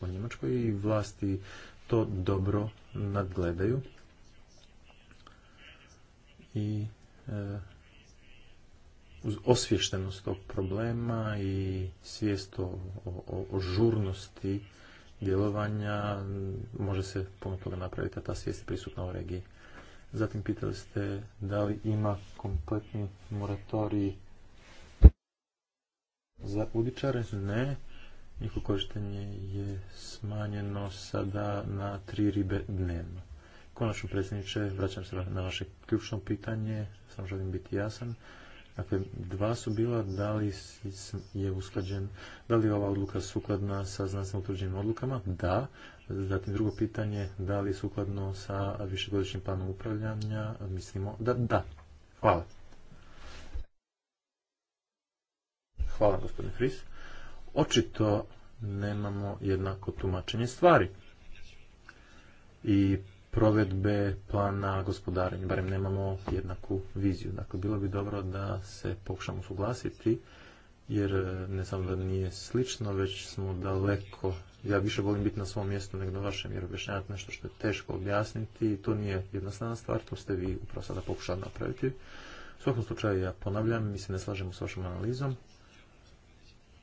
Speaker 1: u Njemačkoj i vlasti to dobro nadgledaju i e, uz osvještenost tog problema i svijest o, žurnosti djelovanja može se puno toga napraviti, a ta svijest je prisutna u regiji. Zatim pitali ste da li ima kompletni moratorij za udičare? Ne. Njihovo korištenje je smanjeno sada na tri ribe dnevno. Konačno, predsjedniče, vraćam se na vaše ključno pitanje, samo želim biti jasan. Dakle, dva su bila, da li je usklađen, da li je ova odluka sukladna sa znanstveno utvrđenim odlukama? Da. Zatim drugo pitanje, da li je sukladno sa višegodišnjim planom upravljanja? Mislimo da da. Hvala. Hvala, gospodine Fris očito nemamo jednako tumačenje stvari i provedbe plana gospodarenja, barem nemamo jednaku viziju. Dakle, bilo bi dobro da se pokušamo suglasiti, jer e, ne samo da nije slično, već smo daleko. Ja više volim biti na svom mjestu nego na vašem, jer objašnjavati nešto što je teško objasniti i to nije jednostavna stvar, to ste vi upravo sada pokušali napraviti. U svakom slučaju, ja ponavljam, mi se ne slažemo s vašom analizom,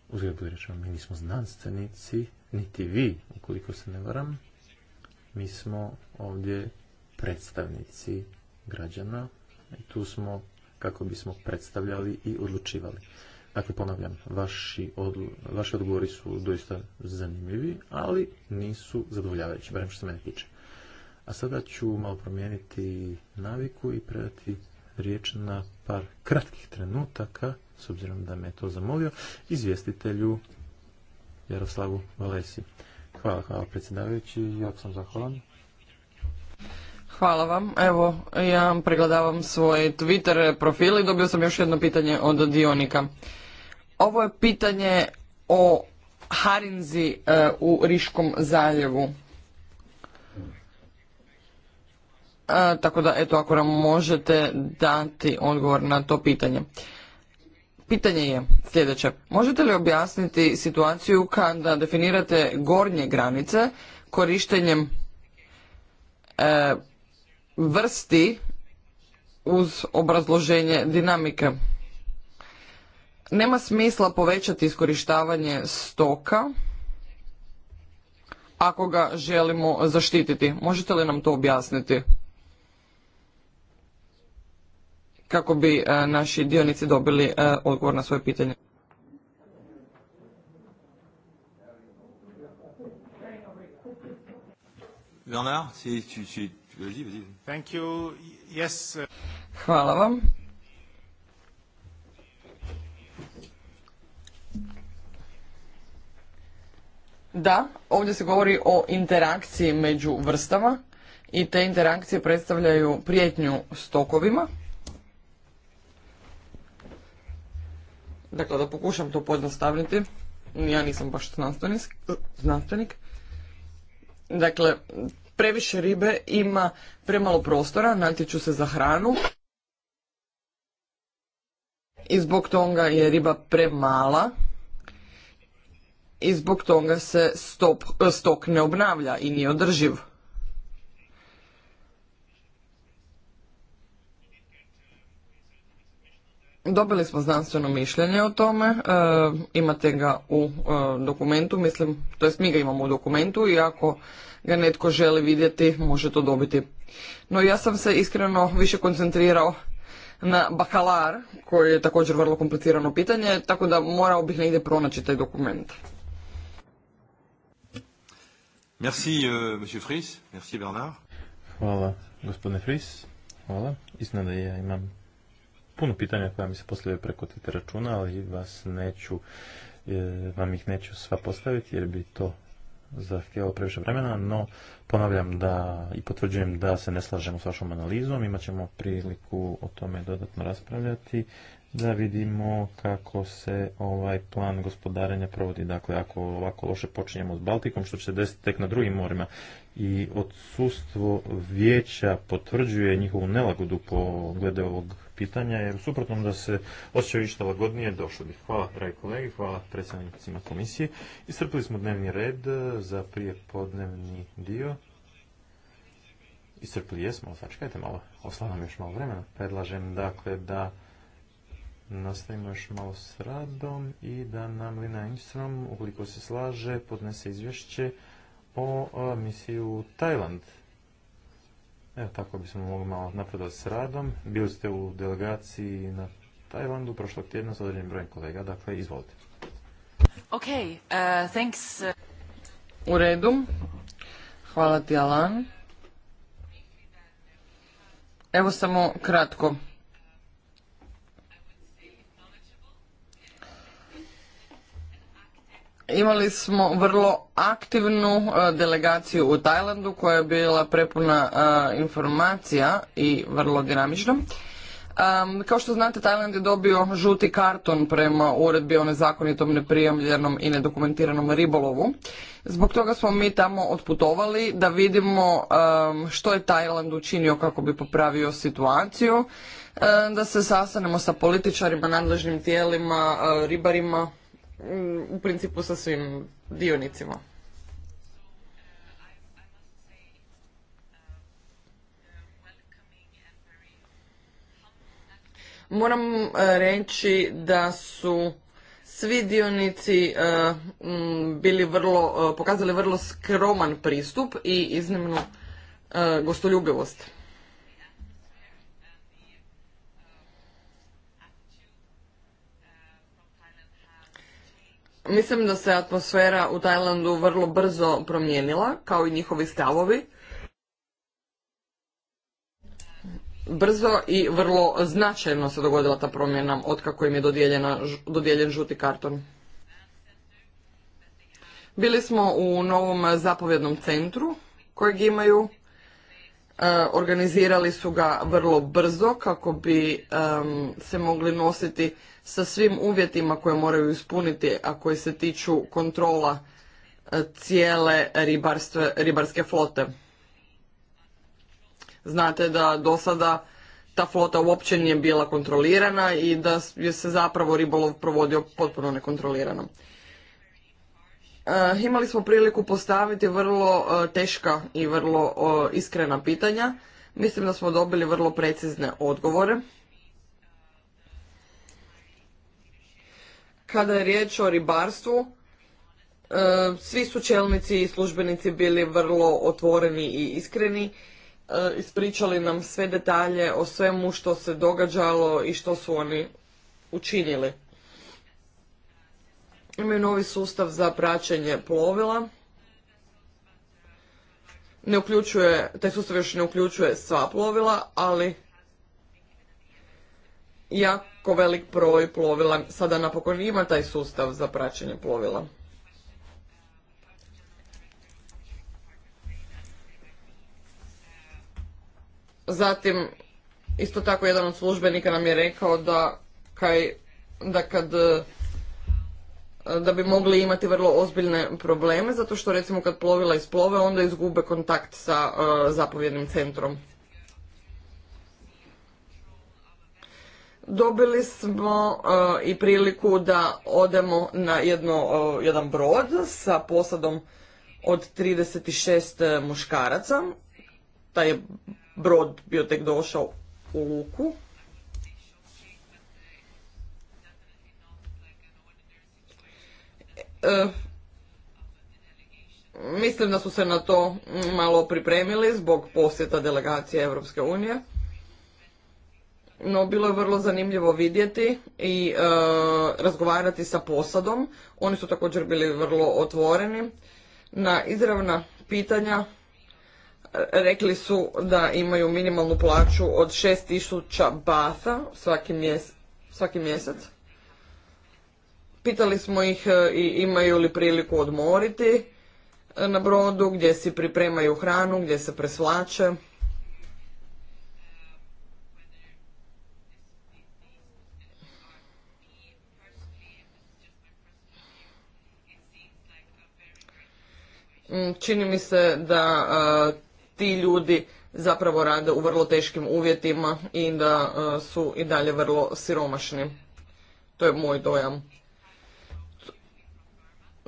Speaker 1: uzgled rečeno, mi nismo znanstvenici, niti vi, ukoliko se ne varam, mi smo ovdje predstavnici građana i tu smo kako bismo predstavljali i odlučivali. Dakle, ponavljam, vaši, vaši odgovori su doista zanimljivi, ali nisu zadovoljavajući, barem što se mene tiče. A sada ću malo promijeniti naviku i predati riječ na par kratkih trenutaka, s obzirom da me je to zamolio, izvjestitelju Jaroslavu Valesi. Hvala, hvala predsjedavajući, ja sam zahvalan.
Speaker 3: Hvala vam. Evo, ja pregledavam svoje Twitter profili i dobio sam još jedno pitanje od dionika. Ovo je pitanje o Harinzi e, u Riškom zaljevu. tako da, eto, ako nam možete dati odgovor na to pitanje. Pitanje je sljedeće. Možete li objasniti situaciju kada definirate gornje granice korištenjem e, vrsti uz obrazloženje dinamike? Nema smisla povećati iskorištavanje stoka ako ga želimo zaštititi. Možete li nam to objasniti? kako bi e, naši dionici dobili e, odgovor na svoje pitanje. Hvala vam. Da, ovdje se govori o interakciji među vrstama i te interakcije predstavljaju prijetnju stokovima Dakle, da pokušam to pojednostavniti ja nisam baš znanstvenik. Dakle, previše ribe ima premalo prostora, natječu se za hranu i zbog toga je riba premala i zbog toga se stok ne obnavlja i nije održiv. Dobili smo znanstveno mišljenje o tome, e, imate ga u e, dokumentu, mislim, to jest mi ga imamo u dokumentu i ako ga netko želi vidjeti, može to dobiti. No ja sam se iskreno više koncentrirao na bakalar, koji je također vrlo komplicirano pitanje, tako da morao bih negdje pronaći taj dokument.
Speaker 1: Merci, e, monsieur Merci, Bernard. Hvala, gospodine Hvala. da ja imam puno pitanja koja mi se postavljaju preko računa, ali vas neću, e, vam ih neću sva postaviti jer bi to zahtijevalo previše vremena, no ponavljam da i potvrđujem da se ne slažemo s vašom analizom, imat ćemo priliku o tome dodatno raspravljati da vidimo kako se ovaj plan gospodarenja provodi. Dakle, ako ovako loše počinjemo s Baltikom, što će se desiti tek na drugim morima i odsustvo vijeća potvrđuje njihovu nelagodu po glede ovog pitanja, jer suprotno da se osjećaju išta lagodnije, došli bi. Hvala, dragi kolegi, hvala predstavnicima komisije. Iscrpili smo dnevni red e, za prije podnevni dio. Istrpili jesmo, sačekajte malo, ostalo nam još malo vremena. Predlažem, dakle, da nastavimo još malo s radom i da nam Lina Engström, ukoliko se slaže, podnese izvješće o e, misiji u Tajland. Evo tako bismo mogli malo napredati s radom. Bili ste u delegaciji na Tajlandu prošlog tjedna s određenim brojem kolega, dakle izvolite.
Speaker 4: Ok, eh, thanks. Eh.
Speaker 3: U redu. Hvala ti Alan. Evo samo kratko. Imali smo vrlo aktivnu e, delegaciju u Tajlandu koja je bila prepuna e, informacija i vrlo dinamična. kao što znate, Tajland je dobio žuti karton prema uredbi o nezakonitom, neprijemljenom i nedokumentiranom ribolovu. Zbog toga smo mi tamo otputovali da vidimo što je Tajland učinio kako bi popravio situaciju, da se sastanemo sa političarima, nadležnim tijelima, e, ribarima Mm, u principu sa svim dionicima. Moram e, reći da su svi dionici e, mm, bili vrlo, e, pokazali vrlo skroman pristup i iznimnu gostoljubivost. Mislim da se atmosfera u Tajlandu vrlo brzo promijenila, kao i njihovi stavovi. Brzo i vrlo značajno se dogodila ta promjena otkako im je dodijeljen žuti karton. Bili smo u novom zapovjednom centru kojeg imaju. E, organizirali su ga vrlo brzo kako bi se mogli nositi sa svim uvjetima koje moraju ispuniti, a koji se tiču kontrola e, cijele ribarske flote. Znate da do sada ta flota uopće nije bila kontrolirana i da je se zapravo ribolov provodio potpuno nekontrolirano. E, imali smo priliku postaviti vrlo e, teška i vrlo iskrena pitanja. Mislim da smo dobili vrlo precizne odgovore Kada je riječ o ribarstvu, e, svi su čelnici i službenici bili vrlo otvoreni i iskreni. E, ispričali nam sve detalje o svemu što se događalo i što su oni učinili. Imaju novi sustav za praćenje plovila. Ne uključuje, taj sustav još ne uključuje sva plovila, ali ja velik broj plovila sada napokon ima taj sustav za praćenje plovila. Zatim, isto tako jedan od službenika nam je rekao da, kaj, da kad e, da bi mogli imati vrlo ozbiljne probleme, zato što recimo kad plovila isplove onda izgube kontakt sa e, zapovjednim centrom. dobili smo e, i priliku da odemo na jedno, e, jedan brod sa posadom od 36 e, muškaraca. Taj je brod bio tek došao u luku. mislim da su se na to malo pripremili zbog posjeta delegacije Europske unije no bilo je vrlo zanimljivo vidjeti i e, razgovarati sa posadom. Oni su također bili vrlo otvoreni. Na izravna pitanja e, rekli su da imaju minimalnu plaću od 6000 bata svaki, svaki mjesec. Pitali smo ih e, i imaju li priliku odmoriti na brodu, gdje si pripremaju hranu, gdje se presvlače. Mm, čini mi se da e, ti ljudi zapravo rade u vrlo teškim uvjetima i da e, su i dalje vrlo siromašni. To je moj dojam.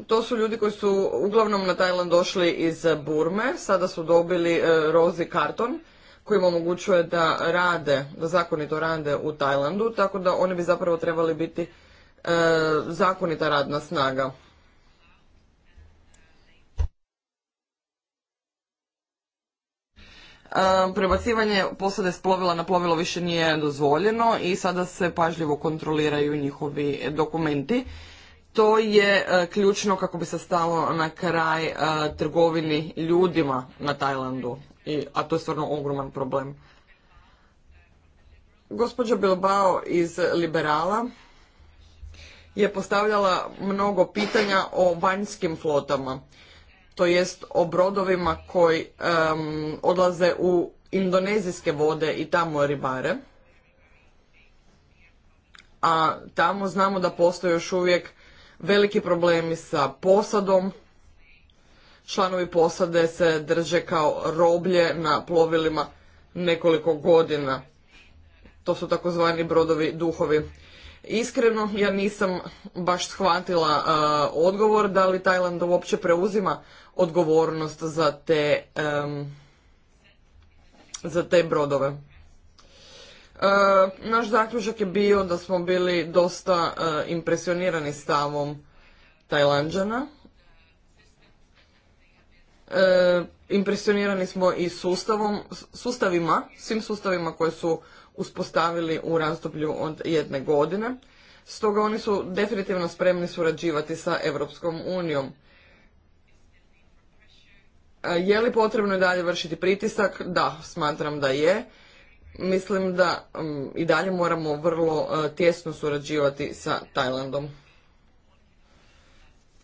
Speaker 3: To su ljudi koji su uglavnom na Tajland došli iz Burme, sada su dobili e, rozi karton koji im omogućuje da rade, da zakonito rade u Tajlandu, tako da oni bi zapravo trebali biti e, zakonita radna snaga. prebacivanje posade s plovila na plovilo više nije dozvoljeno i sada se pažljivo kontroliraju njihovi dokumenti. To je e, ključno kako bi se stalo na kraj e, trgovini ljudima na Tajlandu, a to je stvarno ogroman problem. Gospođa Bilbao iz Liberala je postavljala mnogo pitanja o vanjskim flotama to jest o brodovima koji odlaze u indonezijske vode i tamo ribare. A tamo znamo da postoje još uvijek veliki problemi sa posadom. Članovi posade se drže kao roblje na plovilima nekoliko godina. To su takozvani brodovi duhovi. Iskreno, ja nisam baš shvatila e, odgovor da li Tajland uopće preuzima odgovornost za te, za brodove. E, naš zaključak je bio da smo bili dosta e, impresionirani stavom Tajlanđana. Impresionirani smo i sustavima, svim sustavima koje su uspostavili u razdoblju od jedne godine. Stoga oni su definitivno spremni surađivati sa Europskom unijom. E, je li potrebno i dalje vršiti pritisak? Da, smatram da je. Mislim da mm, i dalje moramo vrlo e, tjesno surađivati sa Tajlandom.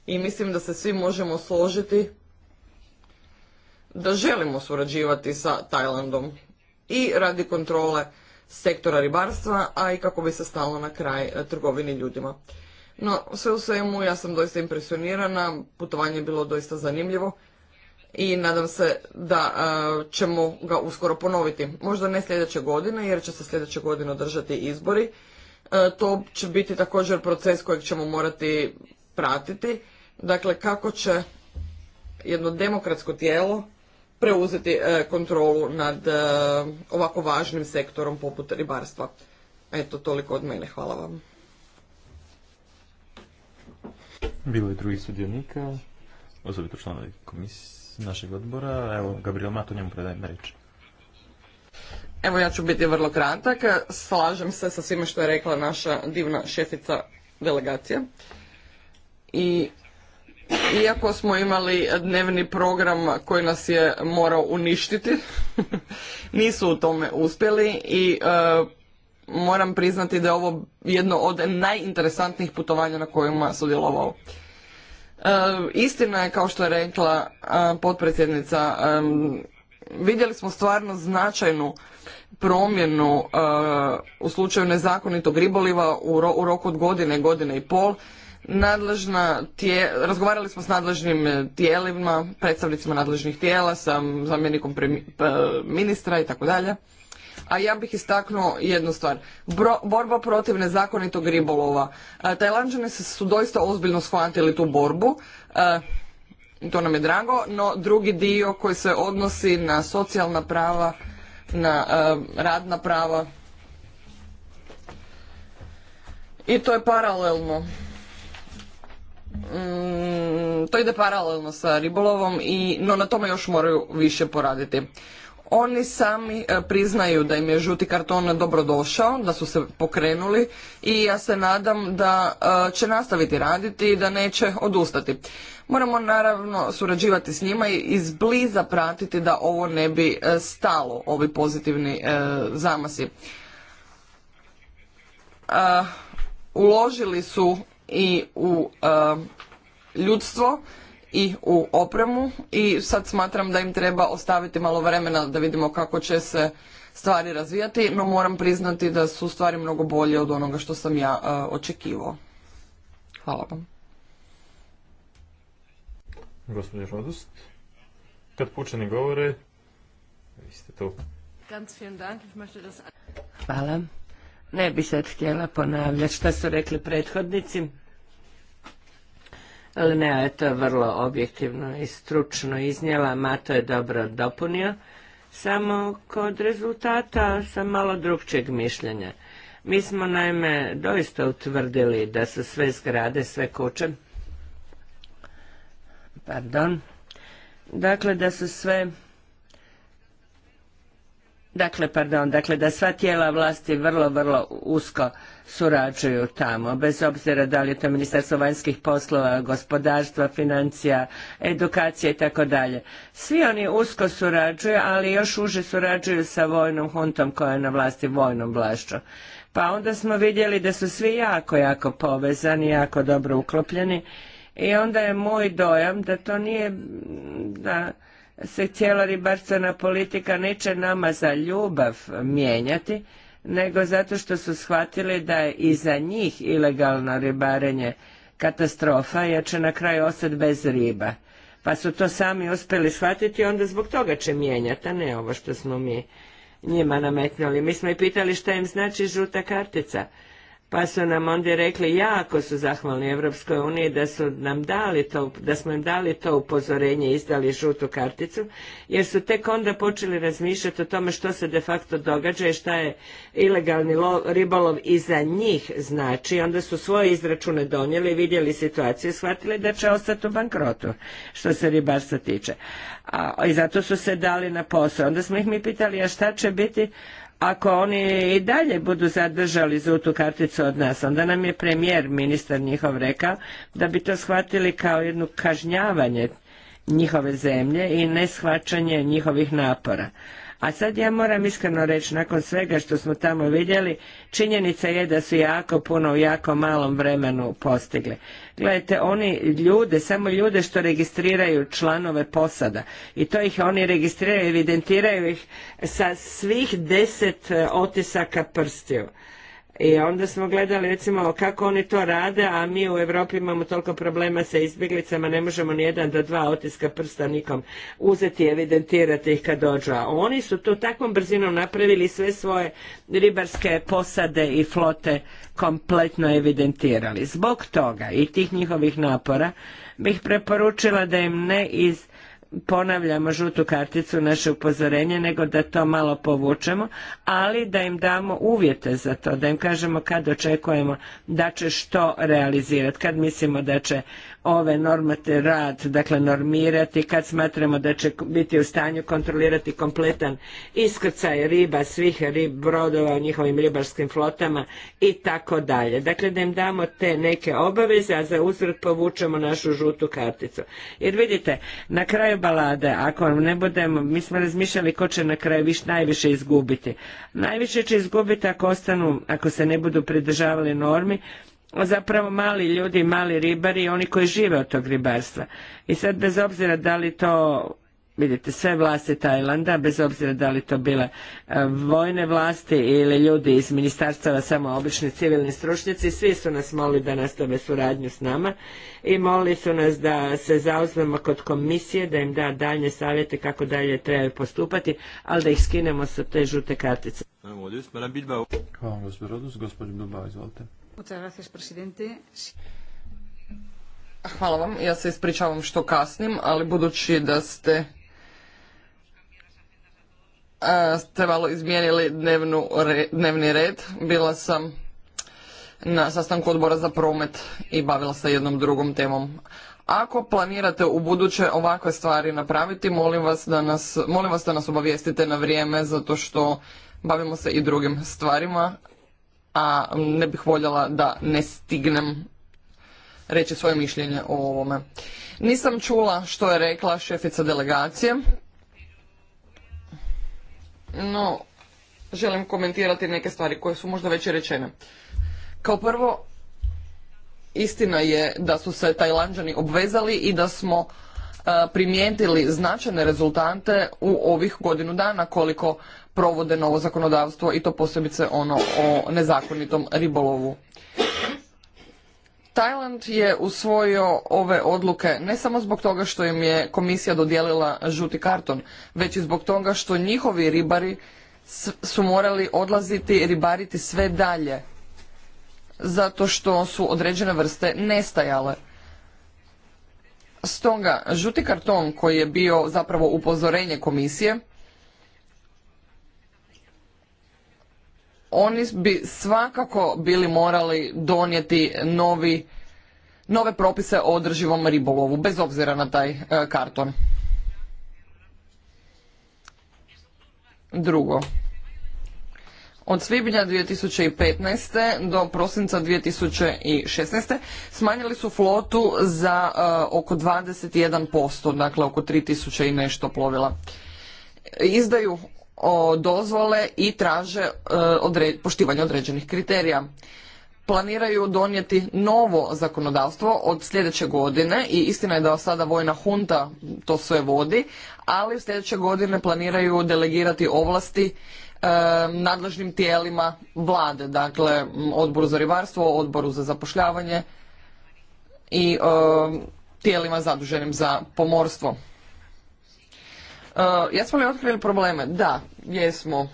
Speaker 3: I mislim da se svi možemo složiti da želimo surađivati sa Tajlandom i radi kontrole sektora ribarstva, a i kako bi se stalo na kraj e, trgovini ljudima. No, sve u svemu, ja sam doista impresionirana, putovanje je bilo doista zanimljivo i nadam se da e, ćemo ga uskoro ponoviti. Možda ne sljedeće godine, jer će se sljedeće godine održati izbori. E, to će biti također proces kojeg ćemo morati pratiti. Dakle, kako će jedno demokratsko tijelo preuzeti e, kontrolu nad e, ovako važnim sektorom poput ribarstva. Eto, toliko od mene. Hvala vam.
Speaker 1: Bilo je drugih sudionika, osobito članovi komisije našeg odbora. Evo, Gabriel Mato, njemu predajem na riječ.
Speaker 3: Evo, ja ću biti vrlo kratak. Slažem se sa svime što je rekla naša divna šefica delegacije. I iako smo imali dnevni program koji nas je morao uništiti, nisu u tome uspjeli i e, moram priznati da je ovo jedno od najinteresantnijih putovanja na kojima sudjelovao. E, istina je, kao što je rekla e, potpredsjednica, e, vidjeli smo stvarno značajnu promjenu u slučaju nezakonitog riboliva u, u roku od godine, godine i pol Nadležna tije, razgovarali smo s nadležnim e, tijelima, predstavnicima nadležnih tijela, sa zamjenikom ministra i tako dalje. A ja bih istaknuo jednu stvar. borba protiv nezakonitog ribolova. E, su doista ozbiljno shvatili tu borbu. E, to nam je drago, no drugi dio koji se odnosi na socijalna prava, na e, radna prava. I to je paralelno Mm, to ide paralelno sa ribolovom i no na tome još moraju više poraditi oni sami e, priznaju da im je žuti karton došao, da su se pokrenuli i ja se nadam da e, će nastaviti raditi i da neće odustati. Moramo naravno surađivati s njima i izbliza pratiti da ovo ne bi e, stalo, ovi pozitivni zamasi. Uložili su i u ljudstvo i u opremu i sad smatram da im treba ostaviti malo vremena da vidimo kako će se stvari razvijati, no moram priznati da su stvari mnogo bolje od onoga što sam ja e, očekivao. Hvala vam.
Speaker 1: Gospodin Rodust, kad pučani govore, vi
Speaker 2: ste tu. Hvala. Ne bi sad htjela ponavljati šta su rekli prethodnici, ali ne, je to vrlo objektivno i stručno iznijela, Mato je dobro dopunio. Samo kod rezultata sam malo drugčeg mišljenja. Mi smo naime doista utvrdili da su sve zgrade, sve kuće, pardon, dakle da su sve dakle, pardon, dakle da sva tijela vlasti vrlo, vrlo usko surađuju tamo, bez obzira da li je to Ministarstvo vanjskih poslova, gospodarstva, financija, edukacije i tako dalje. Svi oni usko surađuju, ali još uže surađuju sa vojnom huntom koja je na vlasti vojnom vlašću. Pa onda smo vidjeli da su svi jako, jako povezani, jako dobro uklopljeni i onda je moj dojam da to nije, da se cijela ribarstvena politika neće nama za ljubav mijenjati, nego zato što su shvatili da je i za njih ilegalno ribarenje katastrofa jer će na kraju ostati bez riba. Pa su to sami uspjeli shvatiti i onda zbog toga će mijenjati, a ne ovo što smo mi njima nametnuli. Mi smo i pitali šta im znači žuta kartica pa su nam onda rekli jako su zahvalni Europskoj uniji da su nam dali to, da smo im dali to upozorenje, izdali žutu karticu, jer su tek onda počeli razmišljati o tome što se de facto događa i šta je ilegalni ribolov i za njih znači. Onda su svoje izračune donijeli, vidjeli situaciju i shvatili da će ostati u bankrotu što se ribarstva tiče. I zato su se dali na posao. Onda smo ih mi pitali, a šta će biti ako oni i dalje budu zadržali žutu karticu od nas, onda nam je premijer, ministar njihov rekao da bi to shvatili kao jedno kažnjavanje njihove zemlje i neshvaćanje njihovih napora. A sad ja moram iskreno reći, nakon svega što smo tamo vidjeli, činjenica je da su jako puno u jako malom vremenu postigli. Gledajte, oni ljude, samo ljude što registriraju članove posada i to ih oni registriraju, evidentiraju ih sa svih deset eh, otisaka prstiju. I onda smo gledali recimo kako oni to rade, a mi u Europi imamo toliko problema sa izbjeglicama, ne možemo ni jedan do dva otiska prsta nikom uzeti i evidentirati ih kad dođu. A oni su to takvom brzinom napravili sve svoje ribarske posade i flote kompletno evidentirali. Zbog toga i tih njihovih napora bih preporučila da im ne iz ponavljamo žutu karticu, naše upozorenje, nego da to malo povučemo, ali da im damo uvjete za to, da im kažemo kad očekujemo da će što realizirati, kad mislimo da će ove normate rad, dakle normirati, kad smatramo da će biti u stanju kontrolirati kompletan iskrcaj riba, svih rib, brodova u njihovim ribarskim flotama i tako dalje. Dakle, da im damo te neke obaveze, a za uzvrt povučemo našu žutu karticu. Jer vidite, na kraju balade, ako ne budemo, mi smo razmišljali ko će na kraju viš, najviše izgubiti. Najviše će izgubiti ako ostanu, ako se ne budu pridržavali normi, zapravo mali ljudi, mali ribari i oni koji žive od tog ribarstva. I sad bez obzira da li to vidite sve vlasti Tajlanda, bez obzira da li to bile e, vojne vlasti ili ljudi iz ministarstava, samo obični civilni stručnjaci, svi su nas molili da nastave suradnju s nama i molili su nas da se zauzmemo kod komisije, da im da dalje savjete kako dalje trebaju postupati, ali da ih skinemo sa te žute kartice.
Speaker 1: Hvala, gospodin Bilbao,
Speaker 2: izvolite. Hvala vam. Ja se ispričavam
Speaker 3: što kasnim, ali budući da ste ste malo izmijenili dnevni red. Bila sam na sastanku odbora za promet i bavila se jednom drugom temom. Ako planirate u buduće ovakve stvari napraviti, molim vas da nas, molim vas da nas obavijestite na vrijeme, zato što bavimo se i drugim stvarima a ne bih voljela da ne stignem reći svoje mišljenje o ovome. Nisam čula što je rekla šefica delegacije, no želim komentirati neke stvari koje su možda već rečene. Kao prvo, istina je da su se Tajlanđani obvezali i da smo e, primijetili značajne rezultante u ovih godinu dana koliko provode novo zakonodavstvo i to posebice ono o nezakonitom ribolovu. Tajland je usvojio ove odluke ne samo zbog toga što im je komisija dodijelila žuti karton, već i zbog toga što njihovi ribari su morali odlaziti ribariti sve dalje, zato što su određene vrste nestajale. Stoga, žuti karton koji je bio zapravo upozorenje komisije, oni bi svakako bili morali donijeti novi, nove propise o održivom ribolovu, bez obzira na taj e, karton. Drugo, od svibnja 2015. do prosinca 2016. smanjili su flotu za e, oko 21%, dakle oko 3000 i nešto plovila. Izdaju o dozvole i traže e, poštivanje određenih kriterija. Planiraju donijeti novo zakonodavstvo od sljedeće godine i istina je da sada vojna hunta to sve vodi, ali sljedeće godine planiraju delegirati ovlasti e, nadležnim tijelima vlade, dakle odboru za ribarstvo, odboru za zapošljavanje i e, tijelima zaduženim za pomorstvo. Uh, jesmo li otkrili probleme? Da, jesmo.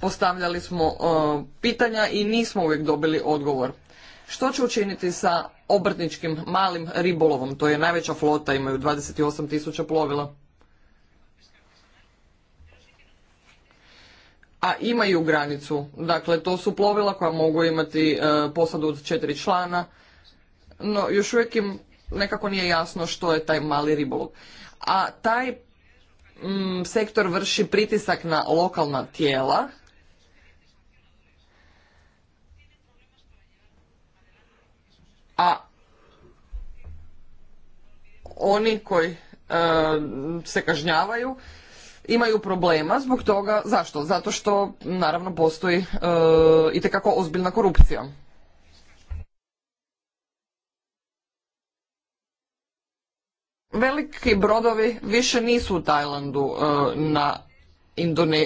Speaker 3: Postavljali smo uh, pitanja i nismo uvijek dobili odgovor. Što će učiniti sa obrtničkim malim ribolovom? To je najveća flota, imaju 28 tisuća plovila. a imaju granicu. Dakle, to su plovila koja mogu imati uh, posadu od četiri člana, no još uvijek im nekako nije jasno što je taj mali ribolov. A taj Mm, sektor vrši pritisak na lokalna tijela a oni koji e, se kažnjavaju imaju problema zbog toga zašto zato što naravno postoji e, itekako ozbiljna korupcija Veliki brodovi više nisu u Tajlandu, e, na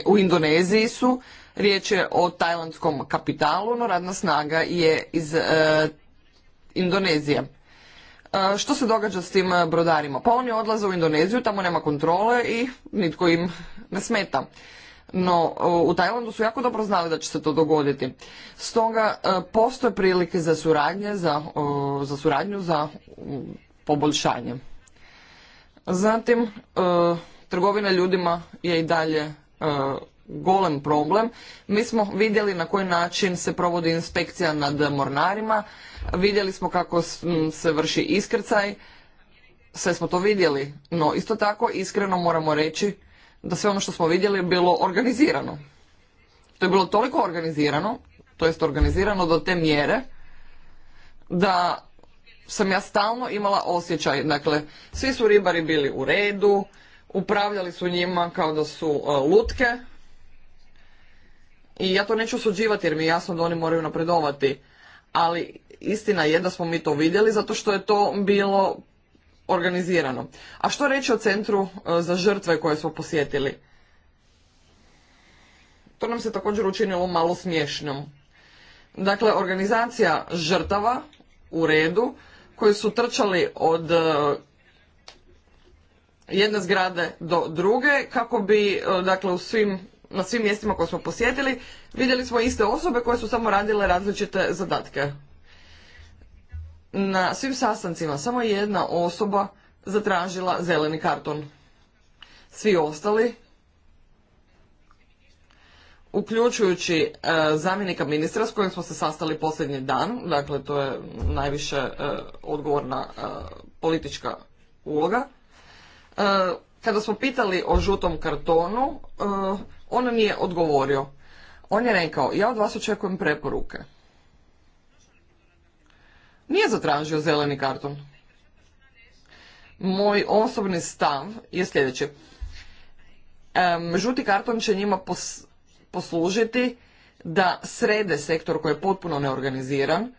Speaker 3: u Indoneziji su. Riječ je o tajlandskom kapitalu, no radna snaga je iz e, Indonezije. E, što se događa s tim brodarima? Pa oni odlaze u Indoneziju, tamo nema kontrole i nitko im ne smeta. No, u Tajlandu su jako dobro znali da će se to dogoditi. Stoga e, postoje prilike za suradnje, za, za suradnju, za poboljšanje. Zatim, e, trgovina ljudima je i dalje e, golem problem. Mi smo vidjeli na koji način se provodi inspekcija nad mornarima, vidjeli smo kako se vrši iskrcaj, sve smo to vidjeli, no isto tako iskreno moramo reći da sve ono što smo vidjeli je bilo organizirano. To je bilo toliko organizirano, to jest organizirano do te mjere da sam ja stalno imala osjećaj, dakle, svi su ribari bili u redu, upravljali su njima kao da su e, lutke i ja to neću osuđivati jer mi je jasno da oni moraju napredovati, ali istina je da smo mi to vidjeli zato što je to bilo organizirano. A što reći o centru e, za žrtve koje smo posjetili? To nam se također učinilo malo smiješnom. Dakle, organizacija žrtava u redu, koji su trčali od e, jedne zgrade do druge kako bi e, dakle u svim na svim mjestima koje smo posjetili vidjeli smo iste osobe koje su samo radile različite zadatke. Na svim sastancima samo jedna osoba zatražila zeleni karton. Svi ostali uključujući e, zamjenika ministra s kojim smo se sastali posljednji dan, dakle to je najviše e, odgovorna e, politička uloga. Kada smo pitali o žutom kartonu, on nije odgovorio. On je rekao, ja od vas očekujem preporuke. Nije zatražio zeleni karton. Moj osobni stav je sljedeći. Žuti karton će njima pos poslužiti da srede sektor koji je potpuno neorganiziran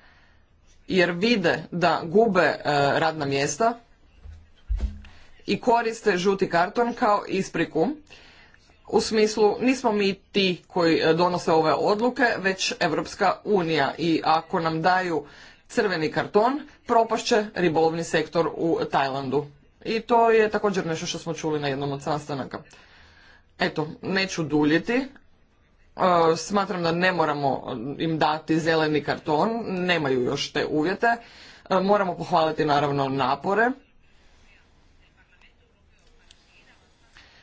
Speaker 3: jer vide da gube e, radna mjesta i koriste žuti karton kao ispriku u smislu nismo mi ti koji e, donose ove odluke već Europska unija i ako nam daju crveni karton propašće ribolovni sektor u Tajlandu. I to je također nešto što smo čuli na jednom od sastanaka. Eto, neću duljiti, Smatram da ne moramo im dati zeleni karton, nemaju još te uvjete. Moramo pohvaliti naravno napore.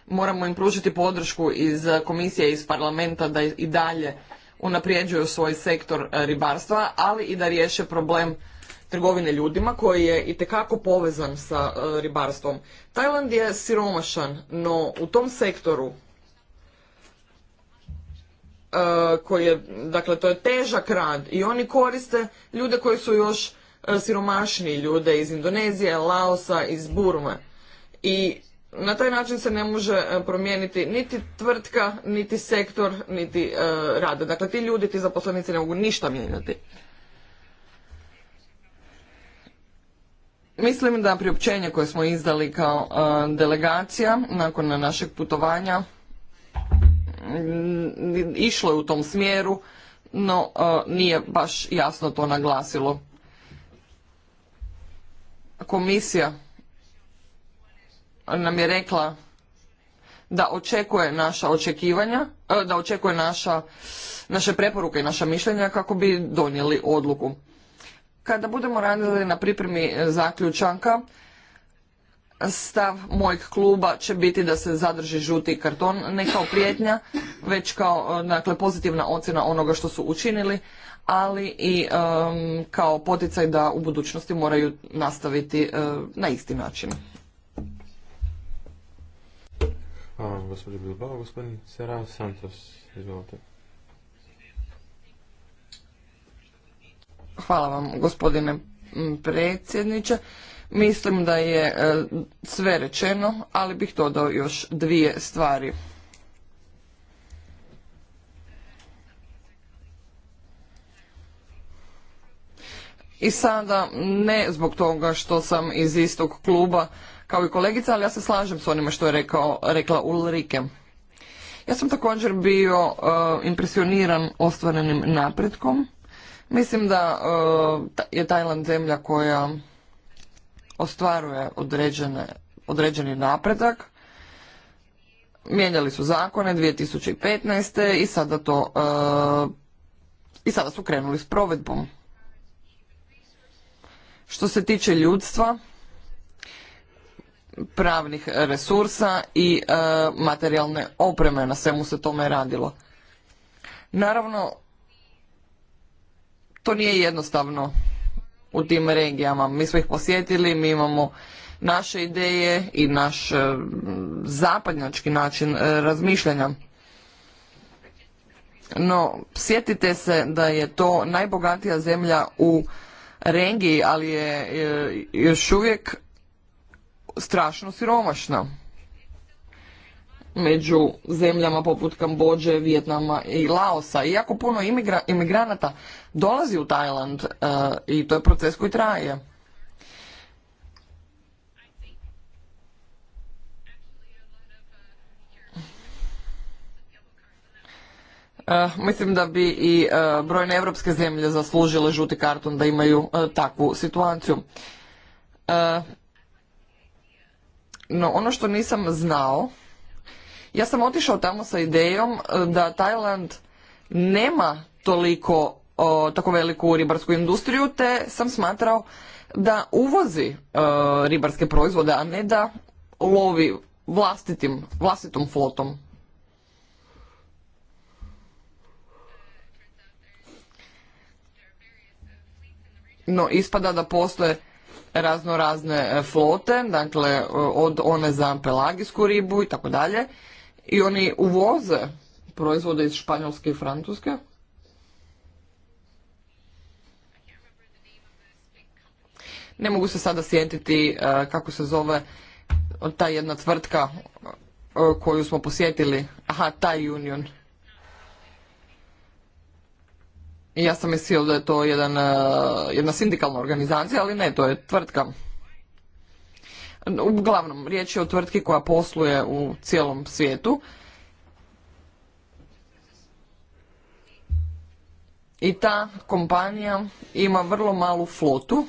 Speaker 3: Moramo im pružiti podršku iz komisije, iz parlamenta da i dalje unaprijeđuju svoj sektor e, ribarstva, ali i da riješe problem trgovine ljudima koji je itekako povezan sa e, ribarstvom. Tajland je siromašan, no u tom sektoru E, koji je, dakle to je težak rad i oni koriste ljude koji su još e, siromašniji ljude iz Indonezije, Laosa, iz Burme. I na taj način se ne može e, promijeniti niti tvrtka, niti sektor, niti rada. Dakle, ti ljudi, ti zaposlenici ne mogu ništa mijenjati. Mislim da priopćenje koje smo izdali kao delegacija nakon našeg putovanja Mm, išlo je u tom smjeru, no e, nije baš jasno to naglasilo. Komisija nam je rekla da očekuje naša očekivanja, e, da očekuje naša, naše preporuke i naša mišljenja kako bi donijeli odluku. Kada budemo radili na pripremi zaključanka, stav mojeg kluba će biti da se zadrži žuti karton, ne kao prijetnja, već kao e, dakle, pozitivna ocjena onoga što su učinili, ali i kao poticaj da u budućnosti moraju nastaviti e, na isti način. Hvala vam, gospodine predsjedniče. Mislim da je e, sve rečeno, ali bih dodao još dvije stvari. I sada ne zbog toga što sam iz istog kluba kao i kolegica, ali ja se slažem s onima što je rekao, rekla Ulrike. Ja sam također bio e, impresioniran ostvarenim napretkom. Mislim da e, je Tajland zemlja koja ostvaruje određene, određeni napredak. Mijenjali su zakone 2015. i sada to e, i sada su krenuli s provedbom. Što se tiče ljudstva, pravnih resursa i e, materijalne opreme na svemu se tome radilo. Naravno, to nije jednostavno u tim regijama. Mi smo ih posjetili, mi imamo naše ideje i naš e, zapadnjački način e, razmišljanja. No, sjetite se da je to najbogatija zemlja u regiji, ali je e, još uvijek strašno siromašna među zemljama poput Kambođe, Vijetnama i Laosa. Iako puno imigranata dolazi u Tajland e, i to je proces koji traje. E, mislim da bi i e, brojne evropske zemlje zaslužile žuti karton da imaju takvu situaciju. No ono što nisam znao ja sam otišao tamo sa idejom e, da Tajland nema toliko tako veliku ribarsku industriju, te sam smatrao da uvozi e, ribarske proizvode, a ne da lovi vlastitim, vlastitom flotom. No, ispada da postoje razno razne e, flote, dakle od one za pelagijsku ribu i tako dalje, i oni uvoze proizvode iz Španjolske i Francuske. Ne mogu se sada sjetiti e, kako se zove ta jedna tvrtka e, koju smo posjetili. Aha, taj Union. I ja sam mislio da je to e, jedna sindikalna organizacija, ali ne, to je tvrtka. Uglavnom, riječ je o tvrtki koja posluje u cijelom svijetu. I ta kompanija ima vrlo malu flotu.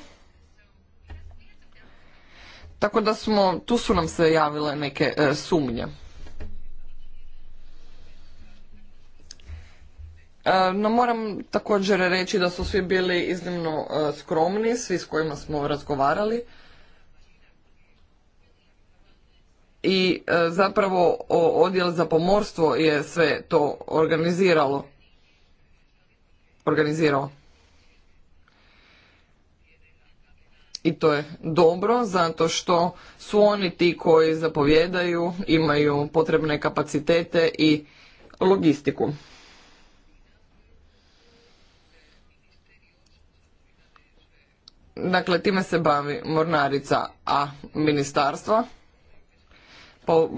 Speaker 3: Tako da smo, tu su nam se javile neke e, sumnje. E, no moram također reći da su svi bili iznimno e, skromni, svi s kojima smo razgovarali. i e, zapravo odjel za pomorstvo je sve to organiziralo. Organizirao. I to je dobro zato što su oni ti koji zapovjedaju, imaju potrebne kapacitete i logistiku. Dakle, time se bavi mornarica, a ministarstva po,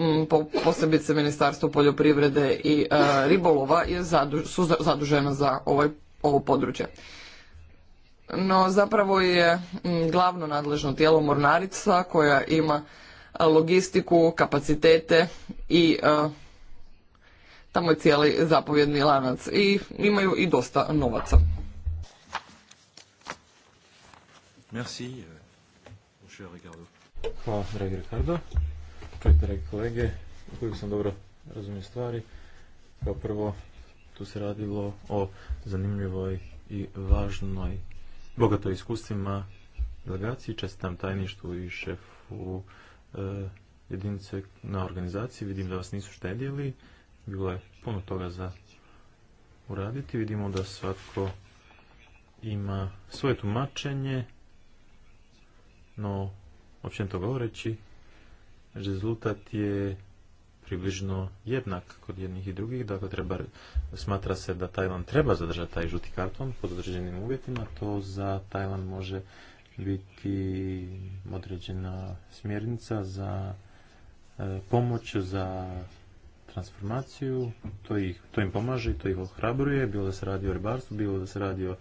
Speaker 3: posebice Ministarstvo poljoprivrede i e, ribolova je zadu, su zadužena za ovaj, ovo područje. No zapravo je glavno nadležno tijelo Mornarica koja ima e, logistiku, kapacitete i e, tamo je cijeli zapovjedni lanac i imaju i dosta novaca.
Speaker 1: Merci, euh, Hvala, Ricardo. Čujte, kolege, ukoliko sam dobro razumio stvari, kao prvo tu se radilo o zanimljivoj i važnoj, bogatoj iskustvima delegaciji, čestitam tajništu i šefu e, jedinice na organizaciji, vidim da vas nisu štedjeli, bilo je puno toga za uraditi, vidimo da svatko ima svoje tumačenje, no općenito govoreći, rezultat je približno jednak kod jednih i drugih, dakle treba, smatra se da Tajland treba zadržati taj žuti karton pod određenim uvjetima, to za Tajland može biti određena smjernica za e, pomoć za transformaciju, to, ih, to im pomaže i to ih ohrabruje, bilo da se radi o ribarstvu, bilo da se radi o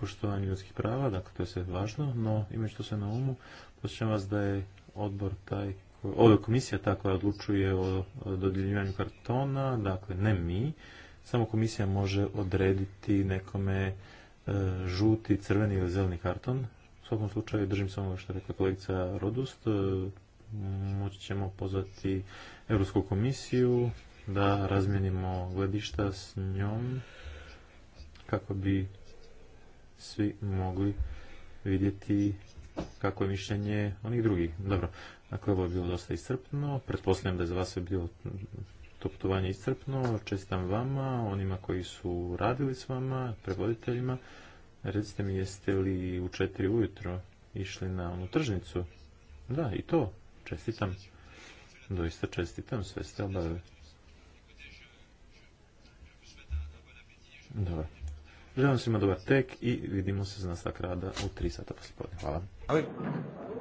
Speaker 1: poštovanju ljudskih prava, dakle to je sve važno, no imajući to sve na umu, posjećam vas da je odbor taj ova komisija ta koja odlučuje o dodjeljivanju kartona, dakle ne mi, samo komisija može odrediti nekome e, žuti, crveni ili zeleni karton. U svakom slučaju držim se onoga što je rekla kolegica Rodust, e, moći ćemo pozvati Europsku komisiju da razmijenimo gledišta s njom kako bi svi mogli vidjeti kako je mišljenje onih drugih. Dobro, Dakle, ovo je bilo dosta iscrpno. Pretpostavljam da je za vas je bilo to putovanje iscrpno. Čestitam vama, onima koji su radili s vama, prevoditeljima. Recite mi, jeste li u četiri ujutro išli na onu tržnicu? Da, i to. Čestitam. Doista čestitam, sve ste obavili. Dobro. Želim svima dobar tek i vidimo se za nastavak rada u tri sata poslijepodne.
Speaker 4: Hvala.